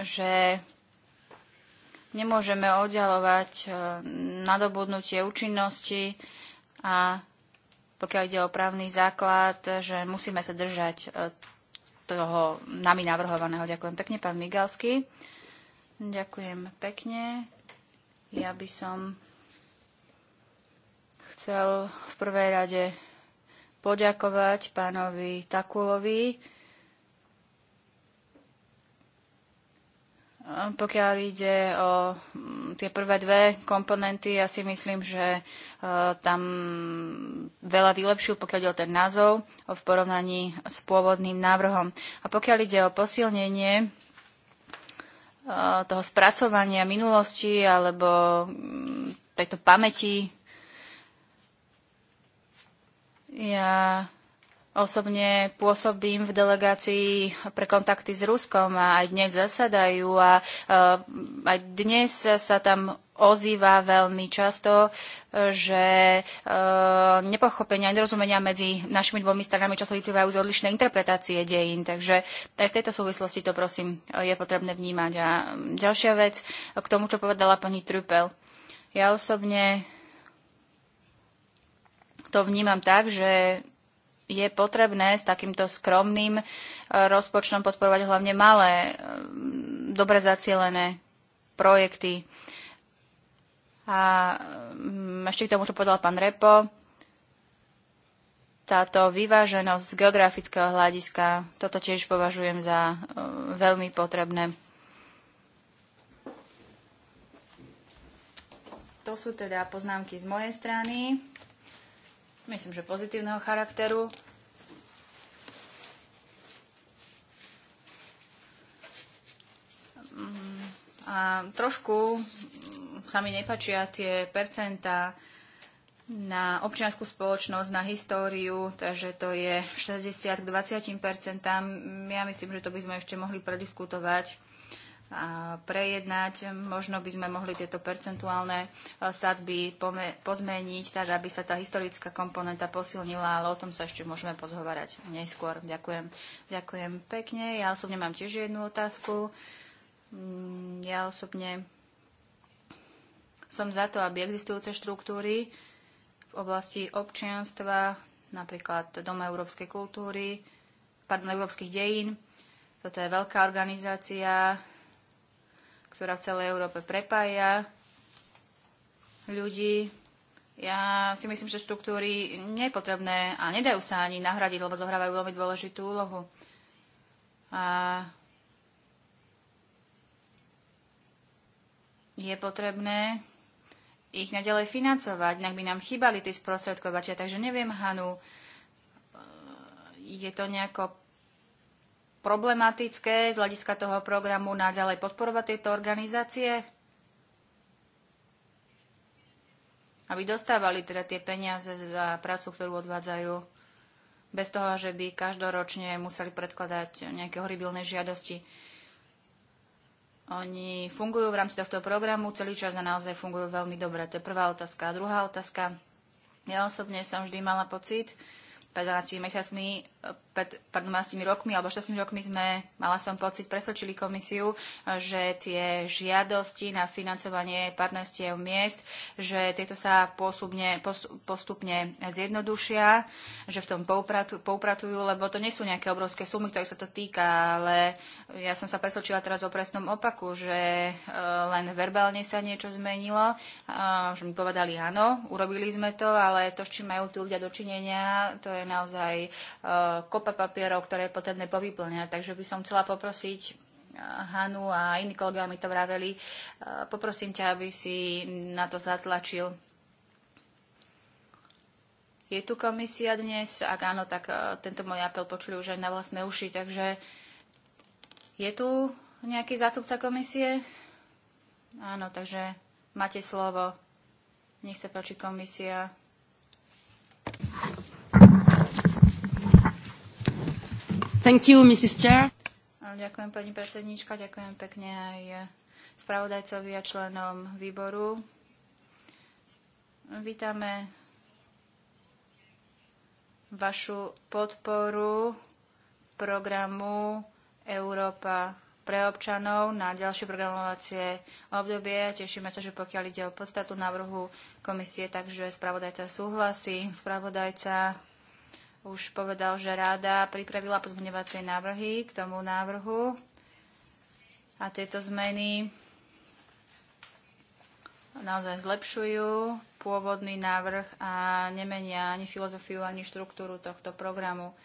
že nemôžeme oddialovať e, nadobudnutie účinnosti a pokiaľ ide o právny základ, že musíme sa držať e, toho nami navrhovaného. Ďakujem pekne, pán Migalsky. Ďakujem pekne. Ja by som chcel v prvej rade poďakovať pánovi Takulovi. Pokiaľ ide o mm, tie prvé dve komponenty, ja si myslím, že e, tam veľa vylepšil, pokiaľ ide o ten názov v porovnaní s pôvodným návrhom. A pokiaľ ide o posilnenie e, toho spracovania minulosti alebo mm, tejto pamäti ja osobne pôsobím v delegácii pre kontakty s Ruskom a aj dnes zasadajú a e, aj dnes sa tam ozýva veľmi často, e, že e, nepochopenia, a nerozumenia medzi našimi dvomi stranami často vyplývajú z odlišnej interpretácie dejín. Takže aj v tejto súvislosti to prosím je potrebné vnímať. A ďalšia vec k tomu, čo povedala pani Trupel. Ja osobne to vnímam tak, že je potrebné s takýmto skromným e, rozpočtom podporovať hlavne malé, e, dobre zacielené projekty. A mm, ešte k tomu, čo povedal pán Repo, táto vyváženosť z geografického hľadiska, toto tiež považujem za e, veľmi potrebné. To sú teda poznámky z mojej strany myslím, že pozitívneho charakteru. A trošku sa mi nepačia tie percentá na občianskú spoločnosť, na históriu, takže to je 60 k 20 percentám. Ja myslím, že to by sme ešte mohli prediskutovať prejednať. Možno by sme mohli tieto percentuálne e, sadzby pozmeniť, tak aby sa tá historická komponenta posilnila, ale o tom sa ešte môžeme pozhovárať neskôr. Ďakujem. Ďakujem pekne. Ja osobne mám tiež jednu otázku. Mm, ja osobne som za to, aby existujúce štruktúry v oblasti občianstva, napríklad Doma európskej kultúry, pardon, európskych dejín, toto je veľká organizácia, ktorá v celej Európe prepája ľudí. Ja si myslím, že štruktúry nie je potrebné a nedajú sa ani nahradiť, lebo zohrávajú veľmi dôležitú úlohu. A je potrebné ich naďalej financovať, inak by nám chýbali tí sprostredkovateľia. Takže neviem, Hanu, je to nejako problematické z hľadiska toho programu naďalej podporovať tieto organizácie? Aby dostávali teda tie peniaze za prácu, ktorú odvádzajú bez toho, že by každoročne museli predkladať nejaké horibilné žiadosti. Oni fungujú v rámci tohto programu celý čas a naozaj fungujú veľmi dobre. To je prvá otázka. A druhá otázka. Ja osobne som vždy mala pocit, 15 mesiacmi, pred, pred 12 rokmi alebo 16 rokmi sme, mala som pocit, presvedčili komisiu, že tie žiadosti na financovanie partnerstiev miest, že tieto sa posubne, postupne zjednodušia, že v tom poupratujú, poupratujú, lebo to nie sú nejaké obrovské sumy, ktoré sa to týka, ale ja som sa presvedčila teraz o presnom opaku, že e, len verbálne sa niečo zmenilo, e, že mi povedali áno, urobili sme to, ale to, s čím majú tí ľudia dočinenia, to je naozaj uh, kopa papierov, ktoré je potrebné povyplňať. Takže by som chcela poprosiť eh, Hanu a iní kolegovia mi to vraveli. Eh, poprosím ťa, aby si na to zatlačil. Je tu komisia dnes? Ak áno, tak eh, tento môj apel počuli už aj na vlastné uši. Takže je tu nejaký zástupca komisie? Áno, takže máte slovo. Nech sa páči komisia. Thank you, Mrs. Chair. Ďakujem, pani predsedníčka, ďakujem pekne aj spravodajcovi a členom výboru. Vítame vašu podporu programu Európa pre občanov na ďalšie programovacie obdobie. Tešíme sa, že pokiaľ ide o podstatu návrhu komisie, takže spravodajca súhlasí. Spravodajca už povedal, že ráda pripravila pozmeňovacie návrhy k tomu návrhu a tieto zmeny naozaj zlepšujú pôvodný návrh a nemenia ani filozofiu, ani štruktúru tohto programu.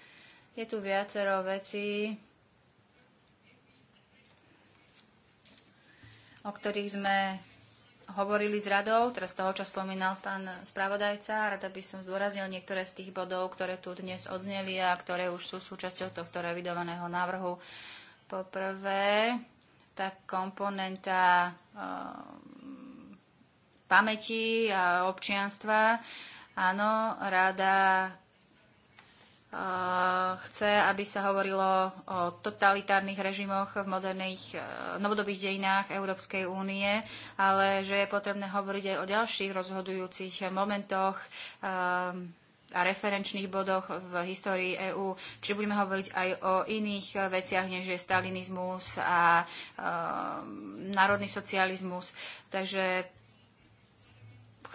Je tu viacero vecí, o ktorých sme hovorili s radou, teraz z toho, čo spomínal pán spravodajca. Rada by som zdôraznil niektoré z tých bodov, ktoré tu dnes odzneli a ktoré už sú súčasťou tohto revidovaného návrhu. Poprvé, tá komponenta e, pamäti a občianstva. Áno, rada chce, aby sa hovorilo o totalitárnych režimoch v moderných e, novodobých dejinách Európskej únie, ale že je potrebné hovoriť aj o ďalších rozhodujúcich momentoch e, a referenčných bodoch v histórii EÚ, či budeme hovoriť aj o iných veciach, než je stalinizmus a e, národný socializmus. Takže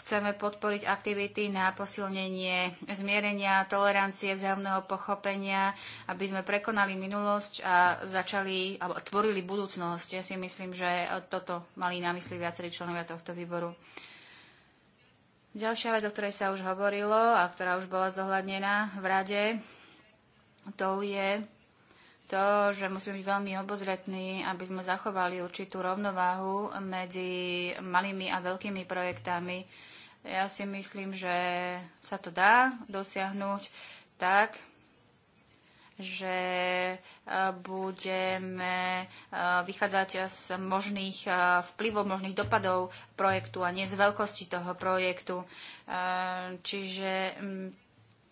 Chceme podporiť aktivity na posilnenie zmierenia, tolerancie, vzájomného pochopenia, aby sme prekonali minulosť a začali, alebo tvorili budúcnosť. Ja si myslím, že toto mali na mysli viacerí členovia tohto výboru. Ďalšia vec, o ktorej sa už hovorilo a ktorá už bola zohľadnená v rade, to je to, že musíme byť veľmi obozretní, aby sme zachovali určitú rovnováhu medzi malými a veľkými projektami. Ja si myslím, že sa to dá dosiahnuť tak, že e, budeme e, vychádzať z možných e, vplyvov, možných dopadov projektu a nie z veľkosti toho projektu. Čiže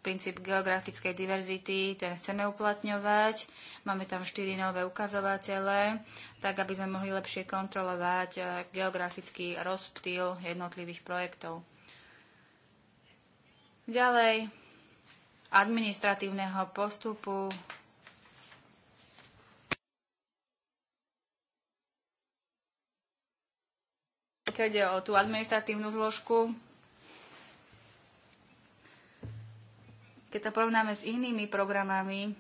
princíp geografickej diverzity, ten chceme uplatňovať. Máme tam štyri nové ukazovatele, tak aby sme mohli lepšie kontrolovať geografický rozptýl jednotlivých projektov. Ďalej, administratívneho postupu keď je o tú administratívnu zložku, keď to porovnáme s inými programami,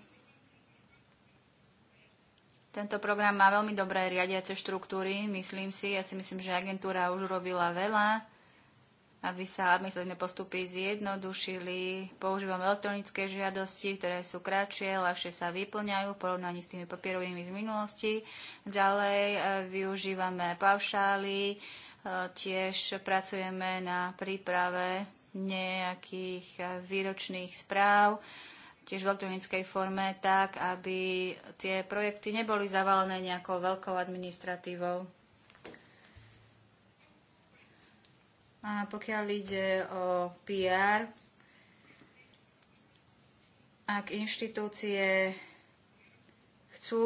tento program má veľmi dobré riadiace štruktúry, myslím si. Ja si myslím, že agentúra už robila veľa aby sa administratívne postupy zjednodušili. Používam elektronické žiadosti, ktoré sú kratšie, ľahšie sa vyplňajú v porovnaní s tými papierovými z minulosti. Ďalej e, využívame paušály, e, tiež pracujeme na príprave nejakých e, výročných správ tiež v elektronickej forme, tak aby tie projekty neboli zavalené nejakou veľkou administratívou. A pokiaľ ide o PR, ak inštitúcie chcú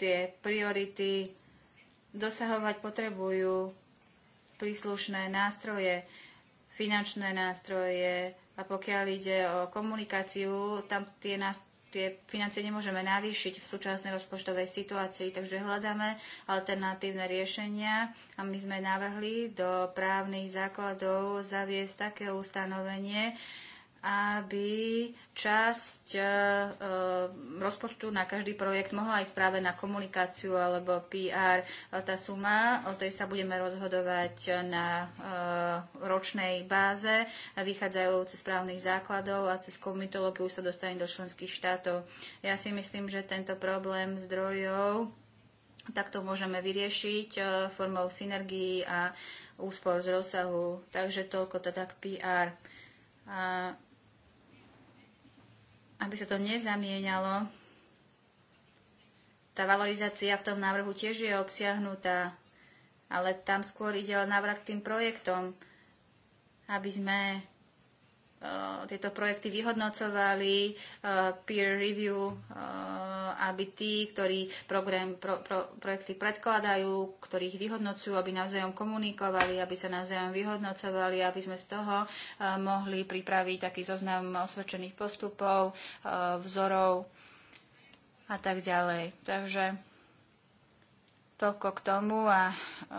tie priority dosahovať, potrebujú príslušné nástroje, finančné nástroje a pokiaľ ide o komunikáciu, tam tie nástroje tie financie nemôžeme navýšiť v súčasnej rozpočtovej situácii, takže hľadáme alternatívne riešenia a my sme navrhli do právnych základov zaviesť také ustanovenie, aby časť e, e, rozpočtu na každý projekt mohla ísť práve na komunikáciu alebo PR. E, tá suma, o tej sa budeme rozhodovať na e, ročnej báze, vychádzajú z právnych základov a cez komitológiu sa dostane do členských štátov. Ja si myslím, že tento problém zdrojov takto môžeme vyriešiť e, formou synergií a úspor z rozsahu. Takže toľko to teda tak PR. A aby sa to nezamieňalo. Tá valorizácia v tom návrhu tiež je obsiahnutá, ale tam skôr ide o návrat k tým projektom, aby sme Eh, tieto projekty vyhodnocovali, eh, peer review, eh, aby tí, ktorí program, pro, pro, projekty predkladajú, ktorých vyhodnocujú, aby navzájom komunikovali, aby sa navzájom vyhodnocovali, aby sme z toho mohli pripraviť taký zoznam osvedčených postupov, vzorov a tak ďalej. Takže toľko k tomu a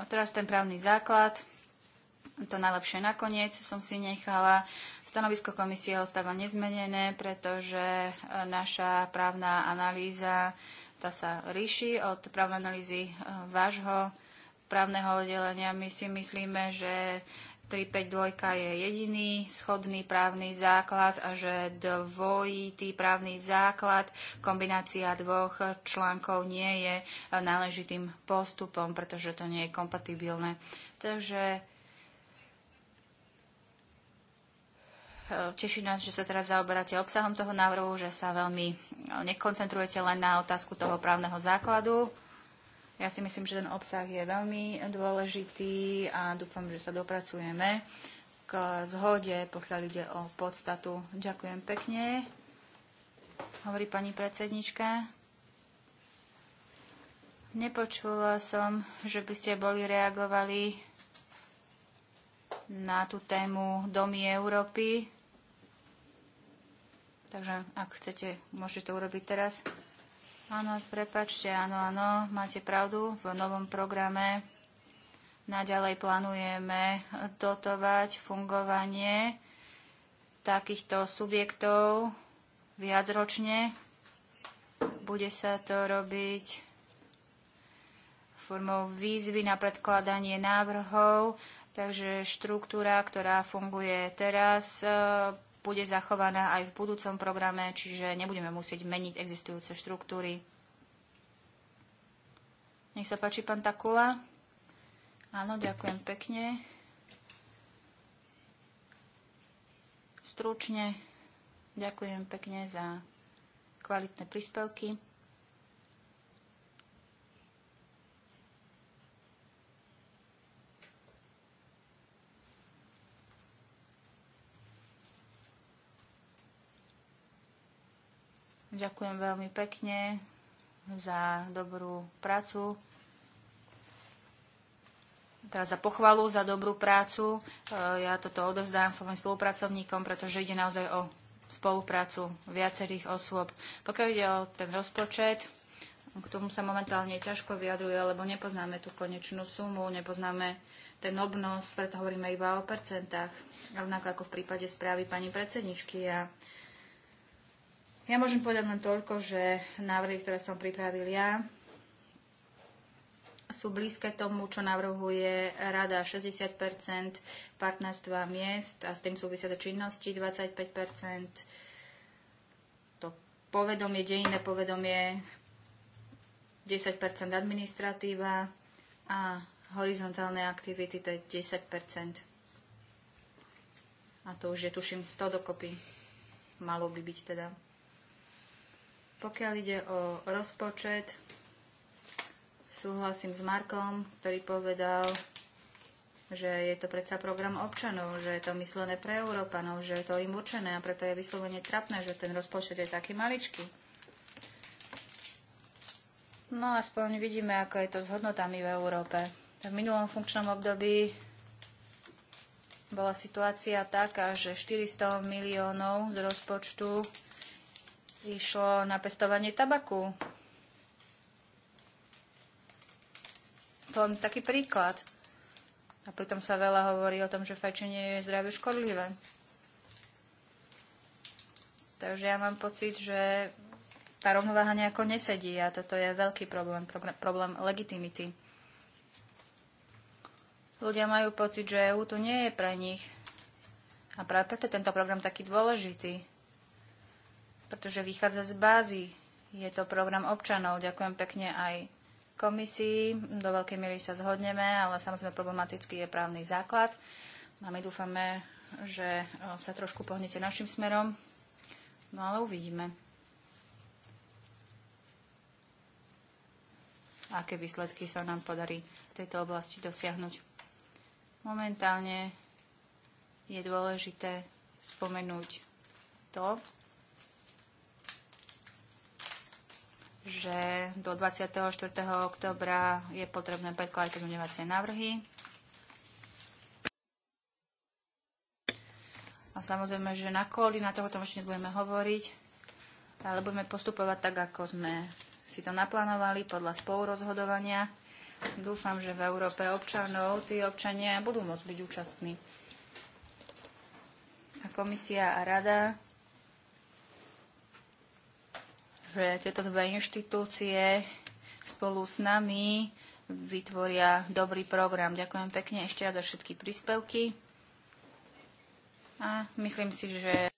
teraz ten právny základ – to najlepšie nakoniec som si nechala. Stanovisko komisie ostáva nezmenené, pretože e, naša právna analýza tá sa líši od právnej analýzy e, vášho právneho oddelenia. My si myslíme, že 352 je jediný schodný právny základ a že dvojitý právny základ, kombinácia dvoch článkov nie je e, náležitým postupom, pretože to nie je kompatibilné. Takže E, teší nás, že sa teraz zaoberáte obsahom toho návrhu, že sa veľmi e, nekoncentrujete len na otázku toho právneho základu. Ja si myslím, že ten obsah je veľmi dôležitý a dúfam, že sa dopracujeme k zhode, pokiaľ ide o podstatu. Ďakujem pekne, hovorí pani predsednička. Nepočula som, že by ste boli reagovali na tú tému Domy Európy. Takže ak chcete, môžete to urobiť teraz. Áno, prepačte, áno, áno, máte pravdu. V novom programe naďalej plánujeme dotovať fungovanie takýchto subjektov viacročne. Bude sa to robiť formou výzvy na predkladanie návrhov, takže štruktúra, ktorá funguje teraz, bude zachovaná aj v budúcom programe, čiže nebudeme musieť meniť existujúce štruktúry. Nech sa páči, pán Takula. Áno, ďakujem pekne. Stručne ďakujem pekne za kvalitné príspevky. Ďakujem veľmi pekne za dobrú prácu, teda za pochvalu, za dobrú prácu. E, ja toto odovzdám svojim spolupracovníkom, pretože ide naozaj o spoluprácu viacerých osôb. Pokiaľ ide o ten rozpočet, k tomu sa momentálne ťažko vyjadruje, lebo nepoznáme tú konečnú sumu, nepoznáme ten obnos, preto hovoríme iba o percentách, rovnako ako v prípade správy pani predsedničky. A ja ja môžem povedať len toľko, že návrhy, ktoré som pripravil ja, sú blízke tomu, čo navrhuje Rada 60 partnerstva miest a s tým súvisiace činnosti 25 to povedomie, dejinné povedomie 10 administratíva a horizontálne aktivity to je 10 A to už je, tuším, 100 dokopy. Malo by byť teda. Pokiaľ ide o rozpočet, súhlasím s Markom, ktorý povedal, že je to predsa program občanov, že je to myslené pre Európanov, že je to im určené a preto je vyslovene trapné, že ten rozpočet je taký maličký. No aspoň vidíme, ako je to s hodnotami v Európe. V minulom funkčnom období bola situácia taká, že 400 miliónov z rozpočtu išlo na pestovanie tabaku. To len taký príklad. A pritom sa veľa hovorí o tom, že fajčenie je zdravé škodlivé. Takže ja mám pocit, že tá rovnováha nejako nesedí a toto je veľký problém, problém legitimity. Ľudia majú pocit, že EU tu nie je pre nich. A práve preto je tento program taký dôležitý pretože vychádza z bázy. Je to program občanov. Ďakujem pekne aj komisii. Do veľkej miery sa zhodneme, ale samozrejme problematický je právny základ. A my dúfame, že sa trošku pohnete našim smerom. No ale uvidíme. Aké výsledky sa nám podarí v tejto oblasti dosiahnuť. Momentálne je dôležité spomenúť to, že do 24. oktobra je potrebné predkladať pozmeňovacie návrhy. A samozrejme, že na na o tom ešte budeme hovoriť, ale budeme postupovať tak, ako sme si to naplánovali podľa spolurozhodovania. Dúfam, že v Európe občanov tí občania budú môcť byť účastní. A komisia a rada že tieto dve inštitúcie spolu s nami vytvoria dobrý program. Ďakujem pekne ešte raz za všetky príspevky a myslím si, že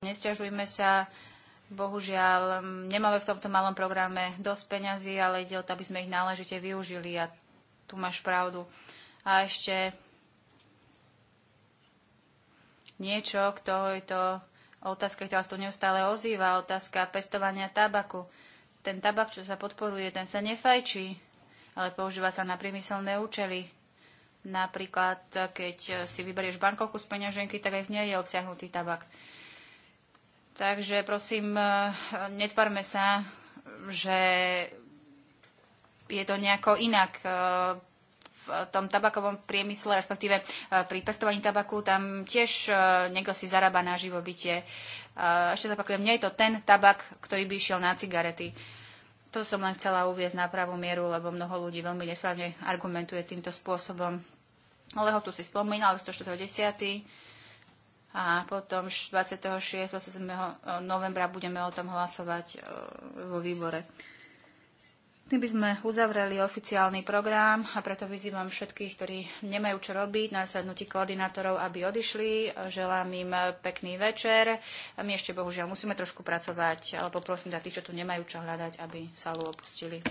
Nesťažujme sa, bohužiaľ nemáme v tomto malom programe dosť peňazí, ale ide o to, aby sme ich náležite využili a tu máš pravdu. A ešte niečo k tohojto otázke, ktorá sa tu neustále ozýva, otázka pestovania tabaku. Ten tabak, čo sa podporuje, ten sa nefajčí, ale používa sa na priemyselné účely. Napríklad, keď si vyberieš bankovku z peňaženky, tak aj v nej je obsiahnutý tabak. Takže prosím, e, netvarme sa, že je to nejako inak e, v tom tabakovom priemysle, respektíve e, pri pestovaní tabaku, tam tiež niekto si zarába na živobytie. Ešte zapakujem, nie je to ten tabak, ktorý by išiel na cigarety. To som len chcela uviezť na pravú mieru, lebo mnoho ľudí veľmi nesprávne argumentuje týmto spôsobom. Lehotu si spomínal, 140 a potom 26. 27. Eh, novembra budeme o tom hlasovať eh, vo výbore. Tým by sme uzavreli oficiálny program a preto vyzývam všetkých, ktorí nemajú čo robiť na sadnutí koordinátorov, aby odišli. Želám im pekný večer. My ešte bohužiaľ musíme trošku pracovať, ale poprosím za tí, čo tu nemajú čo hľadať, aby salu opustili.